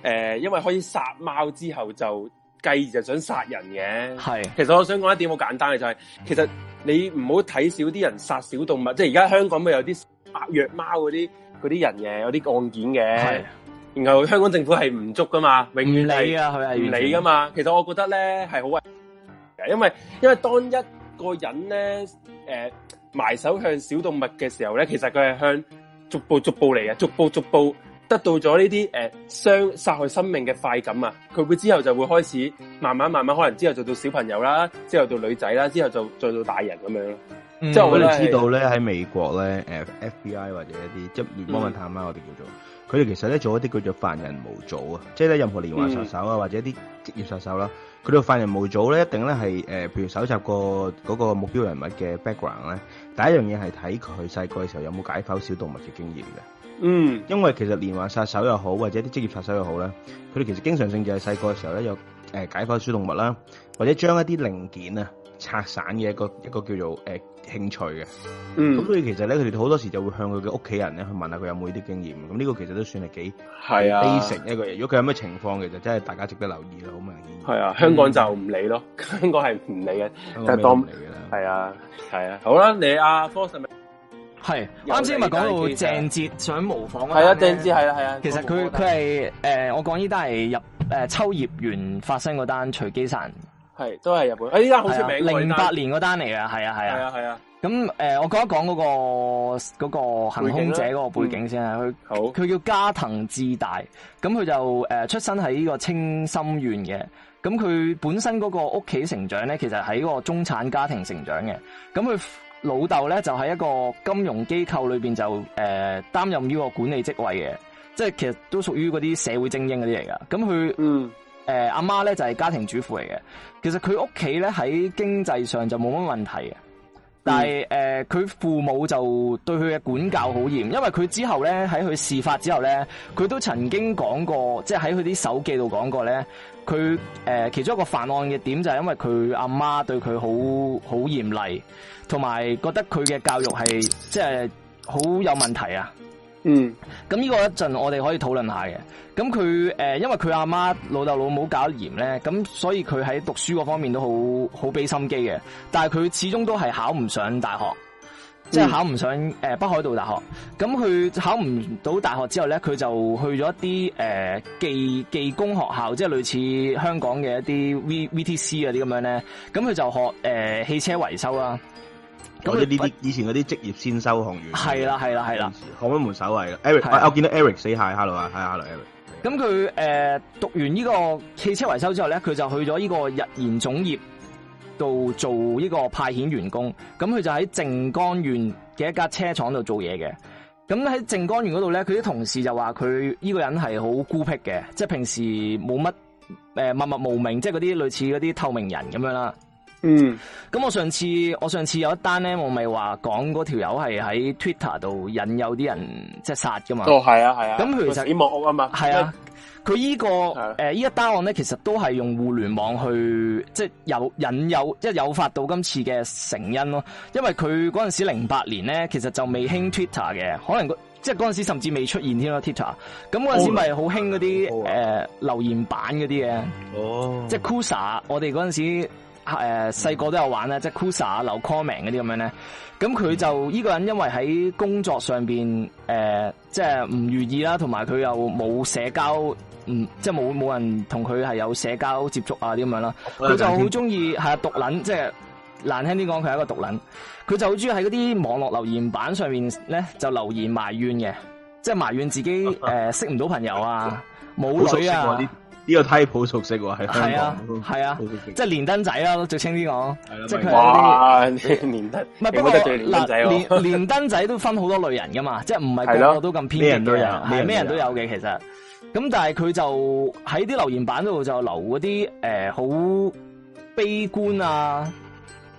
誒，因為可以殺貓之後就繼而就想殺人嘅係，其實我想講一點好簡單嘅就係，其實你唔好睇少啲人殺小動物，即係而家香港咪有啲殺弱貓嗰啲嗰啲人嘅有啲案件嘅。然後香港政府係唔捉噶嘛，永遠理啊，佢係唔理噶嘛。其實我覺得咧係好危，因為因為當一個人咧誒、呃、埋手向小動物嘅時候咧，其實佢係向逐步逐步嚟嘅，逐步逐步得到咗呢啲誒傷殺害生命嘅快感啊！佢會之後就會開始慢慢慢慢，可能之後就到小朋友啦，之後到女仔啦，之後就做再到大人咁樣。即、嗯、之後我哋知道
咧喺美國咧，誒、呃、FBI 或者一啲即聯邦探員啦，嗯、我哋叫做。佢哋其實咧做一啲叫做犯人模組啊，即係咧任何連環殺手啊，或者啲職業殺手啦，佢哋犯人模組咧，一定咧係誒，譬、呃、如搜集過嗰個目標人物嘅 background 咧，第一樣嘢係睇佢細個嘅時候有冇解剖小動物嘅經驗嘅。嗯，因為其實連環殺手又好，或者啲職業殺手又好咧，佢哋其實經常性就係細個嘅時候咧有誒解剖小動物啦，或者將一啲零件啊拆散嘅一個一個叫做誒。呃興趣嘅，咁、嗯、所以其實咧，佢哋好多時就會向佢嘅屋企人咧去問下佢有冇呢啲經驗。咁呢個其實都算係幾 basic 一個嘢。如果佢有咩情況，其實真係大家值得留意咯，好明
顯。係啊，香港就唔理咯，嗯、香港係唔理嘅，就當係啊，係啊，好啦，你阿科什，係啱先咪講到鄭捷想模仿，係啊，鄭捷係啊係啊，其實佢佢係
誒，我講呢單係入誒、呃、秋葉原發生嗰單隨機殺。
係都係日本，誒呢單好出名的，零八年嗰單
嚟啊，係啊係啊，係啊係啊。咁誒、啊啊呃，我講一講嗰、那個嗰、那個行凶者嗰個背景先啊。佢佢、嗯、叫加藤智大，咁佢就誒、呃、出生喺呢個青森縣嘅。咁佢本身嗰個屋企成長咧，其實喺個中產家庭成長嘅。咁佢老豆咧就喺、是、一個金融機構裡邊就誒擔、呃、任呢個管理職位嘅，即係其實都屬於嗰啲社會精英嗰啲嚟噶。咁佢嗯。誒，阿媽咧就係家庭主婦嚟嘅，其實佢屋企咧喺經濟上就冇乜問題嘅，但係誒佢父母就對佢嘅管教好嚴，因為佢之後咧喺佢事發之後咧，佢都曾經講過，即係喺佢啲手記度講過咧，佢誒、呃、其中一個犯案嘅點就係因為佢阿媽對佢好好嚴厲，同埋覺得佢嘅教育係即係好有問題啊。嗯，咁呢個一陣我哋可以討論下嘅。咁佢誒，因為佢阿媽老豆老母教得嚴咧，咁所以佢喺讀書嗰方面都好好俾心機嘅。但係佢始終都係考唔上大學，即係考唔上誒北海道大學。咁佢考唔到大學之後咧，佢就去咗一啲誒技技工學校，即係類似香港嘅一啲 V V T C 嗰啲咁樣咧。咁佢就學誒、呃、汽車維修啦。或者呢啲
以前嗰啲職業先修行業，係啦，係啦，係啦，看門守衞嘅 Eric，我見到 Eric，死蟹的，哈嚟啊，係哈嚟，Eric。
咁佢誒讀完呢個汽車維修之後咧，佢就去咗呢個日研總業度做呢個派遣員工。咁佢就喺靜岡縣嘅一家車廠度做嘢嘅。咁喺靜岡縣嗰度咧，佢啲同事就話佢呢個人係好孤僻嘅，即係平時冇乜誒默默無名，即係嗰啲類似嗰啲透明人咁樣啦。嗯，咁我上次我上次有一單咧，我咪話講嗰條友係喺 Twitter 度引誘啲人即係殺噶嘛？哦，係啊，係啊。咁其實起木屋啊嘛。係為啊，佢依、這個誒依、啊呃、一單案咧，其實都係用互聯網去即係有引誘，即係誘發到今次嘅成因咯。因為佢嗰陣時零八年咧，其實就未興 Twitter 嘅，嗯、可能即係嗰陣時甚至未出現添咯 Twitter。咁嗰陣時咪、嗯、好興嗰啲誒留言版嗰啲嘅，嗯哦、即係 Kusa，我哋嗰陣時。誒，細個都有玩咧，嗯、即係 Kusa 留 comment 嗰啲咁樣咧。咁佢就呢個人，因為喺工作上邊誒、呃，即係唔如意啦，同埋佢又冇社交，嗯、即係冇冇人同佢係有社交接觸啊啲咁樣啦。佢就好中意係啊，毒捻，啊、即係難聽啲講，佢係一個毒捻。佢就好中意喺嗰啲網絡留言板上面咧，就留言埋怨嘅，即係埋怨自己誒，識唔、啊呃、到朋友啊，冇女啊。嗯嗯嗯嗯嗯
呢個梯樸熟悉喎，喺香港
係啊係啊，是啊即
係連登仔啦，都最清啲講係即係佢哇連
登，唔係 不，不過嗱連，連，
連登仔都分好多類人噶嘛， 即係唔係個個都咁偏見，咩人都有，咩人都有嘅其實。咁但係佢就喺啲留言板度就留嗰啲誒好悲觀啊，嗯、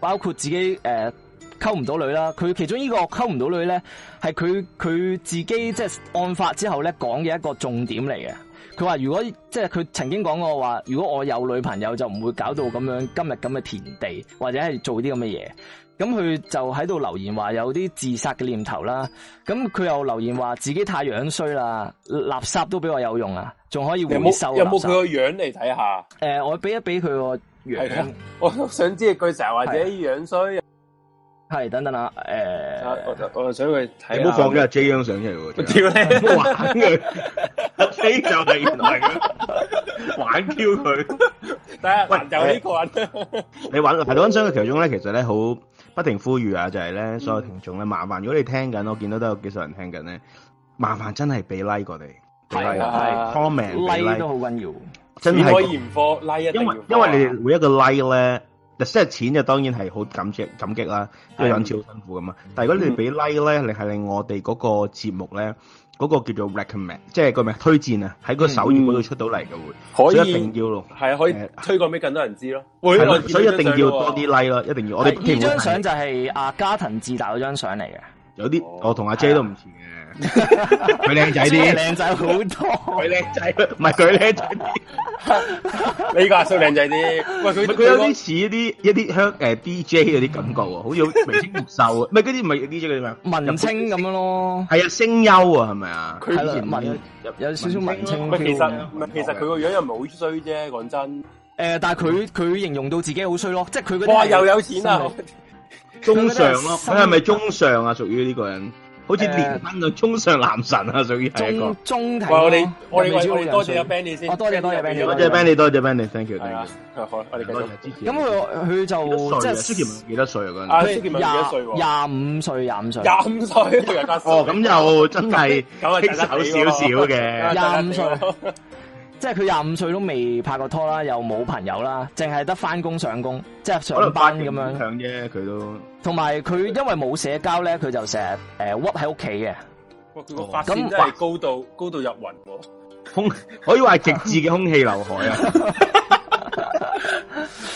包括自己誒溝唔到女啦。佢其中個呢個溝唔到女咧，係佢佢自己即係案發之後咧講嘅一個重點嚟嘅。佢話如果即係佢曾經講過話，如果我有女朋友就唔會搞到咁樣今日咁嘅田地，或者係做啲咁嘅嘢。咁佢就喺度留言話有啲自殺嘅念頭啦。咁佢又留言話自己太樣衰啦，垃圾都比我有用啊，仲可以回收。有冇有冇佢個
樣嚟睇下？誒，我俾一俾佢個樣，我都想知佢成日話自己樣衰。係，等等啊！誒，我就我就想去睇下，唔好放咗阿 J
張相出嚟喎，Q 咧玩佢，阿 J 就係原來咁玩 Q 佢，睇下喂，就呢個
人。
你玩拍到張相嘅其中咧，其實咧好不停呼籲啊，就係咧所有聽眾咧，麻煩如果你聽緊，我見到都有幾十人聽緊咧，麻煩真係俾 like 過嚟，係係 comment like 都好溫柔，真係科研科 like
一定要，因為因為
你每一個 like 咧。嗱，即係錢就當然係好感激感激啦，因為揾錢好辛苦噶嘛。但係如果你哋俾 like 咧，你係令我哋嗰個節目咧，嗰個叫做 recommend，即係個咩推薦啊，喺個首頁嗰度
出到嚟嘅會，所以一定要咯。係啊，可以推廣俾更多人知咯。所以一定要多啲
like 囉，一定要我哋。呢張相
就係加
藤智大嗰張相嚟嘅。有啲我同阿 J 都唔似。佢靚仔啲，靚仔好多，
佢靚仔，唔係佢靚仔，你呢個阿叔靚仔啲，佢有啲
似一啲一啲香誒 DJ 嗰啲感覺喎，好似文青樂手啊，唔係嗰啲，唔係 DJ 叫咩？文青
咁樣咯，
係啊，聲優啊，係咪啊？佢以前文
有少少文青。其實其實佢個樣又唔係好衰啫，講真。誒，
但係佢佢形容到自己好衰咯，即係佢嗰哇又有錢啊，
中上
咯，佢係咪中
上啊？屬於呢個人。好似連登嘅中上男神啊，屬於第一個。
中庭，我哋我哋我哋多謝阿 Benny 先，多謝多
謝
Benny，多謝 Benny，多謝 Benny，thank you。
咁
佢就即係舒淇，幾多歲啊？佢廿廿
五歲，廿五歲，廿五歲。哦，咁又真係棘手少少嘅廿五歲。即係佢廿五歲都未拍過拖啦，又冇朋友啦，淨係得翻工、上工，即係上班咁樣。啫，佢都。同埋佢因為冇社交咧，佢就成日誒屈喺屋企嘅。
咁發展係高度高度入雲，哦，
空可以話係極致嘅空氣劉海，啊。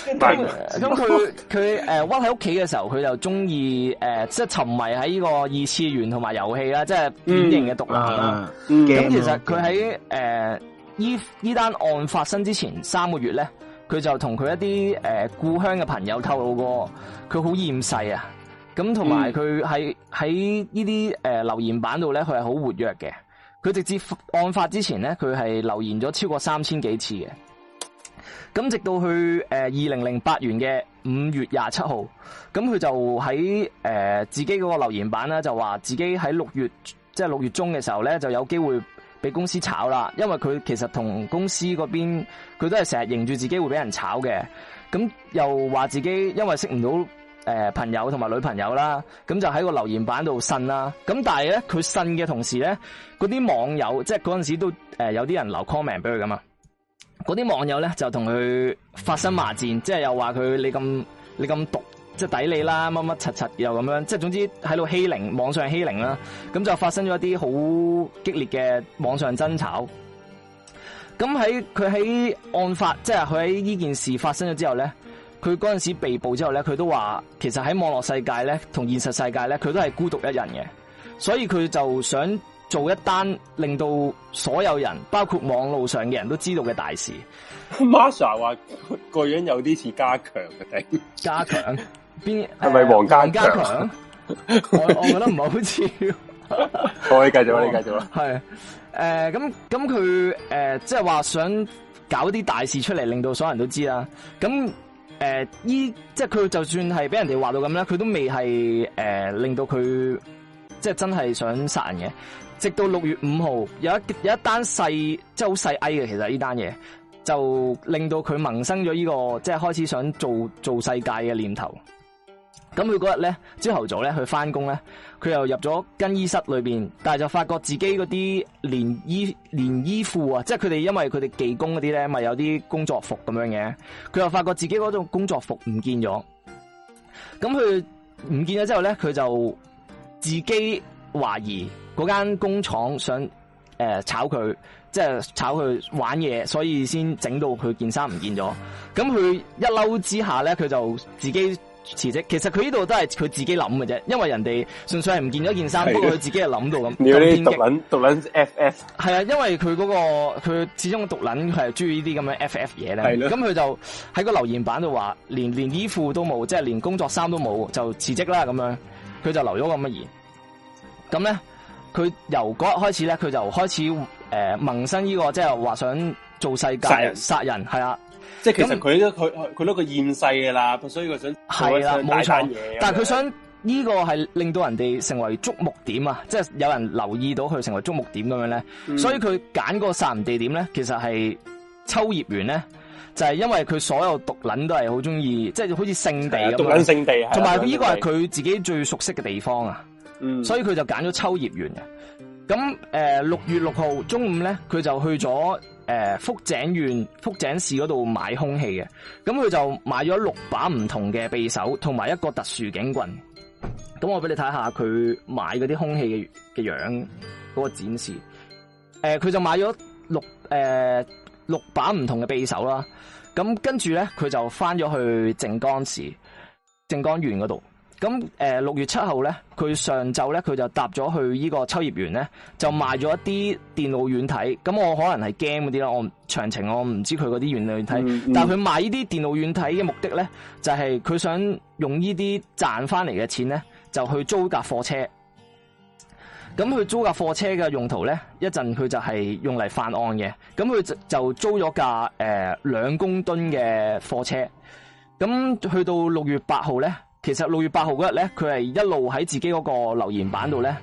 咁咁佢佢誒屈喺屋企嘅時候，佢就中意誒即係沉迷喺呢個二次元同埋遊戲啦，即係典型嘅毒男。啦，嗯。咁，啊嗯，其實佢喺誒。呃依呢單案發生之前三個月咧，佢就同佢一啲誒、呃、故鄉嘅朋友透露過，佢好厭世啊！咁同埋佢喺喺呢啲誒留言板度咧，佢係好活躍嘅。佢直接案發之前咧，佢係留言咗超過三千幾次嘅。咁直到去誒二零零八年嘅五月廿七號，咁佢就喺誒、呃、自己嗰個留言板呢，就話自己喺六月即係六月中嘅時候咧，就有機會。俾公司炒啦，因為佢其實同公司嗰邊佢都係成日認住自己會俾人炒嘅，咁又話自己因為識唔到誒朋友同埋女朋友啦，咁就喺個留言板度呻啦，咁但係咧佢呻嘅同時咧，嗰啲網友即係嗰陣時都誒、呃、有啲人留 comment 俾佢噶嘛，嗰啲網友咧就同佢發生罵戰，即係又話佢你咁你咁毒。即係抵你啦，乜乜柒柒又咁樣，即係總之喺度欺凌，網上欺凌啦，咁就發生咗一啲好激烈嘅網上爭吵。咁喺佢喺案發，即係佢喺呢件事發生咗之後咧，佢嗰陣時被捕之後咧，佢都話其實喺網絡世界咧，同現實世界咧，佢都係孤獨一人嘅，所以佢就想做一單令到所有人，包括網路上嘅人都知道嘅大事。Marsha 話個，
個樣有啲似加強嘅，加強。邊係咪王家強？我我覺
得唔係好似。 我你繼續，你繼
續啦。係
誒，咁咁佢誒，即係話想搞啲大事出嚟，令到所有人都知啦。咁誒，依、呃、即係佢就算係俾人哋話到咁咧，佢都未係誒、呃，令到佢即係真係想殺人嘅。直到六月五號，有一有一單細，即係好細 I 嘅，其實呢單嘢就令到佢萌生咗呢、這個，即係開始想做做世界嘅念頭。咁佢嗰日咧，朝頭早咧去翻工咧，佢又入咗更衣室裏邊，但係就發覺自己嗰啲連衣連衣褲啊，即係佢哋因為佢哋技工嗰啲咧，咪有啲工作服咁樣嘅，佢又發覺自己嗰種工作服唔見咗。咁佢唔見咗之後咧，佢就自己懷疑嗰間工廠想誒、呃、炒佢，即係炒佢玩嘢，所以先整到佢件衫唔見咗。咁佢一嬲之下咧，佢就自己。辭職，其實佢呢度都係佢自己諗嘅啫，因為人哋純粹係唔見咗件衫，不過佢自己係諗到咁。你啲毒撚
毒撚 FF
係啊，因為佢嗰、嗰個佢始終毒撚係中意呢啲咁樣 FF 嘢咧，咁佢的就喺個留言板度話，連連衣褲都冇，即係連工作衫都冇，就辭職啦咁樣。佢就留咗咁乜言。咁咧，佢由嗰日開始咧，佢就開始誒、呃、萌生呢、呢個即係話想做世界殺人，係啊。是
即係其實佢那都佢佢佢個厭世噶啦，所以佢想係啦冇錯，但係佢
想呢個係令到人哋成為矚目點啊！即係有人留意到佢成為矚目點咁樣咧，嗯、所以佢揀個殺人地點咧，其實係秋葉原咧，就係因為佢所有毒撚都係好中意，即係好似聖地咁，毒撚聖地，同埋呢個係佢自己最熟悉嘅地方啊！嗯、所以佢就揀咗秋葉原啊。咁誒，六月六號中午咧，佢就去咗。誒、呃，福井縣福井市嗰度買凶器嘅，咁佢就買咗六把唔同嘅匕首，同埋一個特殊警棍。咁我俾你睇下佢買嗰啲凶器嘅嘅樣，嗰、那個展示。誒、呃，佢就買咗六誒、呃、六把唔同嘅匕首啦。咁跟住咧，佢就翻咗去靜岡市靜岡縣嗰度。咁誒，六、呃、月七號咧，佢上晝咧，佢就搭咗去呢個秋葉原咧，就賣咗一啲電腦軟體。咁我可能係驚嗰啲啦，我詳情我唔知佢嗰啲軟體。嗯嗯、但係佢賣呢啲電腦軟體嘅目的咧，就係、是、佢想用賺呢啲賺翻嚟嘅錢咧，就去租架貨車。咁佢租架貨車嘅用途咧，一陣佢就係用嚟犯案嘅。咁佢就租咗架誒兩、呃、公噸嘅貨車。咁去到六月八號咧。其實六月八號嗰日咧，佢係一路喺自己嗰個留言板度咧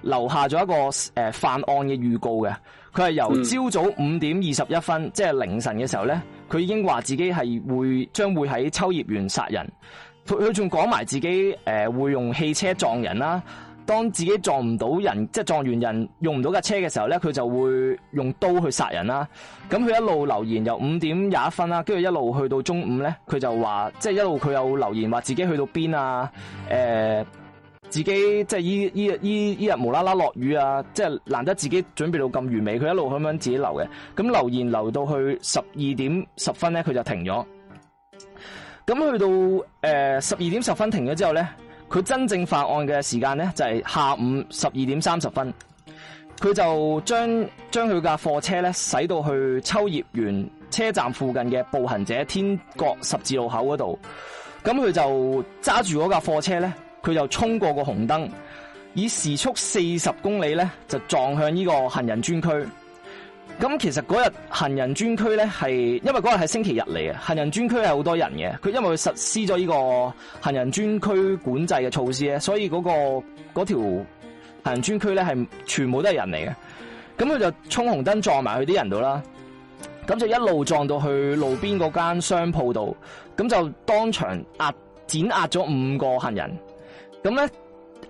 留下咗一個誒、呃、犯案嘅預告嘅。佢係由朝早五點二十一分，嗯、即係凌晨嘅時候咧，佢已經話自己係會將會喺秋葉原殺人。佢佢仲講埋自己誒、呃、會用汽車撞人啦、啊。當自己撞唔到人，即係撞完人用唔到架車嘅時候咧，佢就會用刀去殺人啦。咁佢一路留言由五點廿一分啦，跟住一路去到中午咧，佢就話即係一路佢有留言話自己去到邊啊，誒、呃，自己即係依依依依日無啦啦落雨啊，即係難得自己準備到咁完美，佢一路咁樣自己留嘅。咁留言留到去十二點十分咧，佢就停咗。咁去到誒十二點十分停咗之後咧，佢真正犯案嘅時間呢，就係下午十二點三十分，佢就將將佢架貨車呢，駛到去秋葉原車站附近嘅步行者天國十字路口嗰度，咁佢就揸住嗰架貨車呢，佢就衝過個紅燈，以時速四十公里呢，就撞向呢個行人專區。咁其實嗰日行人專區咧係，因為嗰日係星期日嚟嘅，行人專區係好多人嘅，佢因為佢實施咗呢個行人專區管制嘅措施咧，所以嗰、嗰個嗰條行人專區咧係全部都係人嚟嘅，咁佢就衝紅燈撞埋去啲人度啦，咁就一路撞到去路邊嗰間商鋪度，咁就當場壓碾壓咗五個行人，咁咧。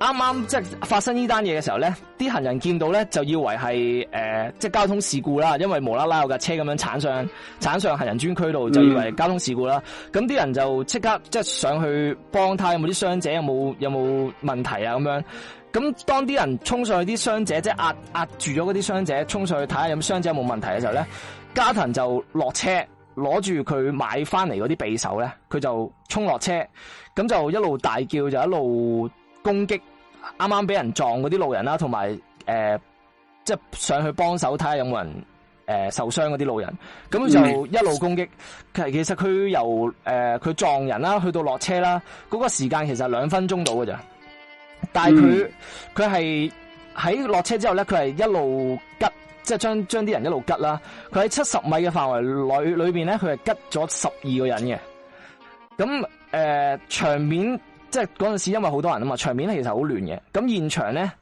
啱啱即係發生呢單嘢嘅時候咧，啲行人見到咧就以為係誒、呃、即係交通事故啦，因為無啦啦有架車咁樣鏟上鏟上行人專區度，就以為係交通事故啦。咁啲、嗯、人就刻即刻即係上去幫睇下有冇啲傷者有冇有冇問題啊咁樣。咁當啲人衝上去啲傷者，即係壓壓住咗嗰啲傷者，衝上去睇下有冇傷者有冇問題嘅時候咧，加藤就落車攞住佢買翻嚟嗰啲匕首咧，佢就衝落車，咁就一路大叫就一路攻擊。啱啱俾人撞嗰啲路人啦，同埋誒，即係上去幫手睇下有冇人誒受傷嗰啲路人，咁、呃就是呃、就一路攻擊。其其實佢由誒佢、呃、撞人啦，去到落車啦，嗰、嗰個時間其實係兩分鐘到㗎咋。但係佢佢係喺落車之後咧，佢係一路吉，即係將將啲人一路吉啦。佢喺七十米嘅範圍裏裏邊咧，佢係吉咗十二個人嘅。咁誒、呃、場面。即係嗰陣時，因為好多人啊嘛，場面咧其實好亂嘅。咁現場咧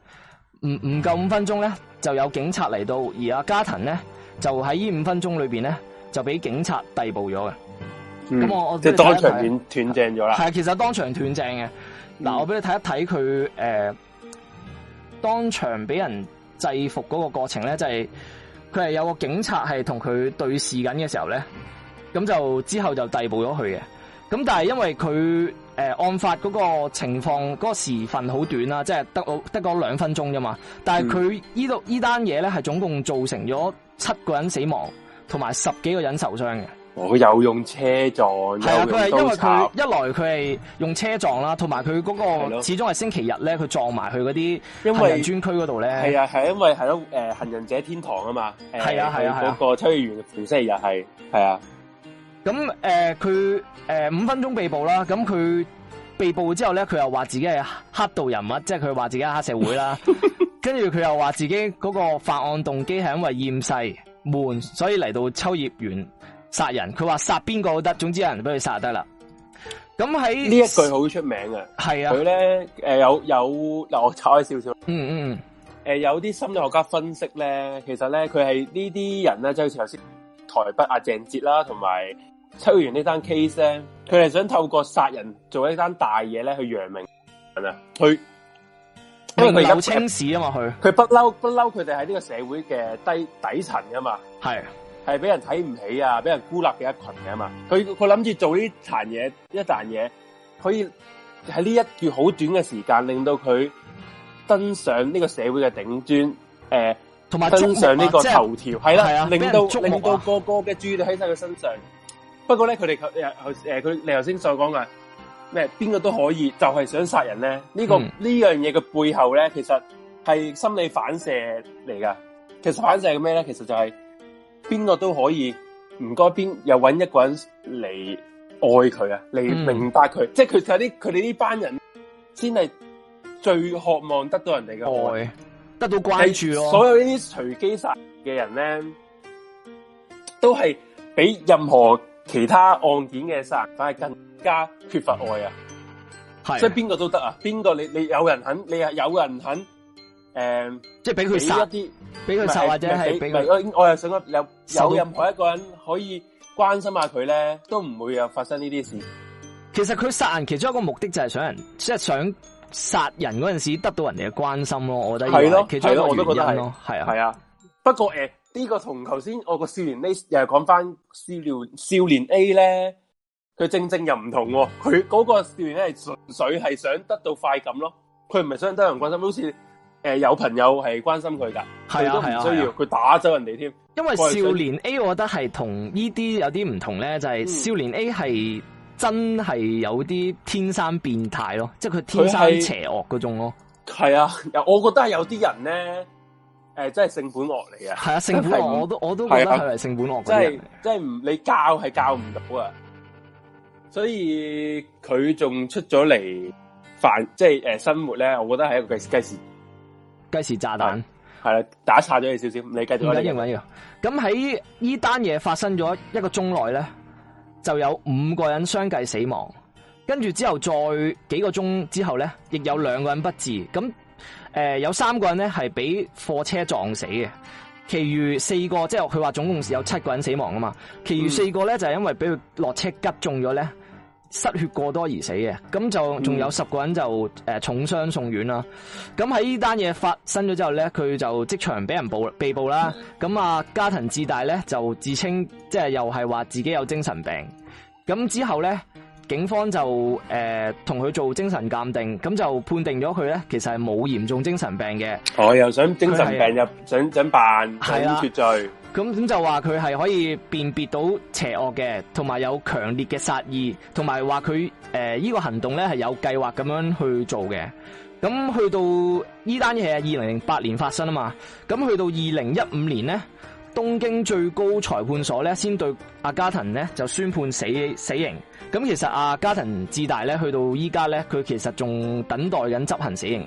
唔唔夠五分鐘咧，就有警察嚟到，而阿加藤咧就喺呢五分鐘裏邊咧，就俾警察逮捕咗
嘅。咁、嗯、我我即係當場斷正咗啦。係，其
實當場斷正嘅。嗱、嗯，我俾你睇一睇佢誒，當場俾人制服嗰個過程咧，就係佢係有個警察係同佢對視緊嘅時候咧，咁就之後就逮捕咗佢嘅。咁但係因為佢。誒，案發嗰個情況嗰個時分好短啦，即係得得個兩分鐘啫嘛。但係佢呢度呢單嘢咧，係總共造成咗七個人死亡，同埋十幾個人受傷嘅。
我、哦、有用車撞，係啊，佢係因為佢
一來佢係用車撞啦，同埋佢嗰個始終係星期日咧，佢撞埋佢嗰啲行人專區嗰度咧。係啊，係
因為係咯，誒，行人者天堂啊嘛。係啊，係啊，係嗰個秋葉原星期日係，係啊。咁誒，佢誒、呃
呃、五分鐘被捕啦。咁佢被捕之後咧，佢又話自己係黑道人物，即係佢話自己係黑社會啦。跟住佢又話自己嗰個犯案動機係因為厭世悶，所以嚟到秋葉原殺人。佢話殺邊個都得，總之有人
俾佢殺得啦。咁喺呢一句好出名嘅，係是啊呢，佢咧誒有有嗱我查開少少，嗯嗯、呃，誒有啲心理學家分析咧，其實咧佢係呢啲人咧，即係好似頭先台北阿鄭捷啦，同埋。抽完呢單 case 咧，佢係想透過殺人做呢單大嘢咧去揚名，係咪啊？因為佢有青史啊嘛。佢佢不嬲不嬲，佢哋喺呢個社會嘅低底層噶嘛，係係俾人睇唔起啊，俾人孤立嘅一群嘅嘛。佢佢諗住做呢殘嘢一殘嘢，可以喺呢一段好短嘅時間，令到佢登上呢個社會嘅頂端，誒、呃，同埋、啊、登上呢個頭條，係啦，令到、啊、令到個個嘅注意力喺晒佢身上。不過咧，佢哋佢誒誒，佢你頭先所講嘅咩？邊個都可以就，就係想殺人咧？呢個呢樣嘢嘅背後咧，其實係心理反射嚟㗎。其實反射係咩咧？其實就係邊個都可以，唔該邊又搵一個人嚟愛佢啊，嚟明白佢。即係佢就啲佢哋呢班人先係最渴望得到人哋嘅愛，哎、所以得到關注咯、哦。所有隨機殺人呢啲隨機殺嘅人咧，都係俾任何，其他案件嘅殺人犯係更加缺乏愛啊，係，所以邊個都得啊，邊個你你有人肯，你啊有人肯，誒、呃，即係俾佢殺一啲，
俾佢殺或者係，唔
係，我又想有有任何一個人可以關心下佢咧，都唔會有發生呢啲事。
其實佢殺人其中一個目的就係想人，即係想殺人嗰陣時得到人哋嘅關心咯，我覺得係咯，其實，我都覺得係，係啊，係啊，
不過誒。呢個同頭先我個少年 A 又係講翻少年少年 A 咧，佢正正又唔同喎，佢嗰個少年 A 係純粹係想得到快感咯，佢唔係想得人關心，好似誒、呃、有朋友係關心佢噶，佢、係啊、都唔需要，佢、啊啊、打走人哋添。因為少年
A，我覺得係同呢啲有啲唔同咧，就係、是、少年 A 係真係有啲天生變態咯，嗯、即係佢天生邪惡嗰種咯。
係啊，我覺得係有啲人咧。誒、欸，真係性本惡嚟嘅！係啊，性本惡我都我都覺得佢係性本惡。即係即係唔你教係教唔到啊！所以佢仲出咗嚟，凡即係誒、呃、生活咧，我覺得係一個計時計時炸彈。係啦、啊啊，打岔咗你少少，你繼續啦。唔緊要，唔緊
要。咁喺呢單嘢發生咗一個鐘內咧，就有五個人相繼死亡，跟住之後再幾個鐘之後咧，亦有兩個人不治。咁誒、呃，有三個人咧係俾貨車撞死嘅，其餘四個即係佢話總共有七個人死亡啊嘛，其餘四個咧就係、是、因為俾佢落車急中咗咧失血過多而死嘅，咁就仲有十個人就誒、呃、重傷送院啦。咁喺呢單嘢發生咗之後咧，佢就即場俾人捕被捕啦。咁啊，加藤智大咧就自稱即係又係話自己有精神病。咁之後咧。警方就誒同佢做精神鑑定，咁就判定咗佢咧，其實係冇嚴重精神病嘅。我、
哦、又想精神病入，啊、想整辦？係啊，脫罪。
咁咁就話佢係可以辨別到邪惡嘅，同埋有強烈嘅殺意，同埋話佢誒呢個行動咧係有計劃咁樣去做嘅。咁去到呢單嘢係二零零八年發生啊嘛，咁去到二零一五年咧。東京最高裁判所咧，先對阿加藤咧就宣判死死刑。咁其實阿加藤自大咧，去到依家咧，佢其實仲等待緊執行死刑嘅，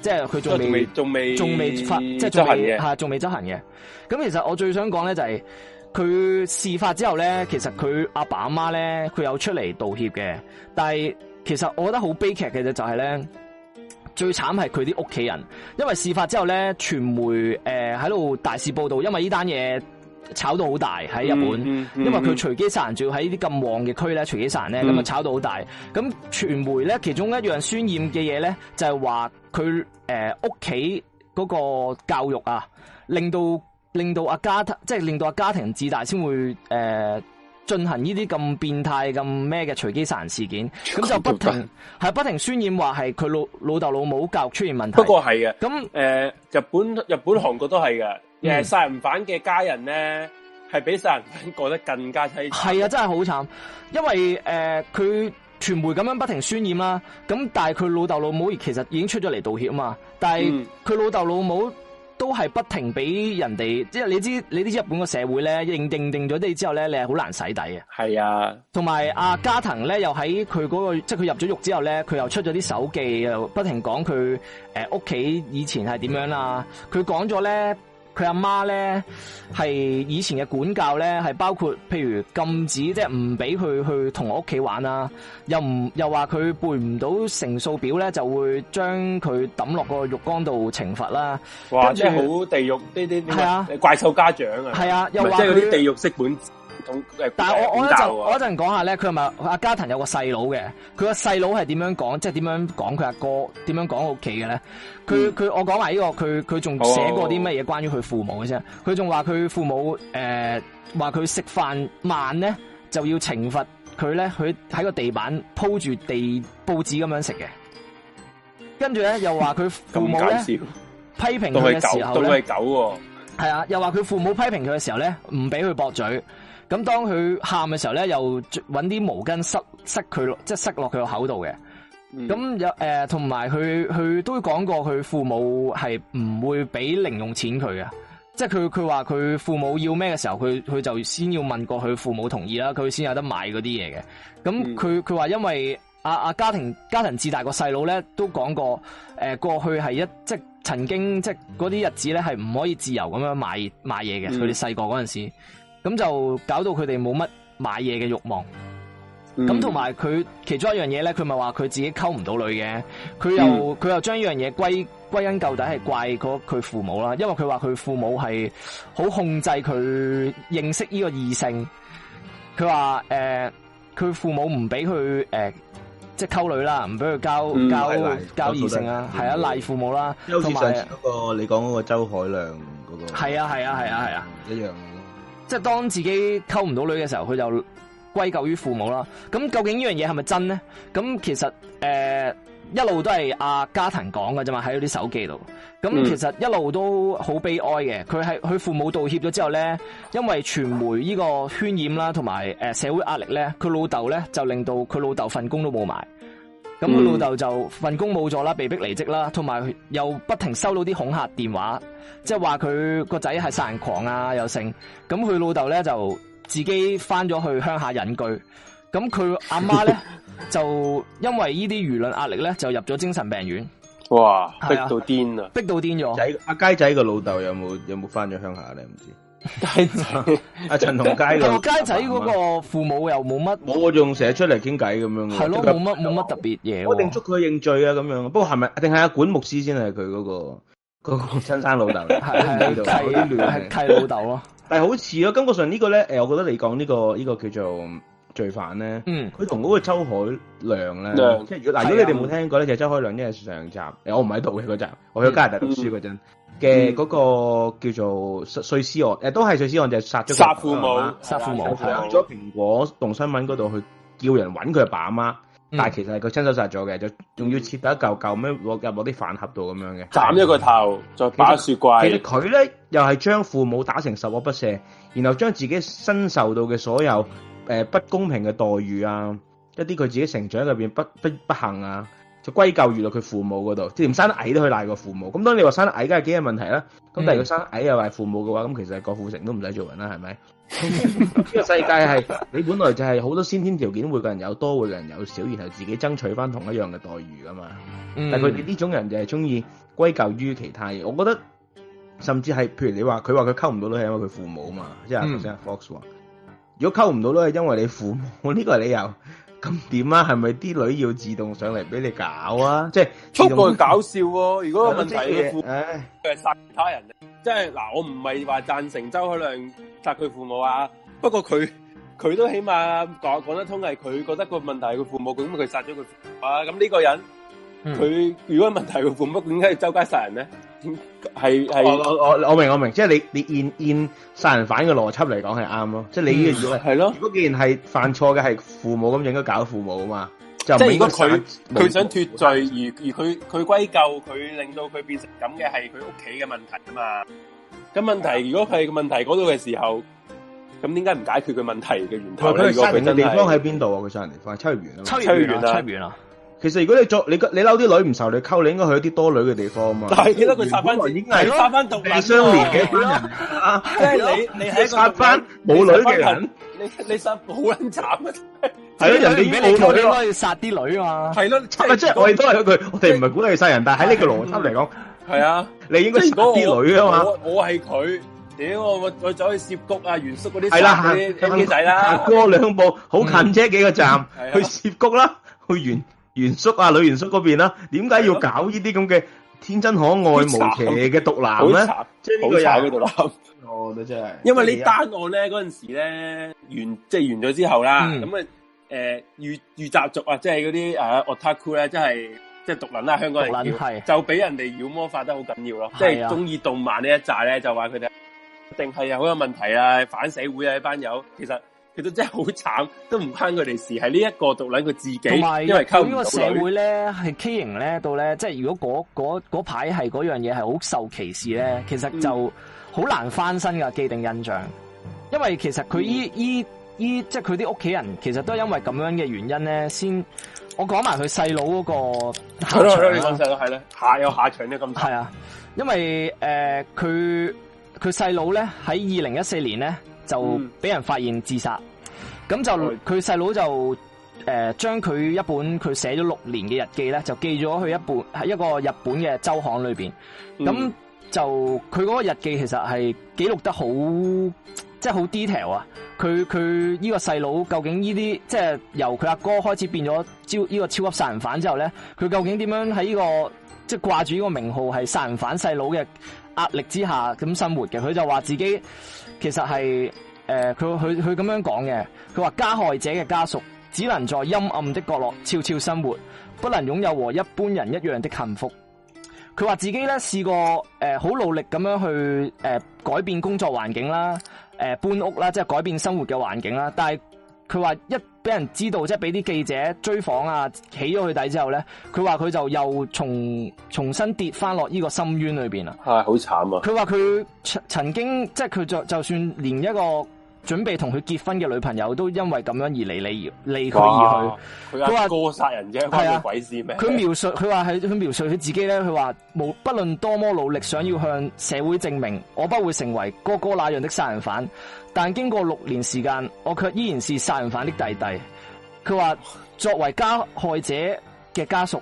即係佢仲未仲未仲未未發，即係仲係吓仲未執行嘅。咁其實我最想講咧就係佢事發之後咧，嗯、其實佢阿爸阿媽咧，佢有出嚟道歉嘅。但係其實我覺得好悲劇嘅就就係咧。最慘係佢啲屋企人，因為事發之後咧，傳媒誒喺度大肆報道，因為呢單嘢炒到好大喺日本，嗯嗯嗯、因為佢隨機殺人，仲要喺啲咁旺嘅區咧隨機殺人咧，咁啊炒到好大。咁傳、嗯、媒咧，其中一樣渲染嘅嘢咧，就係話佢誒屋企嗰個教育啊，令到令到阿、啊、家即係令到阿、啊、家庭自大才會，先會誒。進行呢啲咁變態咁咩嘅隨機殺人事件，咁就不停係不停渲染話係佢老老豆老母
教育出現問題。不過係嘅，咁誒那、呃、日本日本韓國都係嘅，誒殺、嗯、人犯嘅家人咧係比殺人犯過得更加淒慘。係啊，真係好慘，因為
誒佢傳媒咁樣不停渲染啦、啊，咁但係佢老豆老母其實已經出咗嚟道歉啊嘛，但係佢老豆老母、嗯。都係不停俾人哋，即係你知你啲日本個社會咧，認定定咗你之後咧，你係好難洗底嘅。係啊，同埋阿加藤咧，又喺佢嗰個，即係佢入咗獄之後咧，佢又出咗啲手記，又不停講佢誒屋企以前係點樣啦、啊，佢講咗咧。佢阿媽咧，係以前嘅管教咧，係包括譬如禁止即係唔俾佢去同我屋企玩啦、啊，又唔又話佢背唔到乘數表咧，就會將佢抌落個浴缸度懲罰啦，即係哇著好
地獄呢啲咩啊？怪獸家長啊，係啊，又話即係啲地獄式本。但係我我咧就我一陣
講下咧，佢係咪阿家騰有個細佬嘅？佢個細佬係點樣講？即係點樣講佢阿哥？點樣講屋企嘅咧？佢佢、嗯、我講埋呢個，佢佢仲寫過啲乜嘢關於佢父母嘅啫？佢仲話佢父母誒話佢食飯慢咧，就要懲罰佢咧。佢喺個地板鋪住地報紙咁樣食嘅。跟住咧又話佢父母批評佢嘅時候都係
狗。
係啊，又話佢父母批評佢嘅時候咧，唔俾佢駁嘴。咁當佢喊嘅時候咧，又搵啲毛巾塞塞佢，即係塞落佢個口度嘅。咁、嗯、有誒，同埋佢佢都講過，佢父母係唔會俾零用錢佢嘅。即係佢佢話佢父母要咩嘅時候，佢佢就先要問過佢父母同意啦，佢先有得買嗰啲嘢嘅。咁佢佢話因為、啊啊、家庭家庭自大個細佬咧，都講過誒、呃，過去係一即係曾經即係嗰啲日子咧，係唔可以自由咁樣買買嘢嘅。佢哋細個嗰陣時。咁就搞到佢哋冇乜買嘢嘅慾望，咁同埋佢其中一樣嘢咧，佢咪話佢自己溝唔到女嘅，佢又佢、嗯、又將呢樣嘢歸歸根究底係怪嗰佢父母啦，因為佢話佢父母係好控制佢認識呢個異性，佢話誒，佢、呃、父母唔俾佢誒，即係溝女啦，唔俾佢交、嗯、交交異性啊，係啊，賴父母啦，同埋嗰個
有你講嗰個周海亮嗰、嗰個，係啊係啊係啊係啊，啊啊啊啊啊一
樣。即係當自己溝唔到女嘅時候，佢就歸咎於父母啦。咁究竟是是呢樣嘢係咪真咧？咁其實誒、呃、一路都係阿嘉騰講㗎啫嘛，喺佢啲手機度。咁其實一路都好悲哀嘅。佢係佢父母道歉咗之後咧，因為傳媒呢個渲染啦，同埋誒社會壓力咧，佢老豆咧就令到佢老豆份工都冇埋。咁佢老豆就份工冇咗啦，被逼離職啦，同埋又不停收到啲恐嚇電話，即係話佢個仔係殺人狂啊，又剩。咁佢老豆咧就自己翻咗去鄉下隱居。咁佢阿媽咧就因為呢啲輿論壓力咧就入咗精神病院。
哇，逼到癲
啊！逼到癲咗。阿佳仔個老豆有冇有冇翻咗鄉下你唔知。係陳阿陳同佳咁，同佳仔嗰個父母又冇乜，冇用仲出嚟傾偈咁樣，係咯，冇乜冇乜特別嘢。我定祝佢認罪啊咁樣。不過係咪？定係阿管牧師先係佢嗰個，嗰個親生老豆嚟？係係係，契聯契老豆咯。但係好似咯，根本上呢個咧，誒，我覺得你講呢個呢個叫做罪犯咧，嗯，佢同嗰個周海亮咧，即係嗱，如果你哋冇聽過咧，就係周海亮，即係上集，我唔喺度嘅嗰集，我喺加拿大讀書嗰陣嘅嗰個叫做碎屍案、呃，都係碎屍案，就係、是、殺殺父母，殺父母，攞咗蘋果動新聞嗰度去叫人揾佢阿爸阿媽，嗯、但係其實係佢親手殺咗嘅，就仲要切得一嚿嚿，咩攞入攞啲飯盒度咁樣嘅，斬咗個頭，
的再擺雪櫃。
佢咧又係將父母打成十惡不赦，然後將自己身受到嘅所有、呃、不公平嘅待遇啊，一啲佢自己成長入邊不不不幸啊。就歸咎於到佢父母嗰度，即係連生得矮都去賴個父母。咁當你話生得矮，梗係幾有問題啦。咁但係佢生得矮又係父母嘅話，咁其實郭富城都唔使做人啦，係咪？呢 個世界係你本來就係好多先天條件，會個人有多，會個人有少，然後自己爭取翻同一樣嘅待遇噶嘛。嗯、但係佢哋呢種人就係中意歸咎於其他嘢。我覺得甚至係譬如你話，佢話佢溝唔到都係因為佢父母啊嘛，嗯、即係頭先 Fox 話，如果溝唔到都係因為你父母，呢、這個係理由。咁點啊？係咪啲女要自動上嚟俾你搞啊？即係，不過搞笑
喎。如果個問題係佢父母，唉，佢係殺其他人咧。即係嗱，我唔係話贊成周海亮殺佢父母啊。不過佢佢都起碼講講得通，係佢覺得個問題係佢父母，咁佢殺咗佢啊？咁呢個人佢、嗯、如果有問題係佢父母，點解周街殺人咧？係係我我我我
明我明，即係你你 in 殺人犯嘅邏輯嚟講係啱咯，即係、嗯、你如果的如果既然係犯錯嘅係父母咁，應該搞父母啊嘛，就不應該即係如果佢佢殺想
脫罪，人而而佢佢歸咎佢令到佢變成咁嘅係佢屋企嘅問題啊嘛。咁問題如果佢個問題嗰度嘅時候，咁點解唔解決佢問題嘅源頭？佢殺人嘅地方喺
邊度啊？佢殺人地方係秋葉園啊，秋葉園啊。其實如果你作你個你嬲啲女唔受你溝，你應該去一啲多女嘅地方啊嘛。但係記得佢殺翻來演藝，殺翻度係相連嘅。
啊，你你係一個殺翻冇女嘅人，你你殺好卵慘啊！係咯，
人哋俾你溝，你可以
殺啲女啊嘛。係咯，即係即係我亦都係一句，
我哋唔係鼓勵殺人，但係喺呢個邏輯嚟講，係啊，你應該殺啲女啊嘛。我我係佢，屌我我
我走去涉谷啊，原宿嗰啲係啦，行啲仔啦，過
兩步好近啫，幾個站去涉谷啦，去原。元宿啊，女元宿嗰邊啦，點解要搞呢啲咁嘅天真可愛無邪嘅毒男咧？即係呢個嘢喺度鬧，我覺得
真係。因為你單案咧嗰陣時咧完，即係完咗之後啦，咁啊誒御御宅族啊，即係嗰啲啊 Otaku 咧，即係即係毒男啦，香港人叫，毒就俾人哋妖魔化得好緊要咯。的即係中意動漫一呢一紮咧，就話佢哋，定係啊好有問題啊反社會啊呢班友，其實。其實真係好慘，都唔關佢哋事，係呢一個獨女佢自己，因為呢個社會
咧係畸形咧到咧，即係如果嗰排係嗰樣嘢係好受歧視咧，其實就好難翻身噶、嗯、既定印象，因為其實佢依依依即係佢啲屋企人，其實都係因為咁樣嘅原因咧，先我講埋佢細佬嗰個下場、啊，你講
細佬係咧下有下場咧咁係啊，
因為誒佢佢細佬咧喺二零一四年咧。就俾人發現自殺，咁、嗯、就佢細佬就誒將佢一本佢寫咗六年嘅日記咧，就寄咗去一本喺一個日本嘅周刊裏邊。咁、嗯、就佢嗰個日記其實係記錄得好，即係好 detail 啊！佢佢呢個細佬究竟呢啲即係由佢阿哥、哥開始變咗呢個超級殺人犯之後咧，佢究竟點樣喺呢、這個即係掛住呢個名號係殺人犯細佬嘅壓力之下咁生活嘅？佢就話自己。其實係誒，佢佢佢咁樣講嘅，佢話加害者嘅家屬只能在陰暗的角落悄悄生活，不能擁有和一般人一樣的幸福。佢話自己咧試過誒，好、呃、努力咁樣去誒、呃、改變工作環境啦，誒、呃、搬屋啦，即係改變生活嘅環境啦，但係佢話一。俾人知道，即係俾啲記者追訪啊，起咗佢底之後咧，佢話佢就又重重新跌翻落呢個深淵裏邊啊。
係、哎，好慘啊！佢話佢曾
曾經，即係佢就就算連一個，準備同佢結婚嘅女朋友都因為咁樣而離你而離佢而去。佢話個殺人
者係說啊鬼事咩？佢描述
佢話係佢描述佢自己咧。佢話無，不論多麼努力，想要向社會證明，我不會成為哥哥那樣的殺人犯。但經過六年時間，我卻依然是殺人犯的弟弟。佢話作為加害者嘅家屬，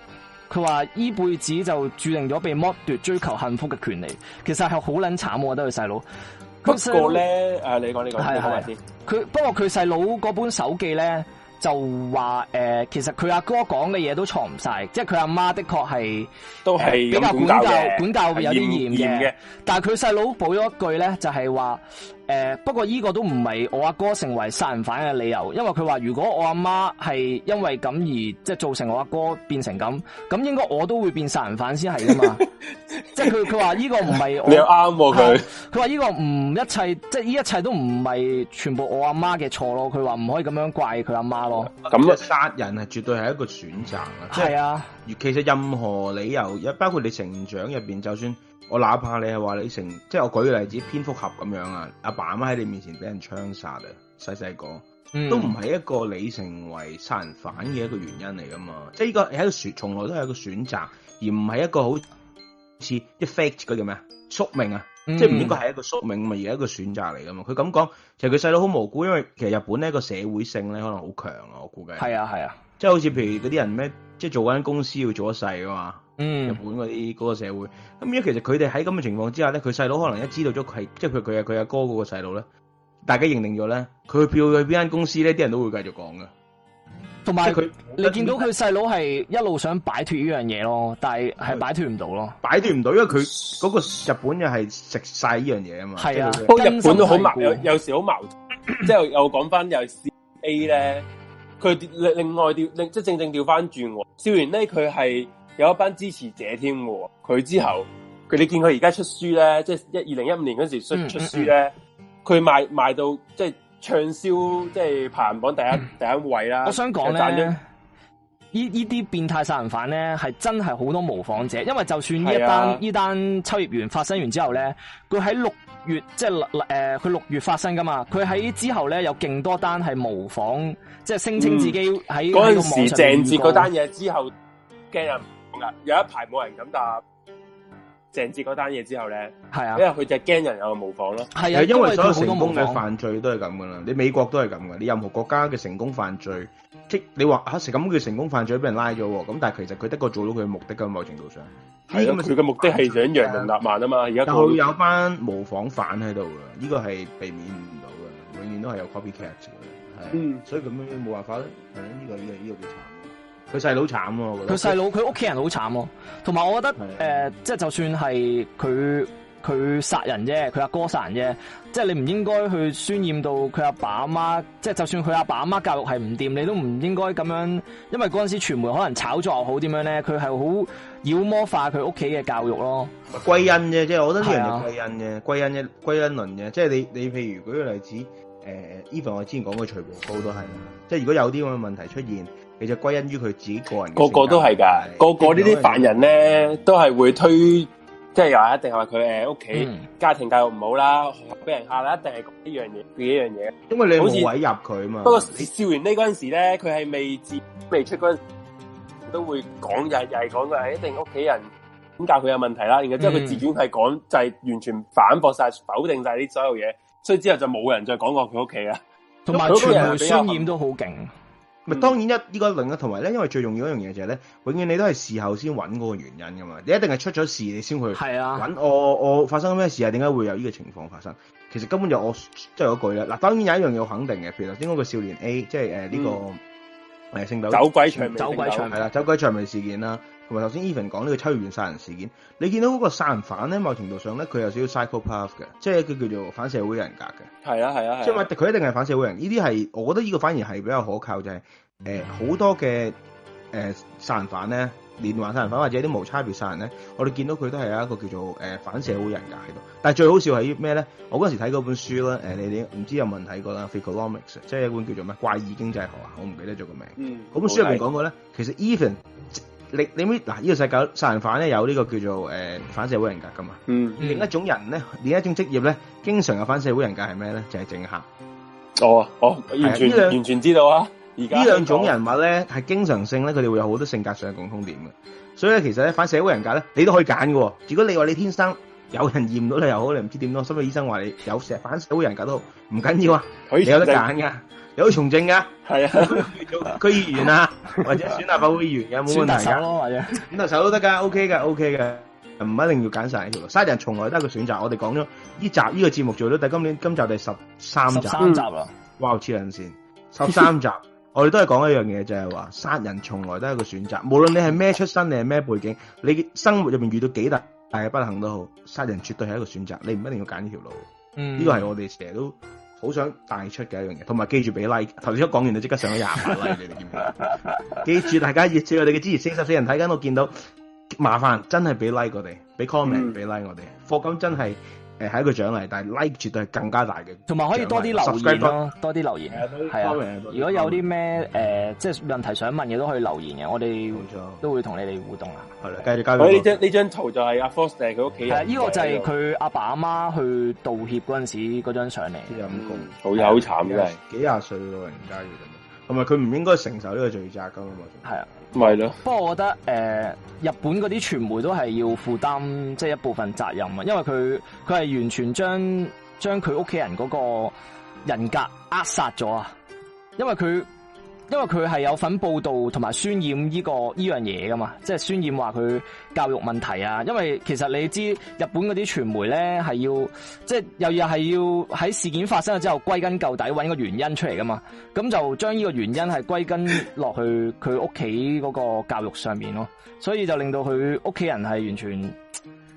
佢話呢輩子就注定咗被剝奪追求幸福嘅權利。其實係好撚慘，我覺得佢細佬。弟弟不過咧，
誒，你講呢個，講埋先。
佢不過佢細佬嗰本手記咧，就話誒、呃，其實佢阿哥講嘅嘢都錯唔晒，即係佢阿媽的確係都係比較管教，管教有啲嚴嘅。嚴嚴但係佢細佬補咗一句咧，就係、是、話。誒、呃，不過呢個都唔係我阿哥，哥成為殺人犯嘅理由，因為佢話如果我阿媽係因為咁而即係、就是、造成我阿哥，哥變成咁，咁應該我都會變殺人犯先係噶嘛？即係佢佢話呢個唔係你啱喎佢，佢話呢個唔一切，即係呢一切都唔係全部我阿媽嘅錯咯。佢話唔可以咁樣怪佢阿媽咯。
咁啊，
殺人係絕對係一個選擇、就是、是啊！即係啊，其實任何理由，包括你成長入邊，就算。我哪怕你係話你成，即係我舉個例子，蝙蝠俠咁樣啊，阿爸阿媽喺你面前俾人槍殺啊，細細個都唔係一個你成為殺人犯嘅一個原因嚟噶嘛，即係呢個你喺個選，從來都係一個選擇，而唔係一個好似 fact，佢叫咩？宿命啊，嗯、即係唔應該係一個宿命，咪而係一個選擇嚟噶嘛。佢咁講，其實佢細佬好無辜，因為其實日本呢個社會性，咧可能好強啊，我估計。係啊係啊，啊即係好似譬如嗰啲人咩，即係做間公司要做一世噶嘛。嗯，日本嗰啲個社會，咁、嗯、因為其實佢哋喺咁嘅情況之下咧，佢細佬可能一知道咗佢係，即係佢佢佢阿哥嗰個細佬咧，大家認定咗咧，佢票去邊間公司咧，啲人們都會繼續講噶。
同埋佢，是他你見到佢細佬係一路想擺脫呢樣嘢咯，但係係擺脫唔到咯，
擺脫唔到，因為佢嗰個日本又係食晒呢樣嘢啊嘛。係啊的，是他日本都好矛，有
有時好矛盾。 即係又講翻又係 A 咧，佢另另外調，即正正調翻轉。笑完呢，佢係。有一班支持者添，佢之後，佢哋見佢而家出書咧，即係一二零一五年嗰時出出書咧，佢賣賣到即係暢銷，即係排行榜第一第一位啦。我想講咧，呢
呢啲了變態殺人犯咧係真係好多模仿者，因為就算呢一單呢是、啊、單秋葉原發生完之後咧，佢喺六月即係誒佢六月發生噶嘛，佢喺之後咧有勁多單係模仿，
即係聲稱自己喺嗰陣時鄭智嗰單嘢之後嘅人。有一排冇人敢答鄭智嗰單嘢之後咧，係啊，因為佢就驚人有個模仿咯，係啊，因為所有成功嘅犯
罪都係咁噶啦，你美國都係咁噶，你任何國家嘅成功犯罪，即你話吓成咁嘅成功犯罪俾人拉咗，咁但係其實佢得個做到佢嘅目的嘅某程度上，係咯、啊，佢嘅目的係想揚名
立萬啊嘛，而家佢有
翻模仿犯喺度噶，呢、這個係避免唔到噶，永遠都係有 copycat 嘅，係，嗯、所以咁樣冇辦法啦，呢、嗯這個呢、這個呢、這個佢細佬慘咯，佢細佬
佢屋企人好慘咯，同埋我覺得誒，即係就算係佢佢殺人啫，佢阿哥殺人啫，即係你唔應該去渲染到佢阿爸阿媽，即係就算佢阿爸阿媽教育係唔掂，你都唔應該咁樣，因為嗰陣時傳媒可能炒作又好點樣咧，佢係好妖魔化佢屋企嘅教
育咯。歸因嘅，即係我覺得呢啲歸因嘅，歸是的 因嘅，歸因論嘅。即係你你譬如舉個例子，誒、呃，even 我之前講嘅徐步高都係，即係如果有啲咁嘅問題出現。
你就歸因於佢自己個人，個個都係噶，你個個呢啲犯人咧都係會推，即係又一定係話佢誒屋企家庭教育唔好啦，俾人吓啦，一定係呢樣嘢，呢樣嘢。因為你好似位
入佢啊嘛。像你不過
你笑完呢嗰陣時咧，佢係未自你未出嗰陣，都會講又係又係講噶，一定屋企人咁教佢有問題啦。然後之後佢自傳係講就係完全反駁晒、否定晒啲所有嘢，所以之後就冇人再講過佢屋企啊。同埋傳媒渲染
都好勁。咪、嗯、當然一呢個另一同埋咧，因為最重要一樣嘢就係、是、咧，永遠你都係事後先揾嗰個原因噶嘛，你一定係出咗事你先去揾。是啊、我我發生咩事啊？點解會有呢個情況發生？其實根本就我即係嗰句啦。嗱，當然有一樣嘢肯定嘅，譬如話，應該個少年 A，即係誒呢個誒性、嗯、豆酒鬼薔薇，酒鬼薔薇，係啦，酒鬼薔薇事件啦。同埋頭先，Even 講呢個秋元殺人事件，你見到嗰個殺人犯咧，某程度上咧，佢有少少 psychopath 嘅，即係佢叫做反社會人格嘅。
係啊係啊，啊啊即
係佢一定係反社會人。呢啲係我覺得呢個反而係比較可靠，就係、誒、好、呃嗯、多嘅誒、呃、殺人犯咧，連環殺人犯或者啲無差別殺人咧，我哋見到佢都係有一個叫做、呃、反社會人格喺度。但係最好笑係咩咧？我嗰陣時睇嗰本書啦、呃，你哋唔知有冇人睇過啦 Freakonomics、嗯、 即係一本叫做咩怪異經濟學啊，我唔記得咗個名。嗰、嗯、本書入邊講過咧，其實 Even。你你咪嗱，呢、這個世界殺人犯咧有呢個叫做誒、呃、反社會人格噶嘛？嗯，另一種人咧，另一種職業咧，經常有反社會人格係咩咧？就係、是、政客。哦，哦，完全完
全知道啊！而家呢兩種人物
咧，係、哦、經常性咧，佢哋會有好多性格上嘅共通點嘅。所以咧，其實咧，反社會人格咧，你都可以揀嘅、哦。如果你話你天生有人驗到你又好，你唔知點咯，心理醫生話你有社反社會人格都好，唔緊要啊，可以你有得揀噶。有從政噶，係是啊，區議員啊， 或者選立法會議員嘅，冇問題噶。咁啊，特首都得噶，OK 㗎 OK 㗎。唔、OK、一定要揀晒呢條路。殺人從來都係一個選擇。我哋講咗呢集呢、這個節目做到，但今年今集第十三集，十三集啊，嗯、哇，黐人線，十三集， 我哋都係講一樣嘢，就係話殺人從來都係一個選擇，無論你係咩出身，你係咩背景，你生活入面遇到幾大大嘅不幸都好，殺人絕對係一個選擇，你唔一定要揀呢條路。嗯，
呢個係我
哋成日都好想帶出嘅一樣嘢，同埋記住俾 like。頭先講完你即刻上咗廿萬 like，你哋見
唔
見？ 記住大家熱切我哋嘅支持，四十四人睇緊，我見到麻煩，真係俾 like 我哋，俾 comment，俾、嗯、like 我哋，課金真係。誒，係一個獎勵，但係 like 絕對係更加大嘅，同埋
可以多啲留言咯，
多啲留言係啊！如果
有啲咩，誒，即係問
題想問嘅都可以留言嘅，我哋都會同你哋互動啊！係啦，繼續交流。呢張
呢張圖就係阿 First 嘅屋企人，依個就係佢
阿爸阿媽去道歉嗰陣時嗰張相嚟。啲
人好有慘嘅，
幾廿歲老人家咁，同埋佢唔應該承受呢個罪責噶嘛，係啊。
咯，不過我覺得、呃、日
本嗰啲傳媒都係要負
擔即係一部分責任啊，因為佢佢係完全將將佢屋企人嗰個人格扼殺咗啊，因為佢。因為佢係有份報道同埋渲染呢、這個呢樣嘢噶嘛，即係渲染話佢教育問題啊。因為其實你知日本嗰啲傳媒咧係要，即係又又係要喺事件發生咗之後歸根究底揾個原因出嚟噶嘛，咁就將呢個原因係歸根落去佢屋企嗰個教育上面咯，所以就令到佢屋企人係完全被，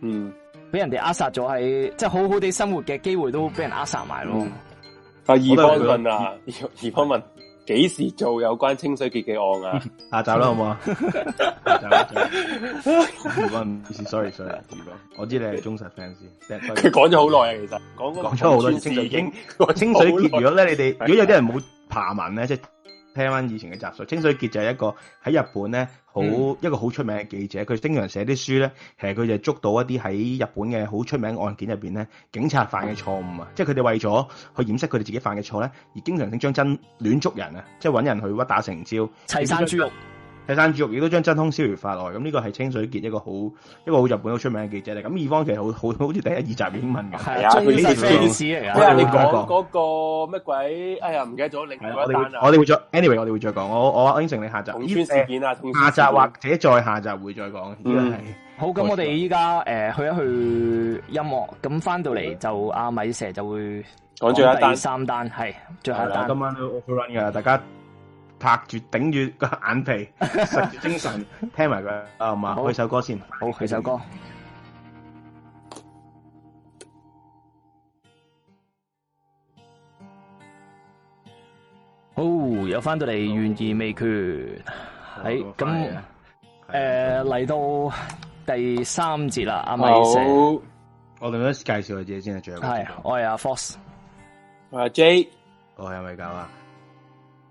嗯，俾人哋扼殺咗喺，即係好好哋生活嘅機會都俾人扼殺埋咯。
啊，二分問啊，二二分問。幾時做有關清水潔嘅案啊？ 下集啦，好唔
好啊？下集啦， 唔 sorry sorry，我知你係忠實 fans。佢講咗好耐啊，其
實講講咗好耐。實清水
潔。經清水潔，如果咧 你哋如果有啲人冇爬文咧， 的即係。聽返以前嘅集數，清水潔就係一個喺日本咧好、嗯、一個好出名嘅記者，佢經常寫啲書咧，其實佢就捉到一啲喺日本嘅好出名案件入邊咧，警察犯嘅錯誤啊，嗯、即係佢哋為咗去掩飾佢哋自己犯嘅錯咧，而經常性將真亂捉人啊，即係揾人去屈打成招，齊山豬肉，泰山煮肉亦都將真空燒魚發來，咁呢個係清水潔一個好一個好日本好出名嘅記者嚟。咁以方其實好好好似第一二集嘅英問㗎。係啊，呢啲 fans 啊，佢嗰、啊那個乜鬼？哎呀，唔記得
咗另一單啊！
我哋會，會再 anyway，我哋會再講我我應承你下集。同村事件啊，下集、啊、或者再下集會再講、
嗯、好咁，我哋依家
誒去一去音樂咁翻到嚟、嗯、就阿米蛇就會講第三單係最後。啊、我今
晚都 overrun 㗎啦，大家。拍住頂住個眼皮，食住精神聽埋佢啊嘛，開首歌先。好，開首歌。
好，又翻到嚟，懸疑未決。喺咁，誒嚟到第三節
啦，阿米成。我同你介紹下自己先，最後我係阿 Force，我係 J，我係咪九啊？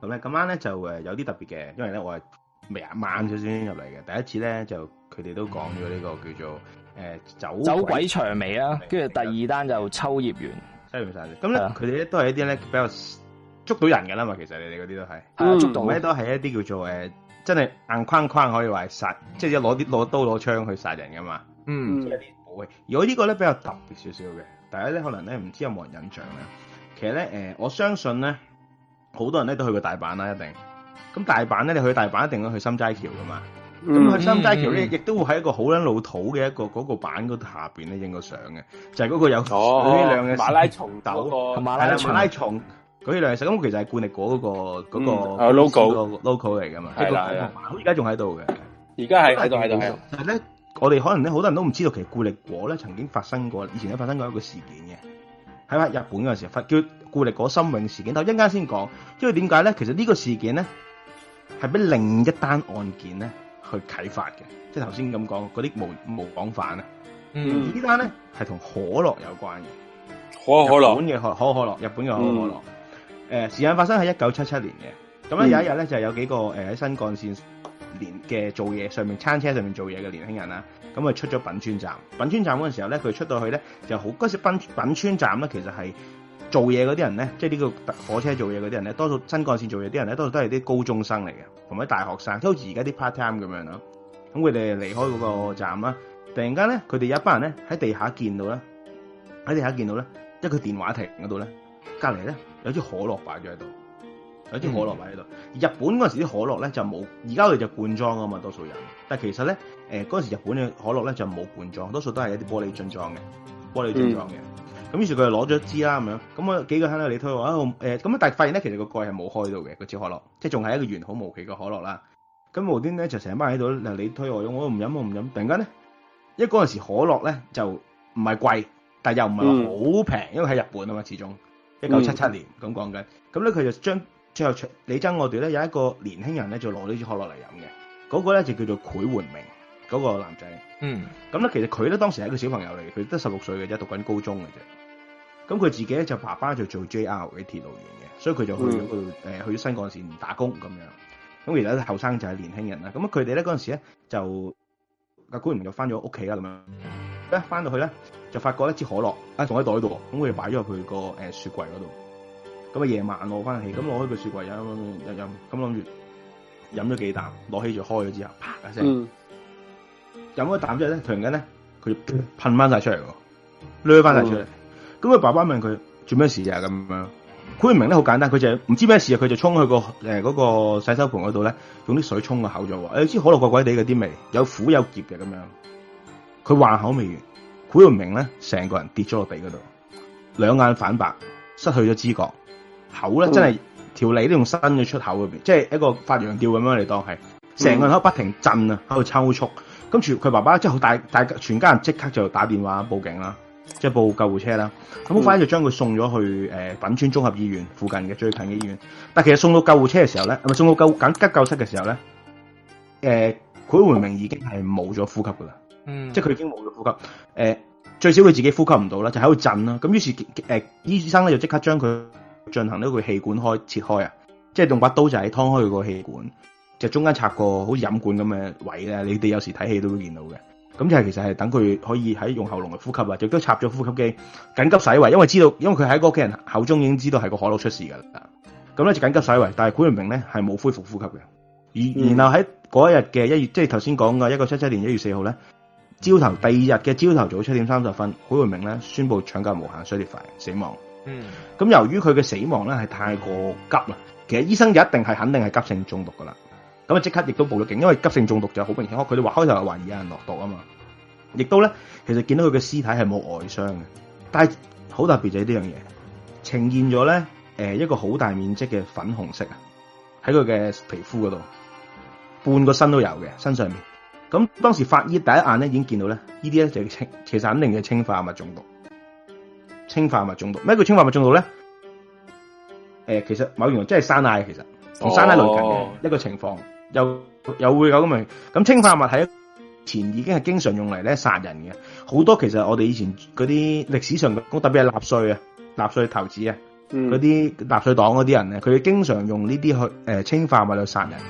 咁咧今晚咧就誒有啲特別嘅，因為咧我係未啊晚咗先入嚟嘅，第一次咧就佢哋都講咗呢個叫做誒走、呃、走鬼長尾啊，跟住明第二單就抽葉完，抽唔晒，咁咧佢哋咧都係一啲咧比較捉到人噶啦嘛，其實你哋嗰啲都係的捉到嘅，都係一啲叫做誒、呃、真係硬框框可以話殺，即係攞啲攞刀攞槍去殺人噶嘛。嗯，即係啲武藝。如果呢個咧比較特別少少嘅，大家咧可能咧唔知有冇人印象咧。其實咧誒、呃，我相信咧。好多人咧都去過大阪啦，一定。咁大阪咧，你去大阪一定要去心齋橋噶嘛。咁去心齋橋咧，亦都會喺一個好捻老土嘅一個嗰個板嗰下邊咧影個相嘅，就係嗰個有嗰兩嘅馬拉松豆同馬拉松，嗰啲兩嘅。咁其實係固力果嗰個個 logo，logo 嚟噶嘛。係啦而家仲喺度嘅，而
家係喺度
喺度喺度。但係咧，我哋可能咧，好多人都唔知道，其實固力果咧曾經發生過，以前咧發生過一個事件嘅，喺日本嗰陣時發固力果森永事件，但一陣間先講，因為點解咧？其實呢個事件咧，係俾另一單案件咧去啟發嘅，即係頭先咁講嗰啲無無港犯啊。嗯，而這呢單咧係同可樂有關嘅，可可樂。日本嘅可可可樂，日本嘅可可可樂。誒、呃，時間發生喺一九七七年嘅，咁咧有一日咧、嗯、就有幾個誒喺新幹線年嘅做嘢上面餐車上面做嘢嘅年輕人啦，咁啊出咗品川站。品川站嗰陣時候咧，佢出到去咧就好嗰時品品川站咧，其實係。做嘢嗰啲人咧，即係呢個火車做嘢嗰啲人咧，多數新幹線做嘢嗰啲人咧，多數都係啲高中生嚟嘅，同埋大學生，即好似而家啲 part time 咁樣咯。咁佢哋離開嗰個站啦，突然間咧，佢哋有一班人咧喺地下見到啦。喺地下見到咧，即係佢電話亭嗰度咧，隔籬咧有支可樂擺咗喺度，有支可樂擺喺度。嗯、日本嗰陣時啲可樂咧就冇，而家佢就罐裝啊嘛，多數人。但係其實咧，誒嗰陣時日本嘅可樂咧就冇罐裝，多數都係一啲玻璃樽裝嘅，玻璃樽裝嘅。嗯咁於是佢就攞咗一支啦，咁樣，咁我幾個喺度你推我，咁啊，欸、但係發現咧，其實個蓋係冇開到嘅，個支可樂，即係仲係一個完好無缺嘅可樂啦。咁無端咧就成班喺度，嗱你推我飲，我唔飲，我唔飲。突然間咧，因為嗰陣時可樂咧就唔係貴，但又唔係好平，嗯、因為喺日本啊嘛，始終一九七七年咁講緊。咁咧佢就將最後場，李爭我哋咧有一個年輕人咧就攞呢支可樂嚟飲嘅，嗰、嗰個咧就叫做許煥明。嗰個男仔，嗯，咁咧其實佢咧當時係一個小朋友嚟嘅，佢得十六歲嘅啫，讀緊高中嘅啫。咁佢自己咧就爸爸就做 JR 嘅鐵路員嘅，所以佢就去咗嗰誒，去咗新幹線打工咁樣。咁而家啲後生就係年輕人啦。咁佢哋咧嗰陣時咧就阿官唔就翻咗屋企啦，咁樣咧翻到去咧就發覺一支可樂啊，仲喺袋度，咁佢擺咗入佢個誒雪櫃嗰度。咁啊，夜晚攞翻起，咁攞開個雪櫃飲，咁諗住飲咗幾啖，攞起就開咗之後，啪一聲。嗯飲咗啖之後咧，突然間咧佢噴翻晒出嚟，掠翻晒出嚟。咁佢、嗯、爸爸問佢做咩事啊？咁樣，佢唔明咧，好簡單，佢就唔知咩事啊。佢就衝去、嗰個誒、呃嗰個洗手盆嗰度咧，用啲水沖個口咗、哎。你知可樂怪鬼地嗰啲味，有苦有澀嘅咁樣。佢還口未完，佢唔明咧，成個人跌咗落地嗰度，兩眼反白，失去咗知覺，口咧、嗯、真係條脷都用伸咗出口嗰邊，即係一個發羊吊咁樣你當係，成個人口不停震啊，喺度、嗯、抽搐。咁住佢爸爸即係好大，大全家人即刻就打電話報警啦，即、就、係、是、報救護車啦。咁好快就將佢送咗去誒品、呃、川綜合醫院附近嘅最近嘅醫院。但係其實送到救護車嘅時候咧，同、呃、咪送到救緊急救室嘅時候咧，誒、呃，佢回明，明已經係冇咗呼吸噶啦，嗯，即係佢已經冇咗呼吸。誒、呃，最少佢自己呼吸唔到啦，就喺度震啦。咁於是誒、呃，醫生咧就即刻將佢進行呢個氣管開切開啊，即係用把刀仔劏開佢個氣管。就中間插個好似飲管咁嘅位咧，你哋有時睇戲都會見到嘅。咁就係其實係等佢可以喺用喉嚨嚟呼吸啊，亦都插咗呼吸機，緊急洗胃，因為知道因為佢喺嗰屋企人口中已經知道係個可樂出事噶啦。咁咧就緊急洗胃，但係許榮明咧係冇恢復呼吸嘅。而、嗯、然後喺嗰一日嘅一月，即係頭先講嘅一九七七年一月四號咧，朝頭第二日嘅朝頭早七點三十分，許榮明咧宣布搶救無限。所以死亡。嗯。咁由於佢嘅死亡咧係太過急啦，其實醫生就一定係肯定係急性中毒噶啦。咁啊！即刻亦都報咗警，因為急性中毒就好明顯。佢哋話開頭係懷疑有人落毒啊嘛，亦都咧，其實見到佢嘅屍體係冇外傷嘅，但係好特別就係呢樣嘢，呈現咗咧誒一個好大面積嘅粉紅色啊，喺佢嘅皮膚嗰度，半個身都有嘅身上面。咁當時法醫第一眼咧已經見到咧，呢啲咧就係氰，其實肯定係氰化物中毒，氰化物中毒。咩叫氰化物中毒咧？誒、呃，其實某原來即係山埃，其實同山埃類近嘅一個情況。哦又又會有咁啊！咁氰化物喺以前已經係經常用嚟咧殺人嘅，好多其實我哋以前嗰啲歷史上，特別係納粹啊、納粹頭子啊嗰啲納粹黨嗰啲人咧，佢經常用呢啲去誒氰、呃、化物去殺人，嘅、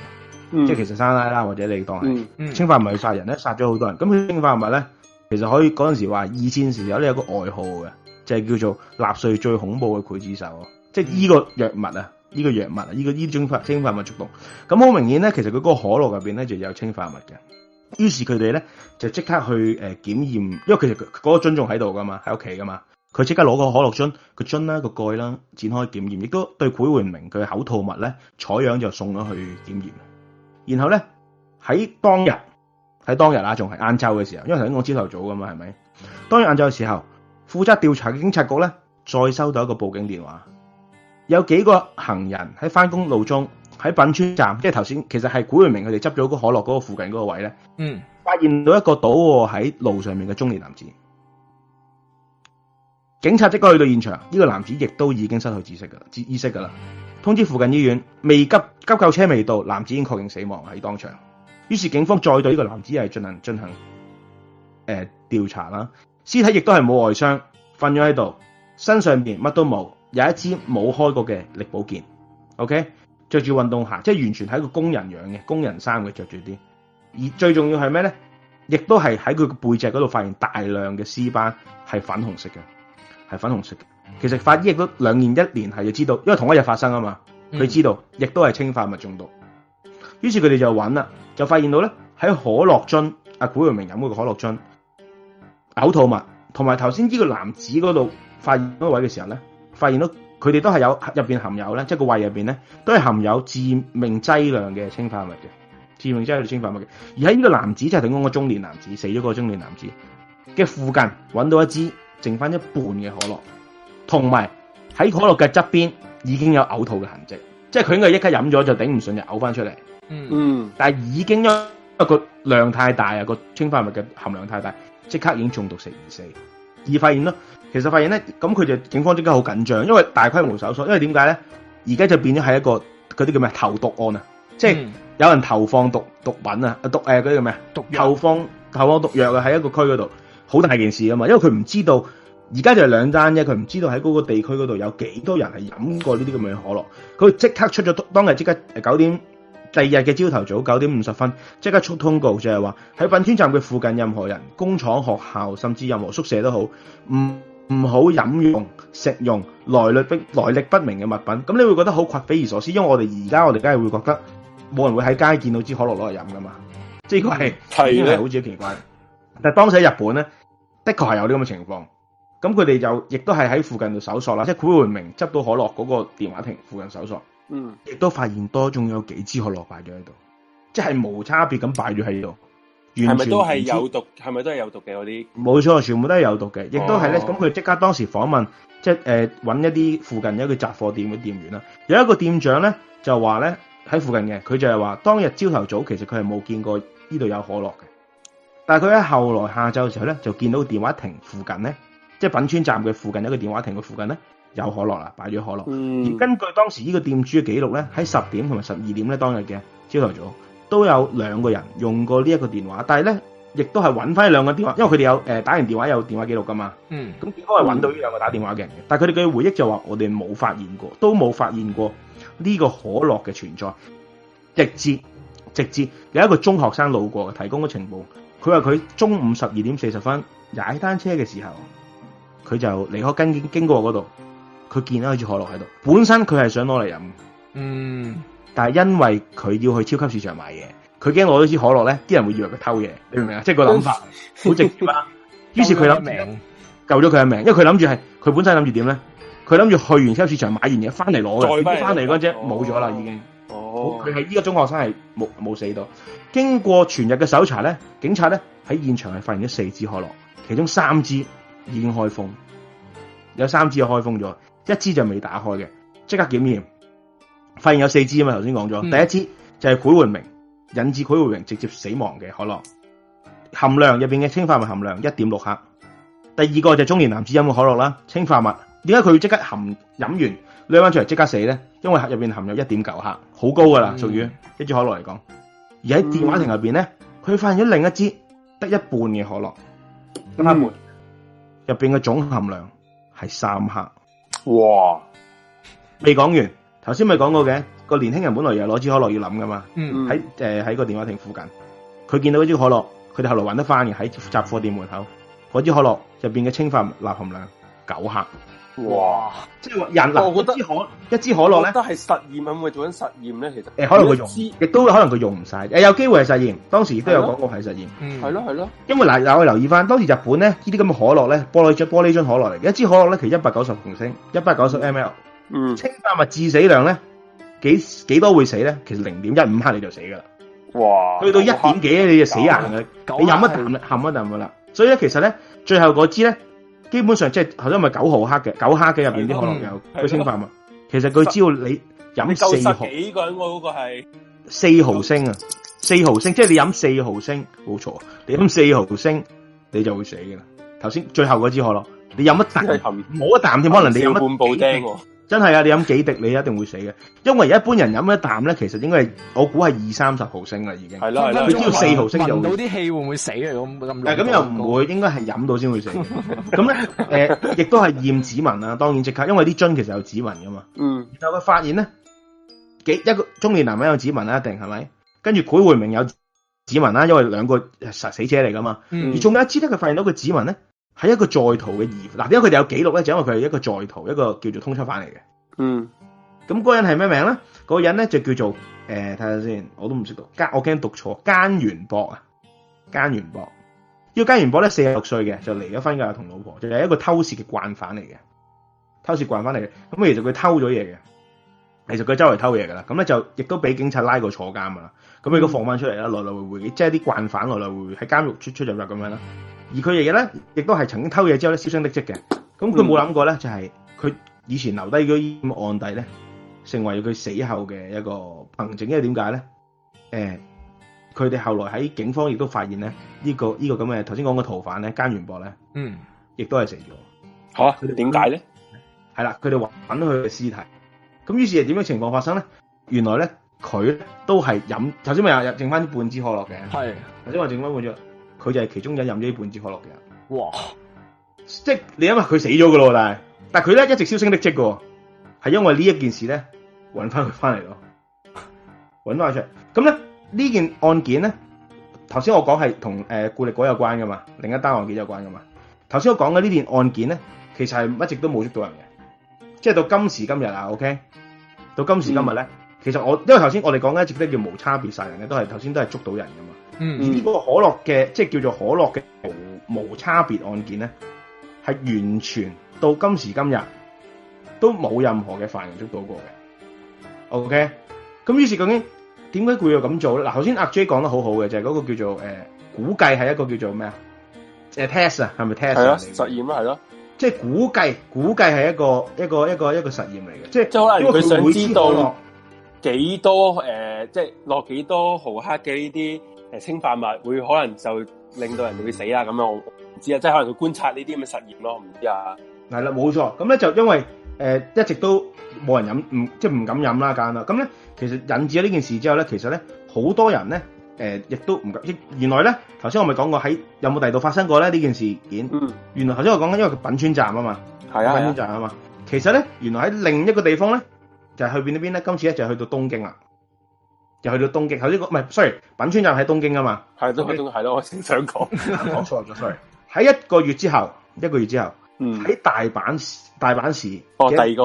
嗯。即係其實山拉拉或者你當係氰化物去殺人咧，殺咗好多人。咁氰化物咧，其實可以嗰陣時話二戰時有咧有個外號嘅，就係、是、叫做納粹最恐怖嘅劊子手，即係依個藥物啊！嗯呢個藥物，呢個呢種化氰化物中毒，咁好明顯咧，其實佢嗰個可樂入邊咧就有氰化物嘅。於是佢哋咧就即刻去誒檢驗，因為其實嗰個樽仲喺度噶嘛，喺屋企噶嘛。佢即刻攞個可樂樽，個樽啦個蓋啦，展開檢驗。亦都對許冠明佢口吐物咧採樣，氧就送咗去檢驗。然後咧喺當日喺當日啊，仲係晏晝嘅時候，因為頭先我朝頭早噶嘛，係咪？當日晏晝嘅時候，負責調查嘅警察局咧，再收到一個報警電話。有幾個行人喺翻工路中喺品川站，即係頭先，其實係古月明佢哋執咗個可樂嗰個附近嗰個位咧，嗯，發現到一個倒喺路上面嘅中年男子，警察即刻去到現場，呢、這個男子亦都已經失去知識噶啦，意識噶啦，通知附近醫院，未急急救車未到，男子已經確認死亡喺當場，於是警方再對呢個男子係進行進行誒調、呃、查啦，屍體亦都係冇外傷，瞓咗喺度，身上面乜都冇。有一支冇開過嘅力保健，OK，着住運動鞋，即係完全係一個工人樣嘅工人衫嘅着住啲。而最重要係咩咧？亦都係喺佢個背脊嗰度發現大量嘅屍斑，係粉紅色嘅，係粉紅色嘅。其實法醫亦都兩年一年係就知道，因為同一日發生啊嘛，佢知道亦都係氰化物中毒。於是佢哋就揾啦，就發現到咧喺可樂樽啊，古如明飲嗰個可樂樽嘔吐物，同埋頭先呢個男子嗰度發現嗰個位嘅時候咧。發現到佢哋都係有入邊含有咧，即係個胃入邊咧都係含有致命劑量嘅氰化物嘅，致命劑量嘅氰化物嘅。而喺呢個男子就係等嗰個中年男子死咗個中年男子嘅附近揾到一支剩翻一半嘅可樂，同埋喺可樂嘅側邊已經有嘔吐嘅痕跡，即係佢應該一刻飲咗就頂唔順就嘔翻出嚟。嗯嗯，但係已經因為個量太大啊，個氰化物嘅含量太大，即刻已經中毒死而死，而發現咯。其實發現咧，咁佢就警方即刻好緊張，因為大規模搜索。因為點解咧？而家就變咗係一個嗰啲叫咩投毒案啊！即係有人投放毒毒品啊，毒誒嗰啲叫咩藥？投放投放毒藥啊！喺一個區嗰度好大件事啊嘛！因為佢唔知道，而家就兩單啫，佢唔知道喺嗰個地區嗰度有幾多人係飲過呢啲咁嘅可樂。佢即刻出咗當日即刻九點，第二日嘅朝頭早九點五十分，即刻出通告就係話喺品川站嘅附近任何人，工廠、學校甚至任何宿舍都好，唔。唔好飲用、食用來歷不來歷不明嘅物品，咁你會覺得好誇匪夷所思，因為我哋而家我哋梗係會覺得冇人會喺街見到支可樂攞嚟飲噶嘛，即係佢係已係好似奇怪。但係當時喺日本咧，的確係有啲咁嘅情況，咁佢哋就亦都係喺附近度搜索啦，即係會唔會明執到可樂嗰個電話亭附近搜索，嗯，亦都發現多仲有幾支可樂擺咗喺度，即係無差別咁擺咗喺度。
係咪都係有毒，係咪都
係有毒嘅嗰啲？冇錯，全部都係有毒嘅，亦、哦、都係咧。咁佢即刻當時訪問，即係誒揾一啲附近有一個雜貨店嘅店員啦。有一個店長咧就話咧喺附近嘅。佢就係話當日朝頭早其實佢係冇見過呢度有可樂嘅，但係佢喺後來下晝嘅時候咧就見到電話亭附近咧，即係品川站嘅附近一個電話亭嘅附近咧有可樂啦，擺咗可樂。嗯、而根據當時呢個店主嘅記錄咧，喺十點同埋十二點咧當日嘅朝頭早。都有兩個人用過呢一個電話，但係咧，亦都係揾翻兩個電話，因為佢哋有誒打完電話有電話記錄噶嘛。嗯，咁警方係揾到呢兩個打電話嘅人？嗯、但係佢哋嘅回憶就話，我哋冇發現過，都冇發現過呢個可樂嘅存在。直至直至有一個中學生路過嘅，提供個情報，佢話佢中午十二點四十分踩單車嘅時候，佢就離開跟經，經過嗰度，佢見到一支可樂喺度，本身佢係想攞嚟飲。嗯，但係因為佢要去超級市場買嘢，佢驚攞咗支可樂咧，啲人會以為佢偷嘢，你明唔明啊？即係 個諗法好直接啦。於 是佢諗住救咗佢嘅命，因為佢諗住係佢本身諗住點咧？佢諗住去完超級市場買完嘢，翻嚟攞嘅，翻嚟嗰隻冇咗啦，已經。哦，佢係呢個中學生係冇冇死到。經過全日嘅搜查咧，警察咧喺現場係發現咗四支可樂，其中三支已經開封，有三支係開封咗，一支就未打開嘅，即刻檢驗。發現有四支啊嘛，頭先講咗，嗯、第一支就係許煥明引致許煥明直接死亡嘅可樂，含量入邊嘅氰化物含量一點六克。第二個就係中年男子飲嘅可樂啦，氰化物點解佢要即刻含飲完孭翻出嚟即刻死咧？因為入邊含有一點九克，好高噶啦，屬於、嗯、一支可樂嚟講。而喺電話亭入邊咧，佢發現咗另一支得一半嘅可樂，一半入邊嘅總含量係三克，哇！未講完。頭先咪講過嘅，個年輕人本來又攞支可樂要諗噶嘛，嗯，喺誒喺個電話亭附近，佢見到嗰支可樂，佢哋後來揾得翻嘅喺雜貨店門口，嗰支可樂入邊嘅氰化鈉含量九克，哇！即係話
人啦，一支可一支可樂咧，都係實驗，有冇做緊實驗咧？其
實誒的，可能佢用，亦都可能佢用唔晒。誒有機會係實驗，當時都有講過係實驗，的嗯，係咯係咯，因為嗱嗱我留意翻，當時日本咧呢啲咁嘅可樂咧，玻璃樽玻璃樽可樂嚟，嘅。一支可樂咧其實一百九十毫升，一百九十 ml。嗯，氰化物致死量咧，幾幾多會死咧？其實零點一五克你就死噶啦，哇！去到一點幾你就死硬嘅，你飲一啖，含一啖噶啦。所以咧，其實咧，最後嗰支咧，基本上即係頭先咪九毫克嘅，九克嘅入邊啲可樂有佢氰化物。其實佢只要你飲四毫，幾個
個
係四毫升啊，四毫升，即係你飲四毫升，冇錯，你飲四毫升你就會死嘅啦。頭先最後嗰支可樂，你飲一啖，冇一啖添，可能你飲半部釘。真係啊！你飲幾滴，你一定會死嘅，因為一般人飲一啖咧，其實應該係我估係二三十毫升啦，已經係啦，啦你知道四毫升就聞到啲氣
會唔會死啊？咁咁，又唔
會，應該係飲到先會死。咁咧，誒，亦都係驗指紋啊，當然即刻，因為啲樽其實有指紋噶嘛。嗯。然後佢發現咧，幾一個中年男人有指紋啦、啊，一定係咪？跟住蒯會明有指紋啦、啊，因為兩個實死者嚟噶嘛。嗯、而仲有一支咧，佢發現到個指紋咧，係一個在逃嘅疑，嗱，點解佢哋有記錄咧？就因為佢係一個在逃，一個叫做通緝犯嚟嘅。嗯，咁嗰個人係咩名咧？嗰、那個人咧就叫做誒，睇、呃、下先，我都唔識讀，奸，我驚讀錯，奸元博啊，奸元博。呢個奸元博咧，四十六歲嘅，就離咗婚噶，同老婆，就係、是、一個偷竊嘅慣犯嚟嘅，偷竊慣犯嚟嘅。咁其實佢偷咗嘢嘅，其實佢周圍偷嘢噶啦，咁咧就亦都俾警察拉過坐監噶啦。咁佢個放翻出嚟啦，來來回回即係啲慣犯，來來回回喺監獄出出入入咁樣啦。而佢爺爺咧，亦都係曾經偷嘢之後咧銷聲匿迹嘅。咁佢冇諗過咧，就係佢以前留低咗啲咁嘅案底咧，成為佢死後嘅一個憑證。因為點解咧？誒，佢哋後來喺警方亦都發現咧，呢個呢個咁嘅頭先講嘅逃犯咧，奸袁博咧，
嗯，
亦都係死咗。好啊，佢哋點解咧？係啦，佢哋揾佢嘅屍體。咁於是係點樣情況發生咧？原來咧。佢都係飲，頭先咪又剩翻半支可樂嘅。係頭先話剩翻半支，佢就係其中一飲咗半支可樂嘅。哇！即係你了了息息息因為佢死咗嘅咯，但係但係佢咧一直銷聲匿跡嘅，係因為呢一件事咧，揾翻佢翻嚟，咯，揾翻佢出嚟。咁咧呢件案件咧，頭先我講係同誒顧力果有關噶嘛，另一單案件有關噶嘛。頭先我講嘅呢件案件咧，其實係一直都冇捉到人嘅，即係到今時今日啊，OK，到今時今日咧。嗯其實我因為頭先我哋講嘅一直都叫無差別殺人嘅，都係頭先都係捉到人噶嘛。而呢、嗯、個可樂嘅即係叫做可樂嘅無無差別案件咧，係完全到今時今日都冇任何嘅犯人捉到過嘅。OK，咁於是究竟點解佢要咁做咧？嗱，頭先阿 J 講得好好嘅就係、是、嗰個叫做誒、呃，估計係一個叫做咩、呃、啊？誒，test 啊，係咪 test？係啊，實驗啦，係咯。即係估計，估計係一個一個一個一個實驗嚟嘅。即、
就、係、是，如他因為佢想知道。幾多誒、呃，即係落幾多毫克嘅呢啲誒氰化物，會可能就令到人哋會死啊？咁樣我唔知啊，即係可能佢觀察呢啲咁嘅實驗咯，唔知啊。
係啦，冇錯。咁咧就因為誒、呃、一直都冇人飲，唔即係唔敢飲啦，咁啊。咁咧其實引致咗呢件事之後咧，其實咧好多人咧誒亦都唔敢。原來咧，頭先我咪講過喺有冇第二度發生過咧呢件事件？嗯。原來頭先我講緊，因為品川站啊嘛，係啊，品川站啊嘛。其實咧，原來喺另一個地方咧。就去邊呢邊咧？今次咧就去到東京啦，又去到東京。頭先個唔係，sorry，品川站喺東京啊嘛，
係東京係咯。我先想講，講錯咗 sorry。
喺一個月之後，一個月之後，嗯，喺大阪市，大阪市哦，第二個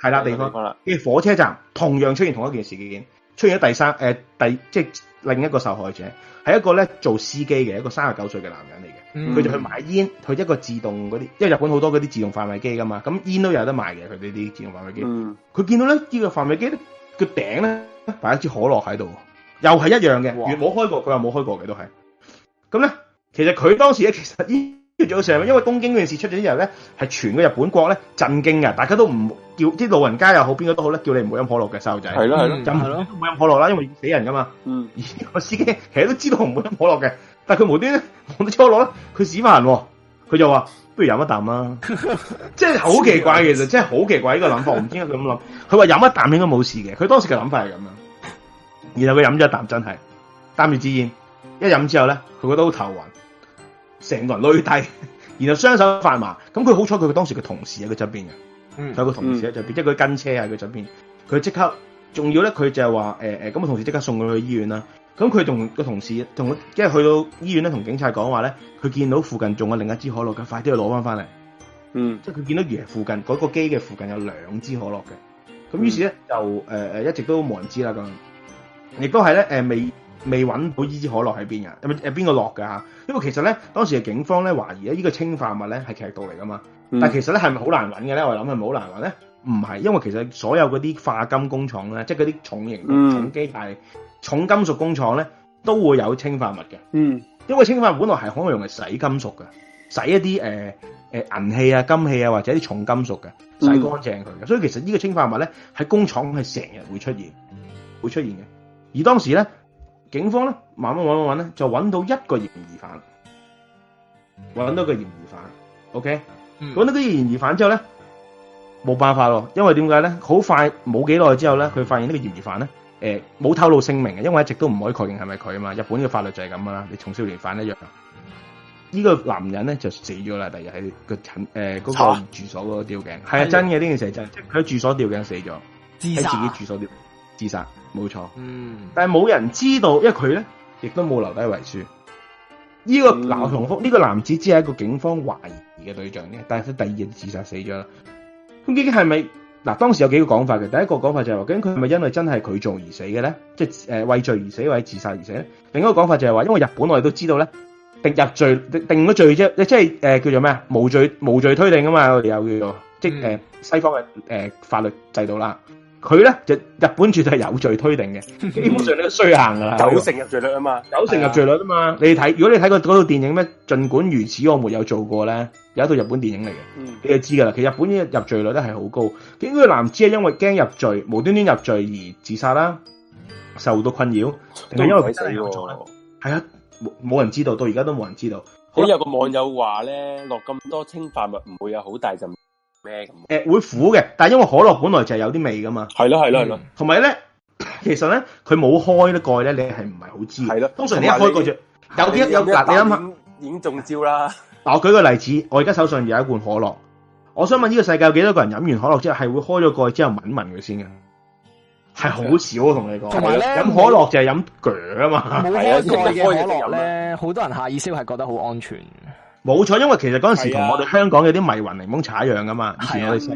係啦地方。跟住火車站同樣出現同一件事件，出現咗第三誒，第即係另一個受害者，係一個咧做司機嘅一個三十九歲嘅男人嚟嘅。佢、嗯、就去買煙，去一個自動嗰啲，因為日本好多嗰啲自動販賣機噶嘛，咁煙都有得賣嘅，佢哋啲自動販賣機。佢、嗯、見到咧呢、這個販賣機咧個頂咧擺一支可樂喺度，又係一樣嘅，越冇哇開過，佢又冇開過嘅都係。咁咧，其實佢當時咧，其實呢件事因為東京嗰件事出咗之後咧，係全個日本國咧震驚嘅，大家都唔叫啲老人家又好，邊個都好咧，叫你唔好飲可樂嘅細路仔。係咯係咯，飲唔好飲可樂啦，因為死人噶嘛。嗯，而個司機其實都知道唔好飲可樂嘅。但係佢無端咧，無端坐落咧，佢屎翻人，佢就話不如飲一啖啦，即係好奇怪其實， 真係好奇怪呢、這個諗法，唔知點解佢咁諗。佢話飲一啖應該冇事嘅，佢當時嘅諗法係咁樣，然後佢飲咗一啖，真係擔住支煙，一飲之後咧，佢覺得好頭暈，成個人累低，然後雙手發麻。咁佢好彩，佢當時嘅同事喺佢側邊嘅，嗯，
有個同事
喺側邊，嗯、即係佢跟車喺佢側邊，佢即刻，仲要咧，佢就係話，誒、欸、誒，咁個同事即刻送佢去醫院啦。咁佢同個同事同即係去到醫院咧，同警察講話咧，佢見到附近仲有另一支可樂，佢快啲去攞翻翻嚟。嗯，即係佢見到爺附近嗰、那個機嘅附近有兩支可樂嘅。咁於是咧、嗯、就誒誒、呃、一直都冇人知啦咁。亦都係咧誒未未揾到呢支可樂喺邊嘅，咁誒邊個落嘅嚇？因為其實咧當時嘅警方咧懷疑咧呢個氰化物咧係劇毒嚟噶嘛。嗯、但其實咧係咪好難揾嘅咧？我哋諗係咪好難揾咧？唔係，因為其實所有嗰啲化金工廠咧，即係嗰啲重型重機械。嗯重金屬工廠咧都會有氰化物嘅，嗯，因為氰化物本來係可能用嚟洗金屬嘅，洗一啲誒誒銀器啊、金器啊或者啲重金屬嘅，洗乾淨佢嘅，嗯、所以其實呢個氰化物咧喺工廠係成日會出現，會出現嘅。而當時咧，警方咧慢慢揾揾揾咧，就揾到一個嫌疑犯，揾、嗯、到一個嫌疑犯，OK，揾、嗯、到啲嫌疑犯之後咧，冇辦法咯，因為點解咧？好快冇幾耐之後咧，佢發現呢個嫌疑犯咧。誒，冇透露姓名嘅，因為一直都唔可以確認係咪佢啊嘛。日本嘅法律就係咁啦，你從少年犯一樣。呢、這個男人咧就死咗啦，第二日喺個寢誒個住所嗰度吊頸。係啊，真嘅。呢件事係真，佢住所吊頸死咗，喺自己住所吊自殺，冇錯。嗯，但係冇人知道，因為佢咧亦都冇留低遺書。呢、這個鬧同福，呢、嗯、個男子只係一個警方懷疑嘅對象啫，但係佢第二日自殺死咗啦。咁究竟係咪？嗱，當時有幾個講法嘅，第一個講法就係話，究竟佢係咪因為真係佢做而死嘅咧？即係誒畏罪而死，或者自殺而死咧？另一個講法就係話，因為日本我哋都知道咧，定入罪定定咗罪啫，即係誒叫做咩啊？無罪無罪推定啊嘛，我哋又叫做即係誒西方嘅誒法律制度啦。佢咧，就日本絕對係有罪推定嘅，基本上你都衰行噶啦，九成
入罪率啊嘛，九成入罪率啊嘛。你睇，
如果你睇過嗰套電影咧，盡管如此，我沒有做過咧，有一套日本電影嚟嘅，你就知噶啦。其實日本入入罪率咧係好高，結果個男仔係因為驚入罪，無端端入罪而自殺啦，受到困擾，佢因為呢死咗，係啊，冇冇人知道，到而家都冇人知道。
好有個網友話咧，落咁多氰化物唔會有好大陣。
誒，會苦嘅，但係因為可樂本來就係有啲味噶嘛。係咯，係咯，係咯。同埋咧，其實咧，佢冇開啲蓋咧，你係唔係好知？係咯，通常你一開蓋住，有啲有嗱，你諗下已
經中招啦。
嗱，我舉個例子，我而家手上有一罐可樂，我想問呢個世界有幾多個人飲完可樂之後係會開咗蓋之後聞一聞佢先嘅？係好少，同你講。同埋咧，飲可樂就係飲腳啊嘛。冇開蓋嘅可樂咧，好多人下意識係覺得好安全。冇錯，因為其實嗰陣時同我哋香港有啲迷魂檸檬茶一樣噶嘛。呀以前我哋食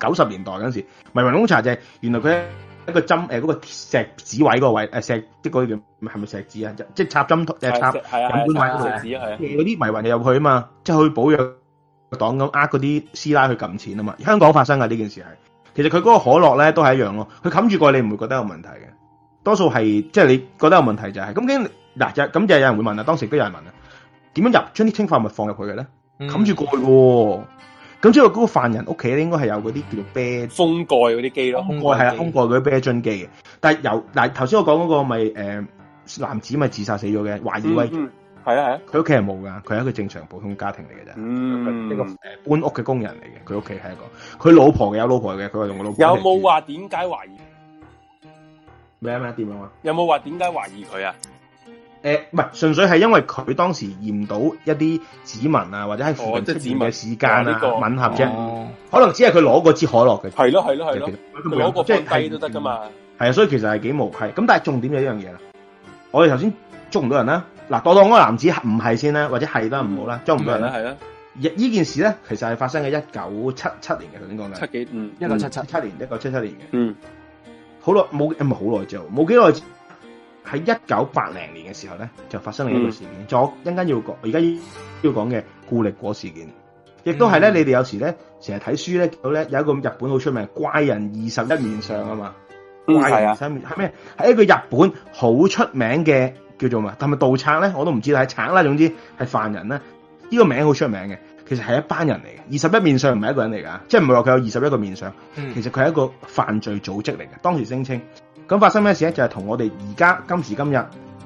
九十年代嗰陣時，迷魂檸檬茶就係、係、原來佢一個針誒嗰個石子位嗰個位誒石，即嗰啲叫係咪石子啊？即係插針誒、呃、插飲管位嗰度，有啲迷魂入去啊嘛，即是去保養檔咁呃嗰啲師奶去撳錢啊嘛。香港發生嘅呢件事係，其實佢嗰個可樂咧都係一樣咯。佢冚住過你唔會覺得有問題嘅，多數係即係你覺得有問題就係、係、咁。嗱，就咁就有人會問啦，當時都有人問啊。點樣入？將啲氰化物放入佢嘅咧？冚、嗯、住蓋、哦，咁之後嗰個犯人屋企咧，應該係有嗰啲叫做啤
封蓋嗰啲機咯，蓋係、呃嗯嗯、啊，封
蓋嗰啲啤樽機嘅。但係由嗱頭先我講嗰個咪誒男子咪自殺死咗嘅懷疑喂，係啊係啊，佢屋企係冇噶，佢係一個正常普通家庭嚟嘅啫，呢、嗯、個誒搬屋嘅工人嚟嘅，佢屋企係一個佢老婆嘅有老婆嘅，佢話用我老婆。有冇
話點解懷疑
咩咩點啊？
有冇話點解懷疑佢啊？
誒，唔係，純粹係因為佢當時驗到一啲指紋啊，或者喺附近出現嘅時間啦吻合啫。可能只係佢攞過支可樂嘅。係咯，係咯，係咯。攞過即係雞都得噶嘛。係啊，所以其實係幾無稽。咁但係重點有一樣嘢啦，我哋頭先捉唔到人啦。嗱，當當嗰個男子唔係先啦，或者係啦，唔好啦，捉唔到人啦，係啦。呢件事咧，其實係發生喺一九七七年嘅頭先講緊。七幾？一九七七七年，一九七七年嘅。嗯，好耐冇，唔係好耐啫，冇幾耐。喺一九八零年嘅時候咧，就發生咗一個事件，陣間要講，而家要講嘅固力果事件，亦都係咧，嗯、你哋有時咧，成日睇書咧，見到咧，有一個日本好出名怪人二十一面相啊嘛，嗯、怪人二十一面嗯係啊，係咩？係一個日本好出名嘅叫做咩，係咪盜賊咧？我都唔知道，係賊啦，總之係犯人啦，呢、呢個名好出名嘅。其實係一班人嚟嘅，二十一面相唔係一個人嚟噶，即係唔係話佢有二十一個面相，其實佢係一個犯罪組織嚟嘅。當時聲稱咁發生咩事咧，就係、是、同我哋而家今時今日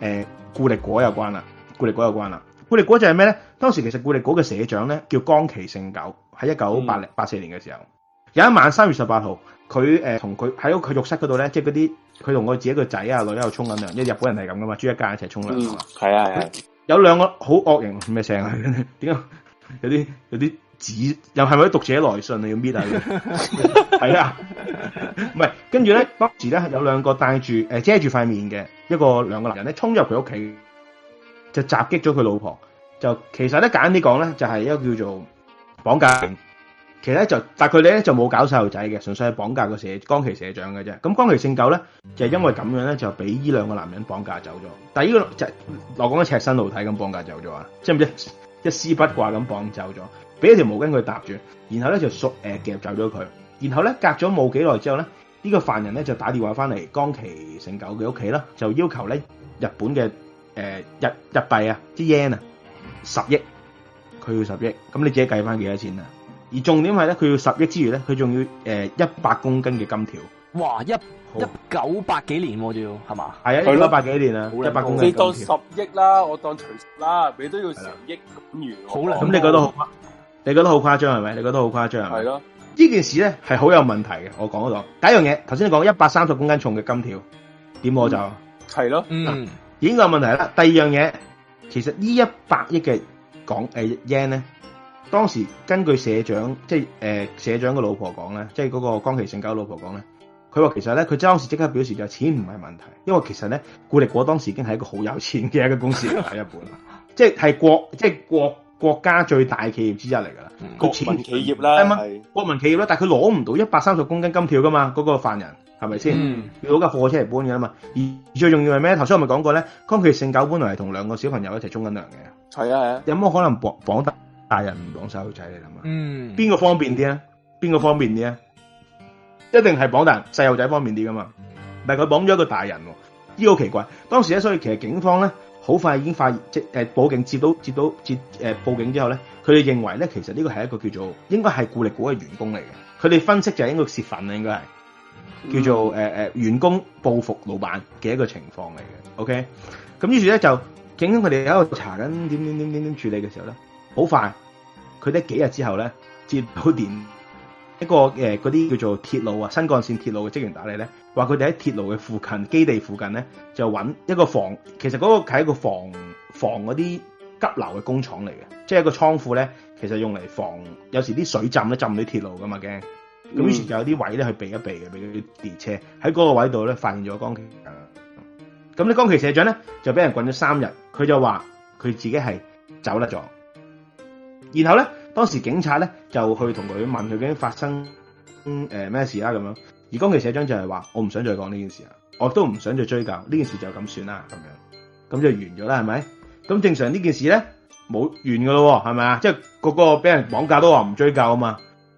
誒固、呃、力果有關啦，固力果有關啦。固力果就係咩咧？當時其實固力果嘅社長咧叫江崎勝久，喺一九八零八四年嘅時候，嗯、有一晚三月十八號，佢誒同佢喺個佢浴室嗰度咧，即係嗰啲佢同佢自己個仔啊，女喺度沖緊涼，因為日本人係咁噶嘛，住一家一齊沖涼啊嘛，係啊係，有兩個好惡型咩聲啊？點解？ 有啲有啲紙又係咪啲讀者來信你要搣嘅？係啊， 唔係，跟住咧，當時咧有兩個戴住誒、呃、遮住塊面嘅一個兩個男人咧衝入佢屋企，就襲擊咗佢老婆。就其實咧簡單啲講咧，就係、是、一個叫做綁架。其實咧就但係佢哋咧就冇搞細路仔嘅，純粹係綁架個社江崎社長嘅啫。咁江崎勝久咧就是、因為咁樣咧就俾呢兩個男人綁架走咗。但係、這、呢個就落、是、講赤身露體咁綁架走咗啊？知唔知？一絲不掛咁綁走咗，俾一條毛巾佢搭住，然後咧就熟誒夾走咗佢，然後咧隔咗冇幾耐之後咧，呢、這個犯人咧就打電話翻嚟江崎勝久嘅屋企啦，就要求咧日本嘅誒日日幣啊，啲 yen 啊十億，佢要十億，咁你自己計翻幾多錢啊？而重點係咧，佢要十億之餘咧，佢仲要誒一百公斤嘅金條。哇！一一
九八幾年喎，仲係嘛？係啊，佢咯百幾年啊，一百公斤你
當十億啦，我當除十啦，你都要十億咁完好啦，咁你覺得好
誇？你覺得好誇張係咪？你覺得好誇張？係咯，呢件事咧係好有問題嘅。我講到，第一樣嘢，頭先你講一百三十公斤重嘅金條，點我就
係咯，嗯，
已經有問題啦。第二樣嘢，其實呢一百億嘅港，誒 yen 咧，當時根據社長即係誒社長嘅老婆講咧，即係嗰個江崎勝久老婆講咧。佢話其實咧，佢當時即刻表示就係錢唔係問題，因為其實咧，固力果當時已經係一個好有錢嘅一個公司嚟。喺日本 即係，即係國即係國國家最大企業之一嚟噶啦，嗯、國民企
業啦，係嘛嗎，
是國民企業啦。但係佢攞唔到一百三十公斤金條噶嘛，嗰、嗰個犯人係咪先要攞架貨車嚟搬嘅嘛而？而最重要係咩咧？頭先我咪講過咧，江崎勝久本來係同兩個小朋友一齊沖緊涼嘅，係啊係啊，啊有冇可能綁綁得大人唔綁細路仔嚟諗啊？想想
嗯，
邊個方便啲啊？邊個方便啲啊？嗯一定係綁人細路仔方便啲噶嘛，唔係佢綁咗一個大人，呢個好奇怪。當時咧，所以其實警方咧好快已經發現，即係報警接到接到接誒報警之後咧，佢哋認為咧其實呢個係一個叫做應該係顧力股嘅員工嚟嘅，佢哋分析就係應該洩憤啦，應該係叫做誒誒、嗯呃、員工報復老闆嘅一個情況嚟嘅。OK，咁於是咧就警方佢哋喺度查緊點點點點點處理嘅時候咧，好快佢哋幾日之後咧接到電。一個誒，嗰啲叫做鐵路啊，新幹線鐵路嘅職員打嚟咧，話佢哋喺鐵路嘅附近基地附近咧，就揾一個防，其實嗰個係一個防防嗰啲急流嘅工廠嚟嘅，即係一個倉庫咧，其實用嚟防有時啲水浸咧浸到啲鐵路噶嘛驚，咁於是就有啲位咧去避一避嘅，俾啲列車喺嗰個位度咧發現咗江崎社。咁啲江崎社長咧就俾人滾咗三日，佢就話佢自己係走得咗，然後咧。當時警察咧就去同佢問佢究竟發生誒咩、呃、事啦、啊、咁樣，而江崎社長就係話：我唔想再講呢件事啊，我都唔想再追究呢件事就咁算啦咁樣，咁就完咗啦係咪？咁正常呢件事咧冇完噶咯，係咪啊？即、就、係、是、個個俾人綁架都話唔追究啊嘛，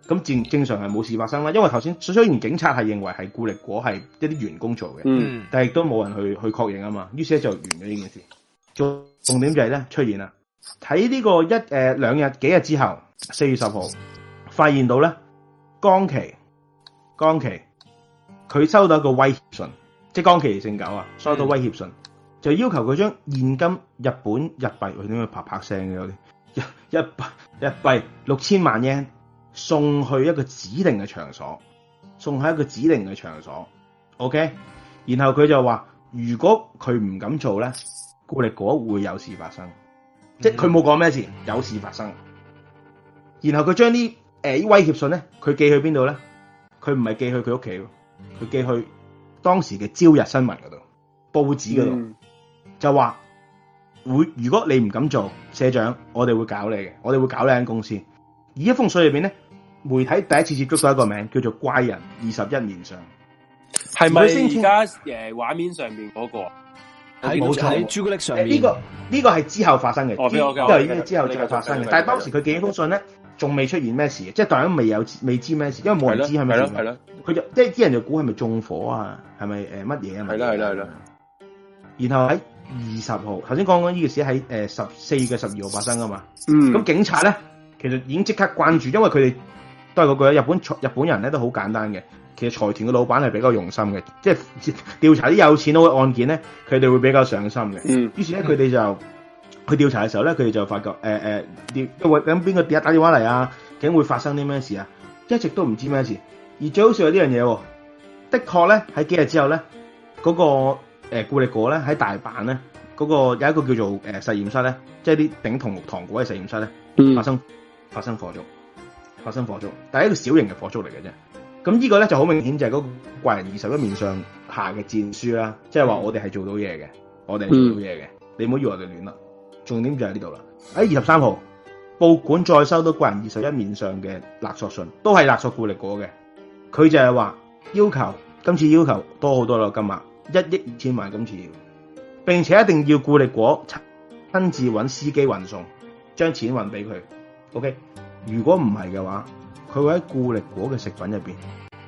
咁正正常係冇事發生啦。因為頭先雖然警察係認為係顧力果係一啲員工做嘅，嗯，但係亦都冇人去去確認啊嘛。於是呢，就完咗呢件事。重點就係咧出現啦，睇呢個一誒、呃、兩日幾日之後。四月十號發現到咧，江奇江奇佢收到一個威脅信，即係江奇姓九啊收到威脅信，就要求佢將現金日本日幣點樣啪啪聲嘅有啲日幣日幣六千萬 yen 送去一個指定嘅場所，送去一個指定嘅場所。OK，然後佢就話如果佢唔敢做咧，顧力果會有事發生，嗯、即係佢冇講咩事，有事發生。然後佢將啲誒威脅信咧，佢寄去邊度咧？佢唔係寄去佢屋企，佢寄去當時嘅《朝日新聞》嗰度，報紙嗰度，就話會如果你唔敢做社長，我哋會搞你嘅，我哋會搞你間公司。而一封信裏邊咧，媒體第一次接觸到一個名叫做怪人二十一面相，係咪而家誒
畫面上面嗰、嗰個？係冇睇。朱古
力上面呢個呢、呢個係之後發生嘅，之後、這個、之後之後發生嘅。但係當時佢寄呢封信咧。仲未出現咩事，即係大家未有未知咩事，因為冇人知係咪。係咯，佢就即係啲人就估係咪縱火啊？係咪誒乜嘢啊？係啦，係啦，係啦。然後喺二十號，頭先講緊呢件事喺誒十四嘅十二號發生噶嘛。嗯。咁警察咧，其實已經即刻關注，因為佢哋都係嗰句日本日本人咧都好簡單嘅，其實財團嘅老闆係比較用心嘅，即係調查啲有錢佬嘅案件咧，佢哋會比較上心嘅。嗯。於是咧，佢哋就。嗯去調查嘅時候咧，佢哋就發覺，誒、呃、誒，點會咁，邊個第一打電話嚟啊？究竟會發生啲咩事啊？一直都唔知咩事。而最好笑係呢樣嘢，的確咧喺幾日之後咧，嗰、那個誒、呃、固力果咧喺大阪咧嗰、那個有一個叫做誒、呃、實驗室咧，即係啲頂同木糖果嘅實驗室咧，發生、嗯、發生火燭，發生火燭，但係一個小型嘅火燭嚟嘅啫。咁呢個咧就好明顯就係嗰個怪人二十一面上下嘅戰書啦，即係話我哋係做到嘢嘅，我哋係做到嘢嘅，你唔好以為我哋亂啦。重點就喺呢度啦！喺二十三號，報館再收到個人二十一面上嘅勒索信，都係勒索固力果嘅。佢就係話要求，今次要求多好多啦，金額一億二千萬，今次要，並且一定要固力果親，親自揾司機運送，將錢運俾佢。OK，如果唔係嘅話，佢會喺固力果嘅食品入邊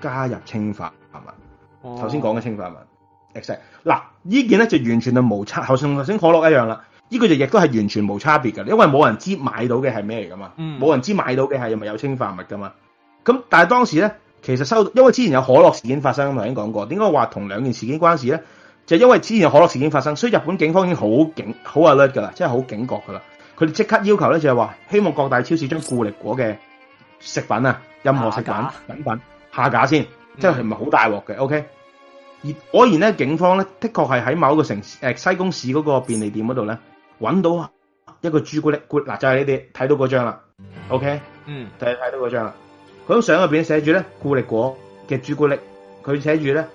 加入氰化物。
頭先講
嘅氰化物。exactly，嗱，件呢件咧就完全就無差，好似頭先可樂一樣啦。呢個就亦都係完全冇差別嘅，因為冇人知買到嘅係咩嚟噶嘛，冇、嗯、人知買到嘅係咪有氰化物噶嘛？咁但係當時咧，其實收到，因為之前有可樂事件發生，我已經講過，點解話同兩件事件關事咧？就是、因為之前有可樂事件發生，所以日本警方已經好警好阿叻噶啦，即係好警覺噶啦。佢哋即刻要求咧就係、是、話，希望各大超市將固力果嘅食品啊，任何食品架品品下架先，嗯、即係唔係好大鑊嘅。O、OK? K. 而果然咧，警方咧的確係喺某一個城市誒、呃、西宮市嗰個便利店嗰度咧。搵到啊，一個朱古力嗱，就係你哋睇到嗰張啦，OK，嗯，就係睇到嗰張啦。佢張相入邊寫住咧，固力果嘅朱古力，佢寫住咧，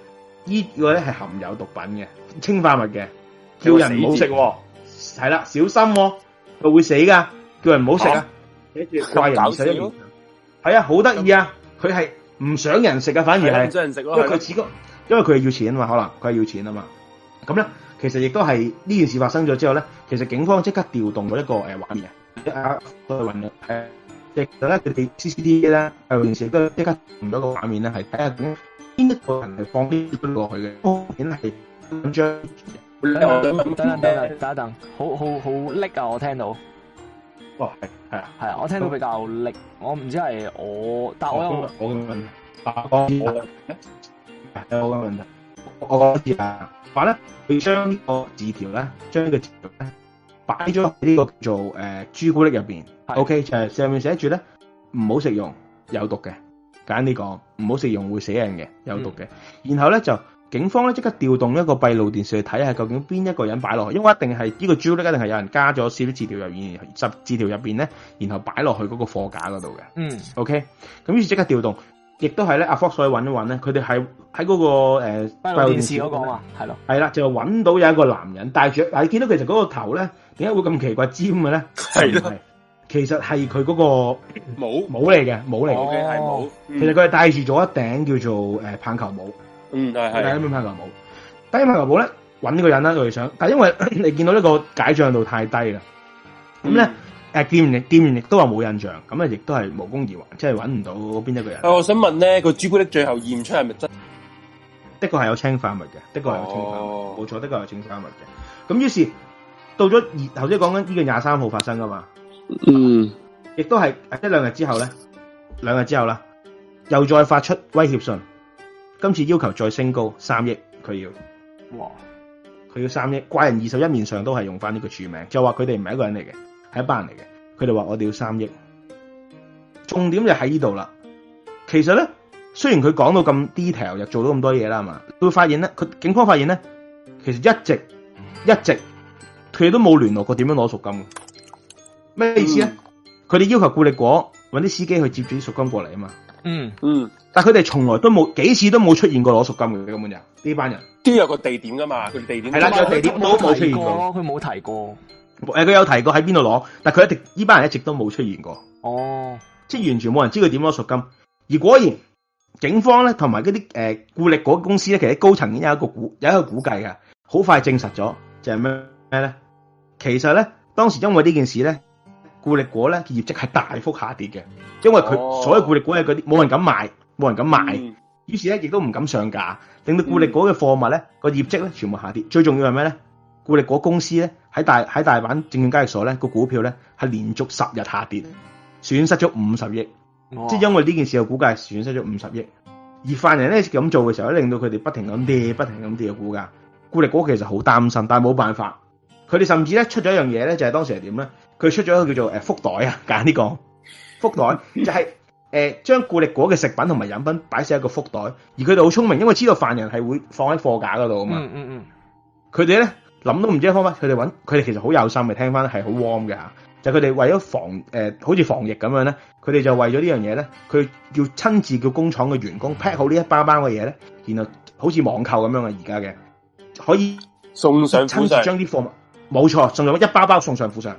呢個咧係含有毒品嘅氰化物嘅，叫人唔好食，係啦，小心喎，佢會死噶，叫人唔好食啊，寫住怪人死。係啊，好得意啊，佢係唔想人食啊，反而係，想想人啊，因為佢係嗎因為佢係要錢啊嘛，可能佢係要錢啊嘛，咁咧。其實亦都係呢件事發生咗之後咧，其實警方即刻調動咗一個誒畫面，啊，去運誒，其實咧佢哋 CCTV 咧，係同時都即刻用咗個畫面咧，係睇下點邊一個人係放啲嘢落去嘅。哦，顯係緊張。等下等下等下，等一等，好好
好叻啊！我聽到，
哦，係係啊，係啊的，我聽到比
較叻，我唔知係我，但我有我
嘅問題，我嘅
問
題，我嘅問題。我講一次啊，話咧，佢將呢個字條咧，將呢個字條咧，擺咗喺呢個叫做誒、呃、朱古力入邊。的 o、okay? K，就係上面寫住咧，唔好食用，有毒嘅，揀呢個唔好食用會死人嘅，有毒嘅。嗯、然後咧就警方咧即刻調動一個閉路電視去睇下究竟邊一個人擺落去，因為一定係呢、這個朱古力一定係有人加咗少啲字條入，十字條入邊咧，然後擺落去嗰個貨架嗰度嘅。嗯，O K，咁於是即刻調動。亦都係咧，阿福所以揾一揾咧，佢哋係喺嗰個誒，電視嗰、呃嗰個係咯，係啦的，的就揾到有一個男人，戴住，但係你見到其實嗰個頭咧，點解會咁奇怪尖嘅咧？係咯的，其實係佢嗰個帽帽嚟嘅，帽嚟嘅係帽，嗯、其實佢係戴住咗一頂叫做誒棒球帽，嗯係係，一棒球帽，戴一棒球帽咧揾呢個人呢，佢哋想，但係因為 你見到呢個解像度太低啦，
咁咧、嗯。
誒，見完你，見完亦都話冇印象，咁啊，亦都係無功而還，即係揾唔到邊一個人。
誒，我想問咧，個朱古力最後驗出係咪真？
的確係有氰化物嘅，
的確係有氰化物的，冇錯、哦，的確有氰化物嘅。
咁於是到咗而頭先講緊呢個廿三號發生噶嘛？嗯，亦都係一兩日之後咧，兩日之後啦，又再發出威脅信，今次要求再升高三億，佢要，哇，佢要三億，怪人二十一面上都係用翻呢個署名，就話佢哋唔係一個人嚟嘅。係一班人嚟嘅，佢哋話我哋要三億，重點就喺呢度啦。其實咧，雖然佢講到咁 detail，又做到咁多嘢啦，係嘛，會發現咧，佢警方發現咧，其實一直一直佢哋都冇聯絡過點樣攞贖金。咩意思咧？佢哋、嗯、要求顧力果搵啲司機去接住啲贖金過嚟啊嘛。嗯
嗯，
但係佢哋從來都冇幾次都冇出現過攞贖金嘅根本就呢班人，
都有個地點噶嘛。佢哋地點係啦，了有地點都冇提過，佢冇提過。
誒，佢有提過喺邊度攞，但係佢一直呢班人一直都冇出現過。哦
，oh。
即係完全冇人知佢點攞贖金。而果然警方咧，同埋嗰啲誒固力果公司咧，其實高層已經有一個估有一個估計嘅，好快證實咗就係咩咩咧？其實咧當時因為呢件事咧，固力果咧業績係大幅下跌嘅，因為佢所有固力果係嗰啲冇人敢買，冇人敢買，mm。於是咧亦都唔敢上架，令到固力果嘅貨物咧個、mm。業績咧全部下跌。最重要係咩咧？固力果公司咧喺大喺大阪證券交易所咧個股票咧係連續十日下跌，損失咗五十億，哦、即係因為呢件事嘅股價損失咗五十億。而犯人咧咁做嘅時候咧，令到佢哋不停咁跌，不停咁跌嘅股價。固力果其實好擔心，但係冇辦法。佢哋甚至咧出咗一樣嘢咧，就係、是、當時係點咧？佢出咗一個叫做誒福袋啊，揀呢個福袋，就係、是、誒、呃、將固力果嘅食品同埋飲品擺晒一個福袋。而佢哋好聰明，因為知道犯人係會放喺貨架嗰度啊嘛。嗯嗯，佢哋咧。諗都唔知方法，佢哋揾佢哋其實好有心嘅。聽翻係好 warm 嘅，就佢、是、哋為咗防誒、呃，好似防疫咁樣咧，佢哋就為咗呢樣嘢咧，佢要親自叫工廠嘅員工 pack、嗯、好呢一包包嘅嘢咧，然後好似網購咁樣嘅而家嘅，可以親
自將貨物送上府上，將啲
貨物冇錯送上一包包送上府上，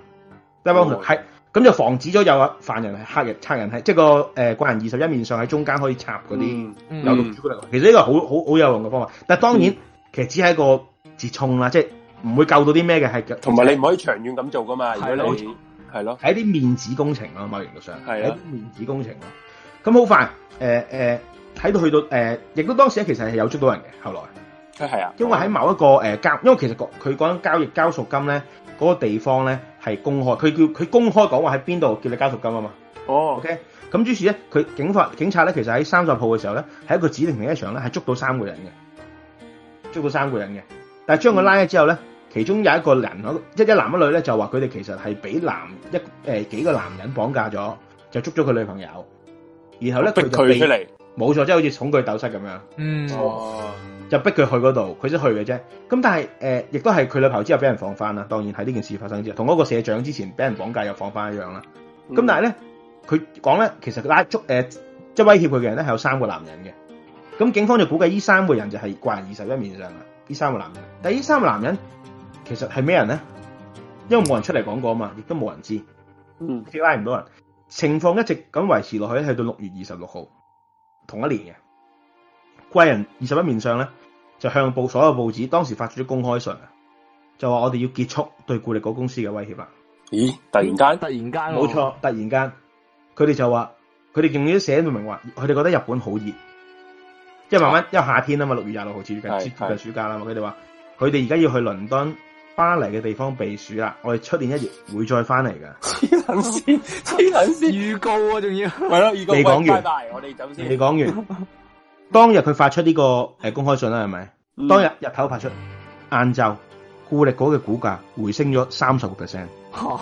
一包係咁、嗯、就防止咗有犯人係黑人差人係，即係個誒怪人二十一面上喺中間可以插嗰啲有毒朱古力，嗯、其實呢個好好好有用嘅方法。但係當然，嗯、其實只係一個折衷啦，即係。唔會救到啲咩嘅，係同埋你唔可以長
遠咁做噶嘛？係咯，係咯的，
係一啲面子工程咯，某
程度上，係一的的
面子工程咯。咁好快，誒、呃、誒，喺、呃、到去到誒，亦、呃、都當時咧，其實係有捉到人嘅。後來，係啊的，因為喺某一個誒交、哦呃，因為其實佢佢講緊交易交贖金咧，嗰、那個地方咧係公開，佢叫佢公開講話喺邊度叫你交贖金啊嘛。哦，OK，咁於是咧，佢警法警察咧，其實喺三十號嘅時候咧，係一個指定停車場咧，係捉到三個人嘅，捉到三個人嘅，但係將佢拉咗之後咧。嗯其中有一個人，一一男一女咧，就話佢哋其實係俾男一誒、呃、幾個男人綁架咗，就捉咗佢女朋友，然後咧佢被他出嚟，冇錯，即係好似恐懼斗室咁樣，嗯，哦、就逼佢去嗰度，佢就去嘅啫。咁但係誒、呃，亦都係佢女朋友之後俾人放翻啦。當然喺呢件事發生之後，同嗰個社長之前俾人綁架又放翻一樣啦。咁、嗯、但係咧，佢講咧，其實拉捉誒、呃、即係威脅佢嘅人咧，係有三個男人嘅。咁警方就估計呢三個人就係怪人二十一面相嘅呢三個男人，但係呢三個男人。其實係咩人咧？因為冇人出嚟講過嘛，亦都冇人知，嗯，叫拉唔到人。情況一直咁維持落去，去到六月二十六號，同一年嘅怪人二十一面相咧，就向報所有報紙當時發出咗公開信啊，就話我哋要結束對固力果公司嘅威脅啦。咦？突然間、哦？突然間？冇錯，突然間，佢哋就話，佢哋仲要寫到明話，佢哋覺得日本好熱，慢慢，啊、因為夏天啊嘛，六月廿六號接近接近暑假啦嘛，佢哋話，佢哋而家要去倫敦。巴黎嘅地方避暑啦，我哋出年一月會再翻嚟噶。
黐撚線，黐撚線，預告啊，
仲要係咯？預告未講完，我哋
走
先，未講
完。當日佢發出呢個誒公開信啦，係咪？當日日頭發出，晏晝，固力果嘅股價回升咗三十個 percent。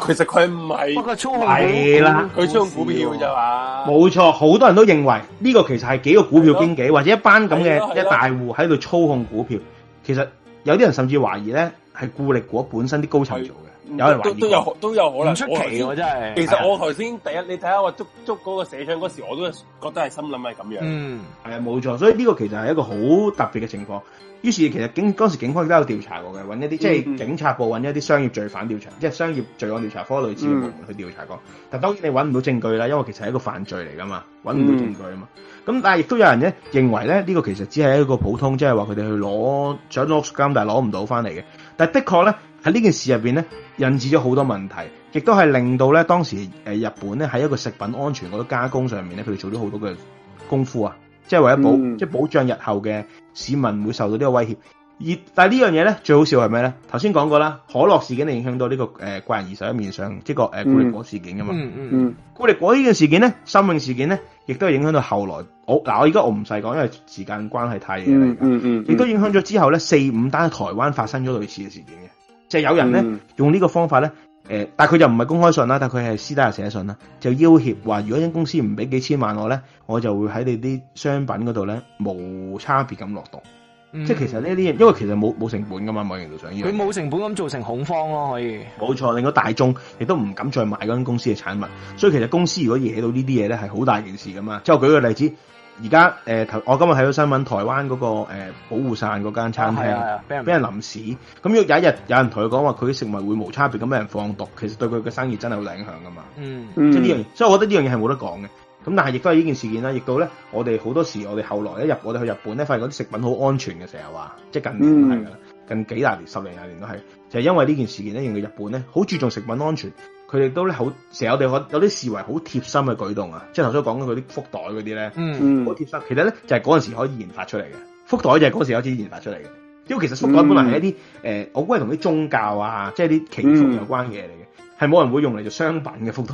其實佢唔係，佢操控係啦，佢操控股票啫
嘛。冇錯，好多人都認為呢個其實係幾個股票經紀或者一班咁嘅一大戶喺度操控股票。其實有啲人甚至懷疑咧。係顧力果本身啲高層做嘅，是有
人都都有都有可能唔出奇喎！真係，啊、其實我頭先第一你睇下我捉捉嗰個社長嗰時，我都覺得係心
諗係咁樣。嗯，係啊，冇錯。所以呢個其實係一個好特別嘅情況。於是其實警當時警方都有調查過嘅，揾一啲、嗯、即係警察部揾一啲商業罪犯調查，嗯、即係商業罪案調查科類似嘅部門去調查過。嗯、但當然你揾唔到證據啦，因為其實係一個犯罪嚟噶嘛，揾唔到證據啊嘛。咁、嗯、但係亦都有人咧認為咧呢、呢個其實只係一個普通，即係話佢哋去攞，想攞啲金，但係攞唔到翻嚟嘅。但係的確咧，喺呢件事入面咧，引致咗好多問題，亦都係令到咧當時誒日本咧喺一個食品安全嗰啲加工上面咧，佢哋做咗好多嘅功夫啊，即係為咗保，嗯、即係保障日後嘅市民會受到呢個威脅。而但係呢樣嘢咧，最好笑係咩咧？頭先講過啦，可樂事件影響到呢、這個誒、呃、怪人二十一面相，即係個誒、呃、古力果事件啊嘛。嗯嗯嗯。古、嗯嗯、力果呢件事件咧，生命事件咧，亦都係影響到後來。我嗱，我而家我唔細講，因為時間關係太遠嚟嘅。亦、嗯嗯嗯、都影響咗之後咧，四五單台灣發生咗類似嘅事件嘅，即、就、係、是、有人咧、嗯、用呢個方法咧，誒、呃，但係佢就唔係公開信啦，但係佢係私底下寫信啦，就要脅話：如果間公司唔俾幾千萬我咧，我就會喺你啲商品嗰度咧冇差別咁落毒。嗯、即係其實呢啲嘢，因為其實冇冇成本噶嘛，某程度上呢佢冇成本咁造成恐慌咯，可以。冇錯，令到大眾亦都唔敢再買嗰間公司嘅產品。所以其實公司如果惹到這些東西呢啲嘢咧，係好大件事噶嘛。即係我舉個例子，而家誒，我今日睇到新聞，台灣嗰、那個誒、呃、保護傘嗰間餐廳，俾、啊啊啊、人俾人淋屎咁，若、嗯、有一日有人同佢講話，佢啲食物會無差別咁俾人放毒，其實對佢嘅生意真係好影響噶嘛。
嗯，即係呢樣，
嗯、所以我覺得呢樣嘢係冇得講嘅。咁但係亦都係呢件事件啦，亦到咧我哋好多時，我哋後來一入我哋去日本咧，發現嗰啲食品好安全嘅時候啊，即係近年都係㗎，嗯、近幾廿年十零廿年都係，就係、是、因為呢件事件咧，令到日本咧好注重食品安全，佢哋都咧好成日我哋有啲視為好貼心嘅舉動啊，即係頭先講到佢啲福袋嗰啲咧，好貼心，其實咧就係、是、嗰陣時可以研發出嚟嘅，福袋就係嗰陣時開始研發出嚟嘅，因為其實福袋本來係一啲、嗯呃、我估係同啲宗教啊，即係啲祈福有關嘅嚟、嗯。係冇人會用嚟做商品嘅福袋，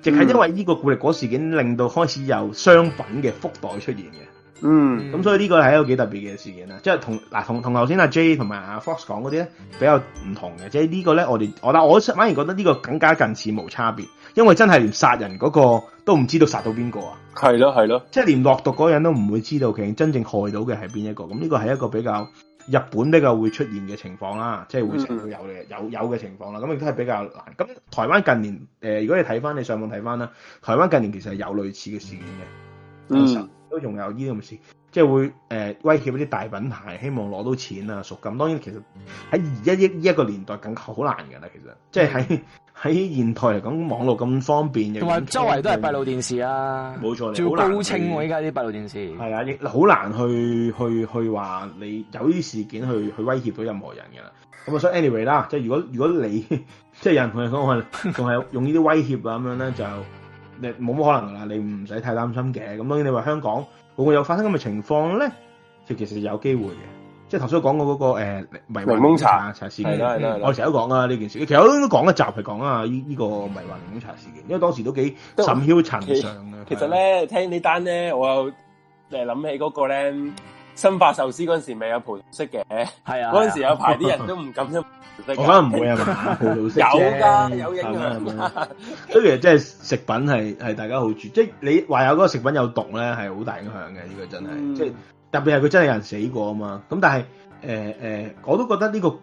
淨係因為呢個固力果事件令到開始有商品嘅福袋出現嘅。嗯，咁所以呢個係一個幾特別嘅事件啦，即係同嗱同同頭先阿 J 同埋阿 Fox 講嗰啲咧比較唔同嘅，即係呢個咧我哋我啦，我反而覺得呢個更加近似無差別，因為真係連殺人嗰個都唔知道殺到邊個啊，係咯係咯，是即係連落毒嗰人都唔會知道其實真正害到嘅係邊一個，咁呢個係一個比較。日本比較會出現嘅情況啦，即、就、係、是、會成都有嘅、mm hmm. 有有嘅情況啦，咁亦都係比較難。咁台灣近年誒、呃，如果你睇翻你上網睇翻啦，台灣近年其實係有類似嘅事件嘅，其實都仲有呢啲咁嘅事。Hmm. 嗯。即係會誒、呃、威脅一啲大品牌，希望攞到錢啊贖金咁當然，其實喺一億依一個年代，更好難噶啦。其實，即係喺喺現代嚟講，網絡咁方便，同埋周圍都係閉路
電視啊，冇錯錯，仲要高清喎、啊。依
家啲閉路電視係啊，亦好難去去去話你有啲事件去去威脅到任何人噶啦。咁啊，所以 anyway 啦，即係如果如果你即係有人同你講，我仲係用呢啲威脅啊咁樣咧，就你冇乜可能噶啦，你唔使太擔心嘅。咁當然你話香港。會唔會有發生咁嘅情況咧？就其實其實有機會嘅，即係頭先講過嗰、那個誒、呃、迷幻檸檬茶萌萌茶，茶事件，我成日都講啊呢件事，其實我都講一集嚟講啊呢依個迷幻檸檬茶事件，因為當時都幾甚囂塵上啊。其實咧的，
聽這呢單咧，我又誒諗起嗰個咧。生化壽司嗰陣時咪有盤色嘅，係啊，嗰陣、啊啊、時有排啲人都唔敢食。 我可能唔會啊，盤老色有㗎有影響
㗎， 所以其實即係食品係係大家好注意，即係你話有嗰個食品有毒咧，係好大影響嘅。呢、這個真係，嗯、即係特別係佢真係有人死過啊嘛。咁但係誒誒，我都覺得呢、這個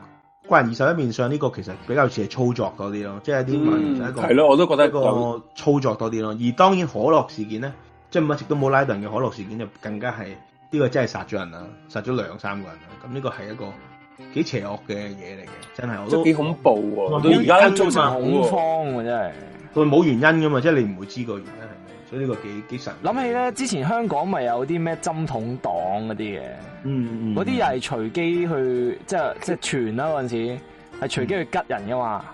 怪人二十一面相呢個其實比較似係操作多啲咯，即係一啲係一個係咯、嗯，我都覺得一個操作多啲咯。而當然可樂事件咧，即係乜都冇拉頓嘅可樂事件就更加係。呢個真係殺咗人啦，殺咗兩三個人，咁、這、呢個係一個幾邪惡嘅嘢嚟嘅，真係我都幾恐怖啊！而家仲咁恐慌啊真係，真係佢冇原因噶嘛，即係你唔會知個原因係咩，所以呢個
幾幾神。諗起咧，之前香港咪有啲咩針筒黨嗰啲嘅，嗯嗰啲又係隨機去，即係即係傳啦嗰陣時，係隨機去吉、嗯、人噶嘛。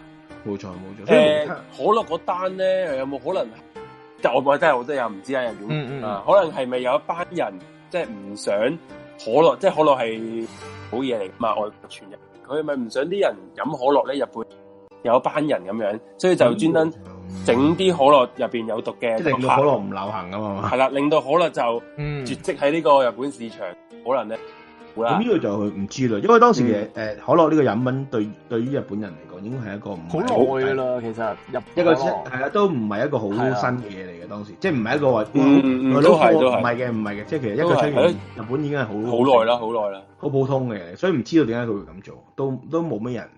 冇錯冇錯。誒，沒呃、可能嗰單咧，有冇可能？即係我得，真係我都有唔知有啊？可能係咪有一班人？即係唔想可樂，即係可樂係好嘢嚟嘛，外傳入，佢咪唔想啲人飲可樂咧？日本有一班人咁樣，所以就專登整啲可樂入邊有毒嘅，嗯嗯、令到可樂唔
流行啊嘛，係
啦，令到可樂就絕跡喺呢個日本市場，嗯、可能咧。咁呢
個就唔知啦，因為當時嘅誒可樂呢個飲品對對於日本人嚟講，應該係一個好耐
嘅
啦。其實一一個出係啊，都唔係一個好新嘅嘢嚟嘅。當時即係唔係一個話，嗯嗯都係都係唔係嘅，唔係嘅。即係其實一個出現日本已經係好好耐啦，好耐啦，好普通嘅。所以唔知道點解佢會咁做，都都冇咩人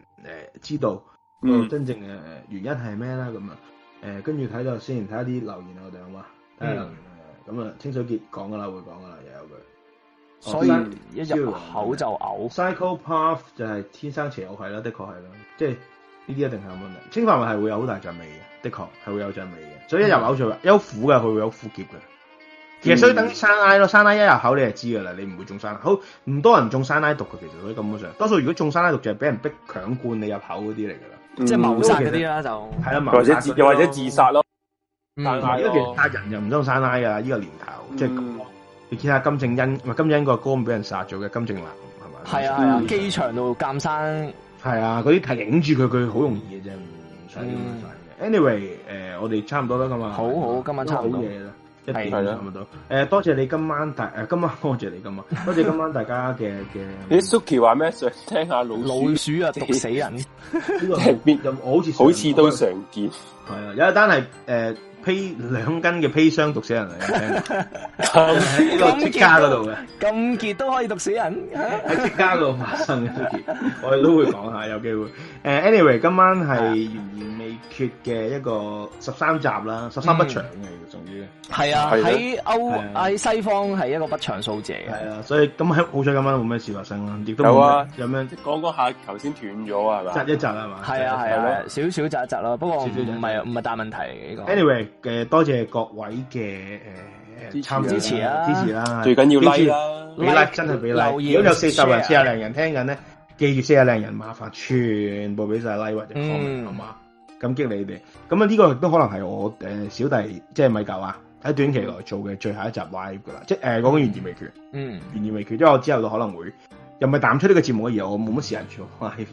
誒知道個真正嘅原因係咩啦咁啊。誒，跟住睇咗先，睇下啲留言啊，我哋好嘛？嗯，咁啊，清水潔講噶啦，會講噶啦，又有佢。所以一入口就嘔，psychopath 就係天生邪惡係啦，是的確係啦，即係呢啲一定係有問題。氰化物係會有好大陣味嘅，的確係會有陣味嘅。所以一入口就有、嗯、有苦嘅，佢會有苦澀嘅。其實所以等於山埃咯，山埃一入口你就知噶啦，你唔會中山埃。好唔多人中山埃毒嘅，其實喺咁嘅上，多數如果中山埃毒就係俾人逼強灌你入口嗰啲嚟噶啦，即係謀殺嗰啲啦就，實或者又或者自
殺咯。因為其實他
人又唔中山埃噶呢個年頭，即、就、係、是。嗯你睇下金正恩，金正恩個哥咁俾人殺咗嘅，金正男係咪？係啊係啊，機場度監生。係啊，嗰啲係影住佢，佢好容易嘅啫。唔 Anyway，誒，我哋差唔多啦，咁啊。好，好，今晚差唔多嘢啦，
一點差唔多。
誒，多謝你今晚大，誒，今晚多謝你今晚。多謝今晚大家嘅嘅。你 Suki
話咩？想聽下老鼠老鼠啊，毒死人。呢個係邊？咁，好似好似都
常見。係啊，有一單係誒。披兩斤嘅砒霜毒死人
嚟
嘅，個家度嘅，
咁傑都可以毒死人
喺家度嘛？神嘅。 我哋都會講一下，有機會。誒，anyway，今晚係懸疑未決嘅一個十三集啦，十三不祥嘅，其仲要係啊，喺
歐喺西方係一個不祥數
字嘅，係啊，所以咁喺好彩今晚冇咩事發生啦，亦都冇啊。
咁咩講嗰下頭先斷咗啊，係嘛，窒一窒啊嘛，係啊係啊，
少少窒一窒咯，不過唔係
唔係大問題呢個。anyway
嘅多謝各位嘅誒參支持啊，支持啦，最緊要你支持，俾 like 真係俾 like，如果有四十人、四廿零人聽緊咧。記住先，廿零人麻煩全部俾晒 like 或者 Comment、嗯、好嘛？感激你哋。咁啊呢個亦都可能係我誒小弟即係、就是、米狗啊喺短期內做嘅最後一集 live 噶啦，即係誒講緊懸疑未決，
嗯，懸
疑未決，因為我之後都可能會又唔係淡出呢個節目嘅，而我冇乜時間做 live。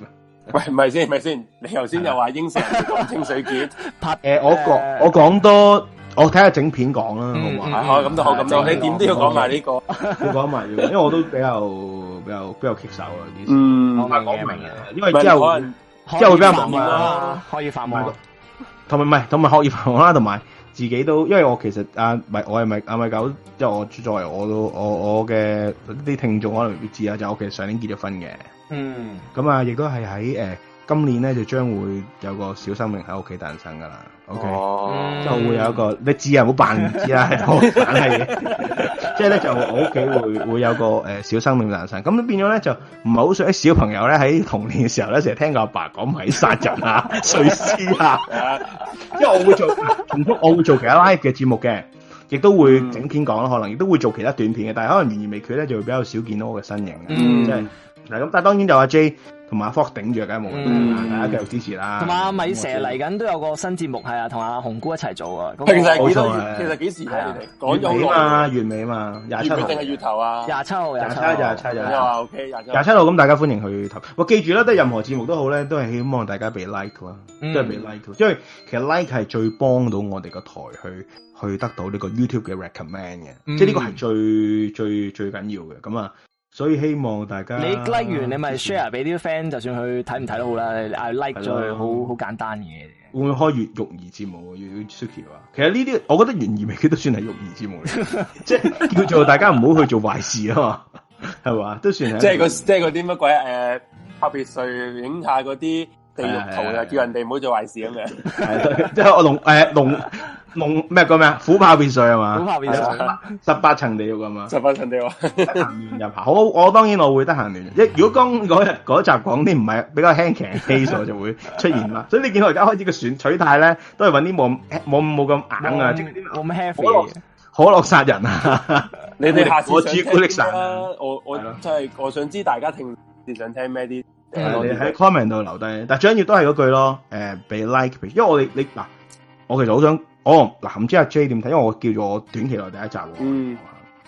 喂，唔係先，
唔係先，你頭先又話應承講清水潔拍誒，我講我
講多我睇下整片講啦，好嘛？咁、嗯嗯嗯啊、好、咁、啊、就是、你點都要講埋呢個，要講埋，因為我都比較。比較比較棘手啊啲，唔係我明啊，因為之後為可可、啊、之後會比較忙、啊、發啦、啊，可以發夢、啊，同埋唔係同埋可以發夢啦、啊，同埋自己都，因為我其實啊，咪我係咪阿米狗，即、就、係、是、我作為我都我我嘅啲聽眾可能未必知啊，就是、我其實上年結咗婚嘅，嗯，咁啊亦都係喺誒今年咧就將會有個小生命喺屋企誕生噶啦。哦，就會有一個，你知啊，唔好扮唔知啦，係好反氣嘅。即係咧，就我屋企會會有一個誒小生命誕生。咁咧變咗咧就唔係好想啲小朋友咧喺童年嘅時候咧成日聽我阿爸講唔係殺人啊，碎屍啊。因為我會做，唔通我會做其他 live 嘅節目嘅，亦都會整片講咯，可能亦都會做其他短片嘅。但係可能懸疑未決咧，就會比較少見到我嘅身形。嗯，即係係咁。但係當然就阿 J。同埋 Fox 頂住嘅冇，嗯、大家繼續支持啦。同埋
阿米蛇嚟緊都有個新節目，係啊，同阿紅姑一齊做啊。其實幾其實幾時？係啊，月尾
嘛，月尾嘛，廿七號定
係月，月頭啊？廿七號，廿七，廿七，廿七，廿七號。廿七號咁，號 okay，號大家歡迎去投。我記住啦，都係任何節目都好咧，都係希望大家俾 like 啦、like，都係俾 like，因為其實 like 係最幫到我哋個台去去得到呢個 YouTube 嘅 recommend 嘅，嗯、即係呢個係最最最緊要嘅咁啊。所以希望大家你 like 完你咪 share
俾啲 friend，就算佢睇唔睇都好啦。啊 like 咗，好
好的簡單嘅。會唔會開粵育兒節目要 suki 啊？其實呢啲，我覺得懸疑未決，佢都算係育兒節目， 即係叫做大家唔好去做壞事啊嘛，係嘛， 都算個。即係嗰
即係啲乜鬼誒，嗯、特別別影下嗰啲。地獄圖就叫人哋唔好做壞事咁樣，
即係我龍誒龍龍咩個咩啊？虎豹別墅係嘛？虎豹別墅，十八層地獄咁啊嘛？十八層地獄，行完入，好我我當然我會得閒連。如果剛嗰日嗰集講啲唔係比較輕嘅基 a 就會出現啦。所以你見我而家開始嘅選取態咧，都係搵啲冇冇冇咁硬啊，即係啲
冇咁 heavy
可樂殺人啊！你哋。我朱古力我我真
係我想知大家聽你想聽咩啲？我哋喺
comment 度留低，但係最緊要都係嗰句咯。誒，俾 like，因為我哋你嗱，我其實好想，哦嗱，唔知阿 J 點睇，因為我叫做短期內第一集喎。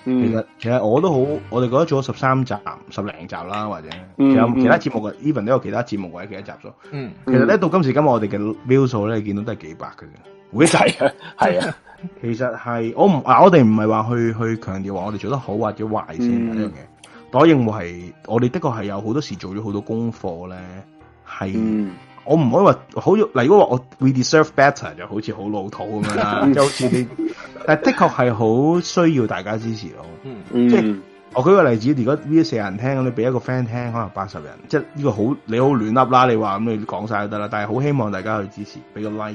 其實其實我都好，我哋覺得做咗十三集，十零集啦，或者，其其他節目嘅 even 都有其他節目嘅幾多集咗。其實咧到今時今日，我哋嘅 view 數咧見到都係幾百嘅啫，好細呀，係啊。其實係我唔，嗱我哋唔係話去去強調話我哋做得好或者壞先呢樣嘢。我認為係我哋的確係有好多時做咗好多功課咧，係、嗯、我唔可以話好，例如話我 we deserve better 就好似好老土咁樣啦， 就好似你，但係的確係好需要大家支持我。嗯、即係我舉個例子，如果呢一四人聽，你俾一個 friend 聽可能八十人，即係呢個好你好亂噏啦。你話咁你講晒就得啦，但係好希望大家去支持，俾個 like，誒誒誒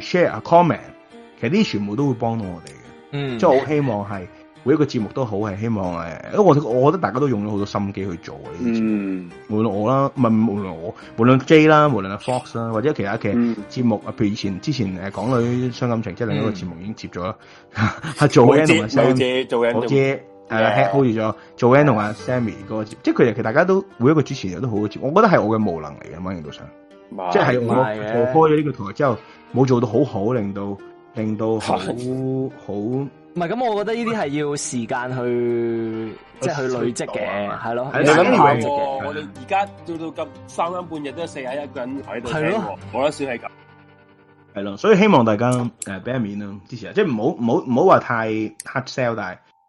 去 share comment，其實呢啲全部都會幫到我哋嘅，嗯、即係好希望係。每一個節目都好，係希望誒，因為我我覺得大家都用咗好多心機去做。無論我啦，唔無論我，無論 J 啦，無論阿 Fox 啦，或者其他嘅節目啊，譬如以前之前誒港女傷感情，即係另一個節目已經接咗啦。係做嘅同阿 Sammy，我借誒 hold 住咗，做 Ann 嘅同阿 Sammy 嗰個節，即係佢哋其實大家都每一個主持人都好好節，我覺得係我嘅無能嚟嘅，某程度上，即係我開咗呢個台之後，冇做到好好，令到令到好好。
唔係咁，我覺得呢啲係要時間去，嗯、即係去累積嘅，
係咯。係咁累積嘅。Anyway,
我哋而家做到咁三更半日夜都四下一個人喺度，係咯、啊，我覺得算係咁。
係咯，所以希望大家誒俾、呃、面咯，支持，即係唔好唔好唔好話太 hard sell，但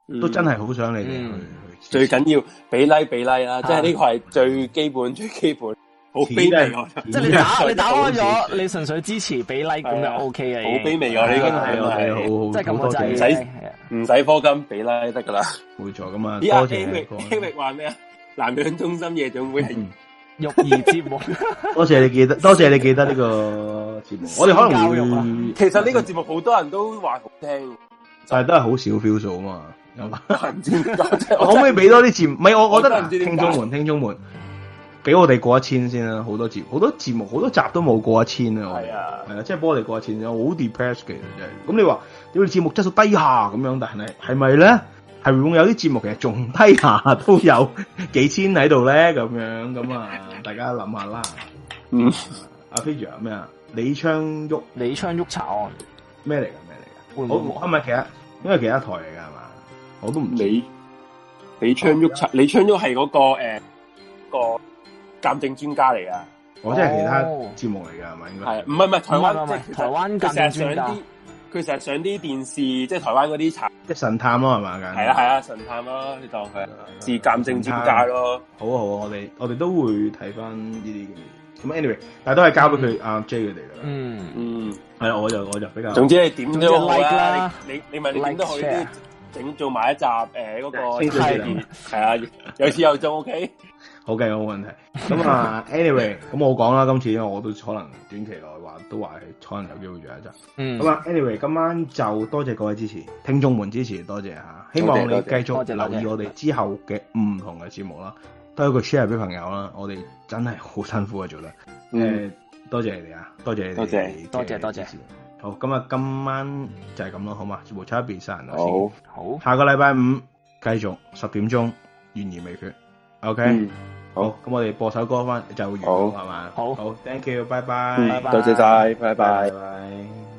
係都真係好想你哋去。嗯嗯、
最緊要俾 like 俾 like 啦，即係呢個係最基本最基本。好卑微，即係你打你打開
咗，你純粹支持俾 like 咁就 O K 嘅。好卑微啊，呢個係，係，好即係咁個制，唔使
唔使課金俾 like 得噶啦。冇錯，咁啊，多謝。傾力話咩啊？南洋中心夜總會係玉兒節目。
多謝你記得，多謝你記得呢個節目。我哋可能其實
呢個節目好多人都話好聽，
但係都係好少 feel 數啊嘛。唔知，可唔可以俾多啲節目？唔係，我我覺得聽眾們，聽眾們。俾我哋過一千先啦，好多節好多節目好多集都冇過一千啊！係啊，係啊，即係幫我哋過一千先，好 depressed 嘅。咁你話你節目質素低下咁樣，但係係咪咧？係會有啲節目其實仲低下都有幾千喺度咧？咁樣咁啊，大家諗下啦。嗯，阿菲 i 咩啊？李昌旭？李昌旭查案咩嚟噶？咩嚟噶？我好係咪？其實
因為其他台嚟噶係嘛？我都唔你，你、啊啊、李昌旭查？李昌旭係嗰個。呃鑑證專家嚟噶，
我真係其他節
目嚟噶係咪？應該係唔係唔係台灣，即係台灣鑑證專家，佢成日上啲佢成日上啲電視，即係台灣嗰啲查即神探咯，係嘛？係啊，係啊，神探咯，你當佢是鑑證專家咯。
好啊好啊，我哋我哋都會睇翻呢啲咁嘅，咁 anyway，但係都係交俾佢阿 J 佢哋啦。嗯嗯，係，我就我就比較，總之你點都好啊，
你你咪你都好啲，整做埋一集誒嗰個係啊有始候做 OK
好嘅，冇問題。咁啊，anyway，咁我講啦，今次我都可能短期內話都話係可能有機會做一集。嗯。咁啊，anyway，今晚就多謝各位支持，聽眾們支持，多謝吓。希望你繼續留意我哋之後嘅唔同嘅節目啦。多一個 share 俾朋友啦，我哋真係好辛苦嘅做得。嗯。多謝你哋啊，多謝你哋，多謝，多謝多謝。好，咁啊，今晚就係咁咯，好嘛？節目差一邊殺人啦先。好。好。下個禮拜五繼續十點鐘懸疑未決。OK。好，咁我哋播首歌翻就完，係嘛好？吧好好，thank you，拜拜，嗯，bye bye，多謝晒，拜拜。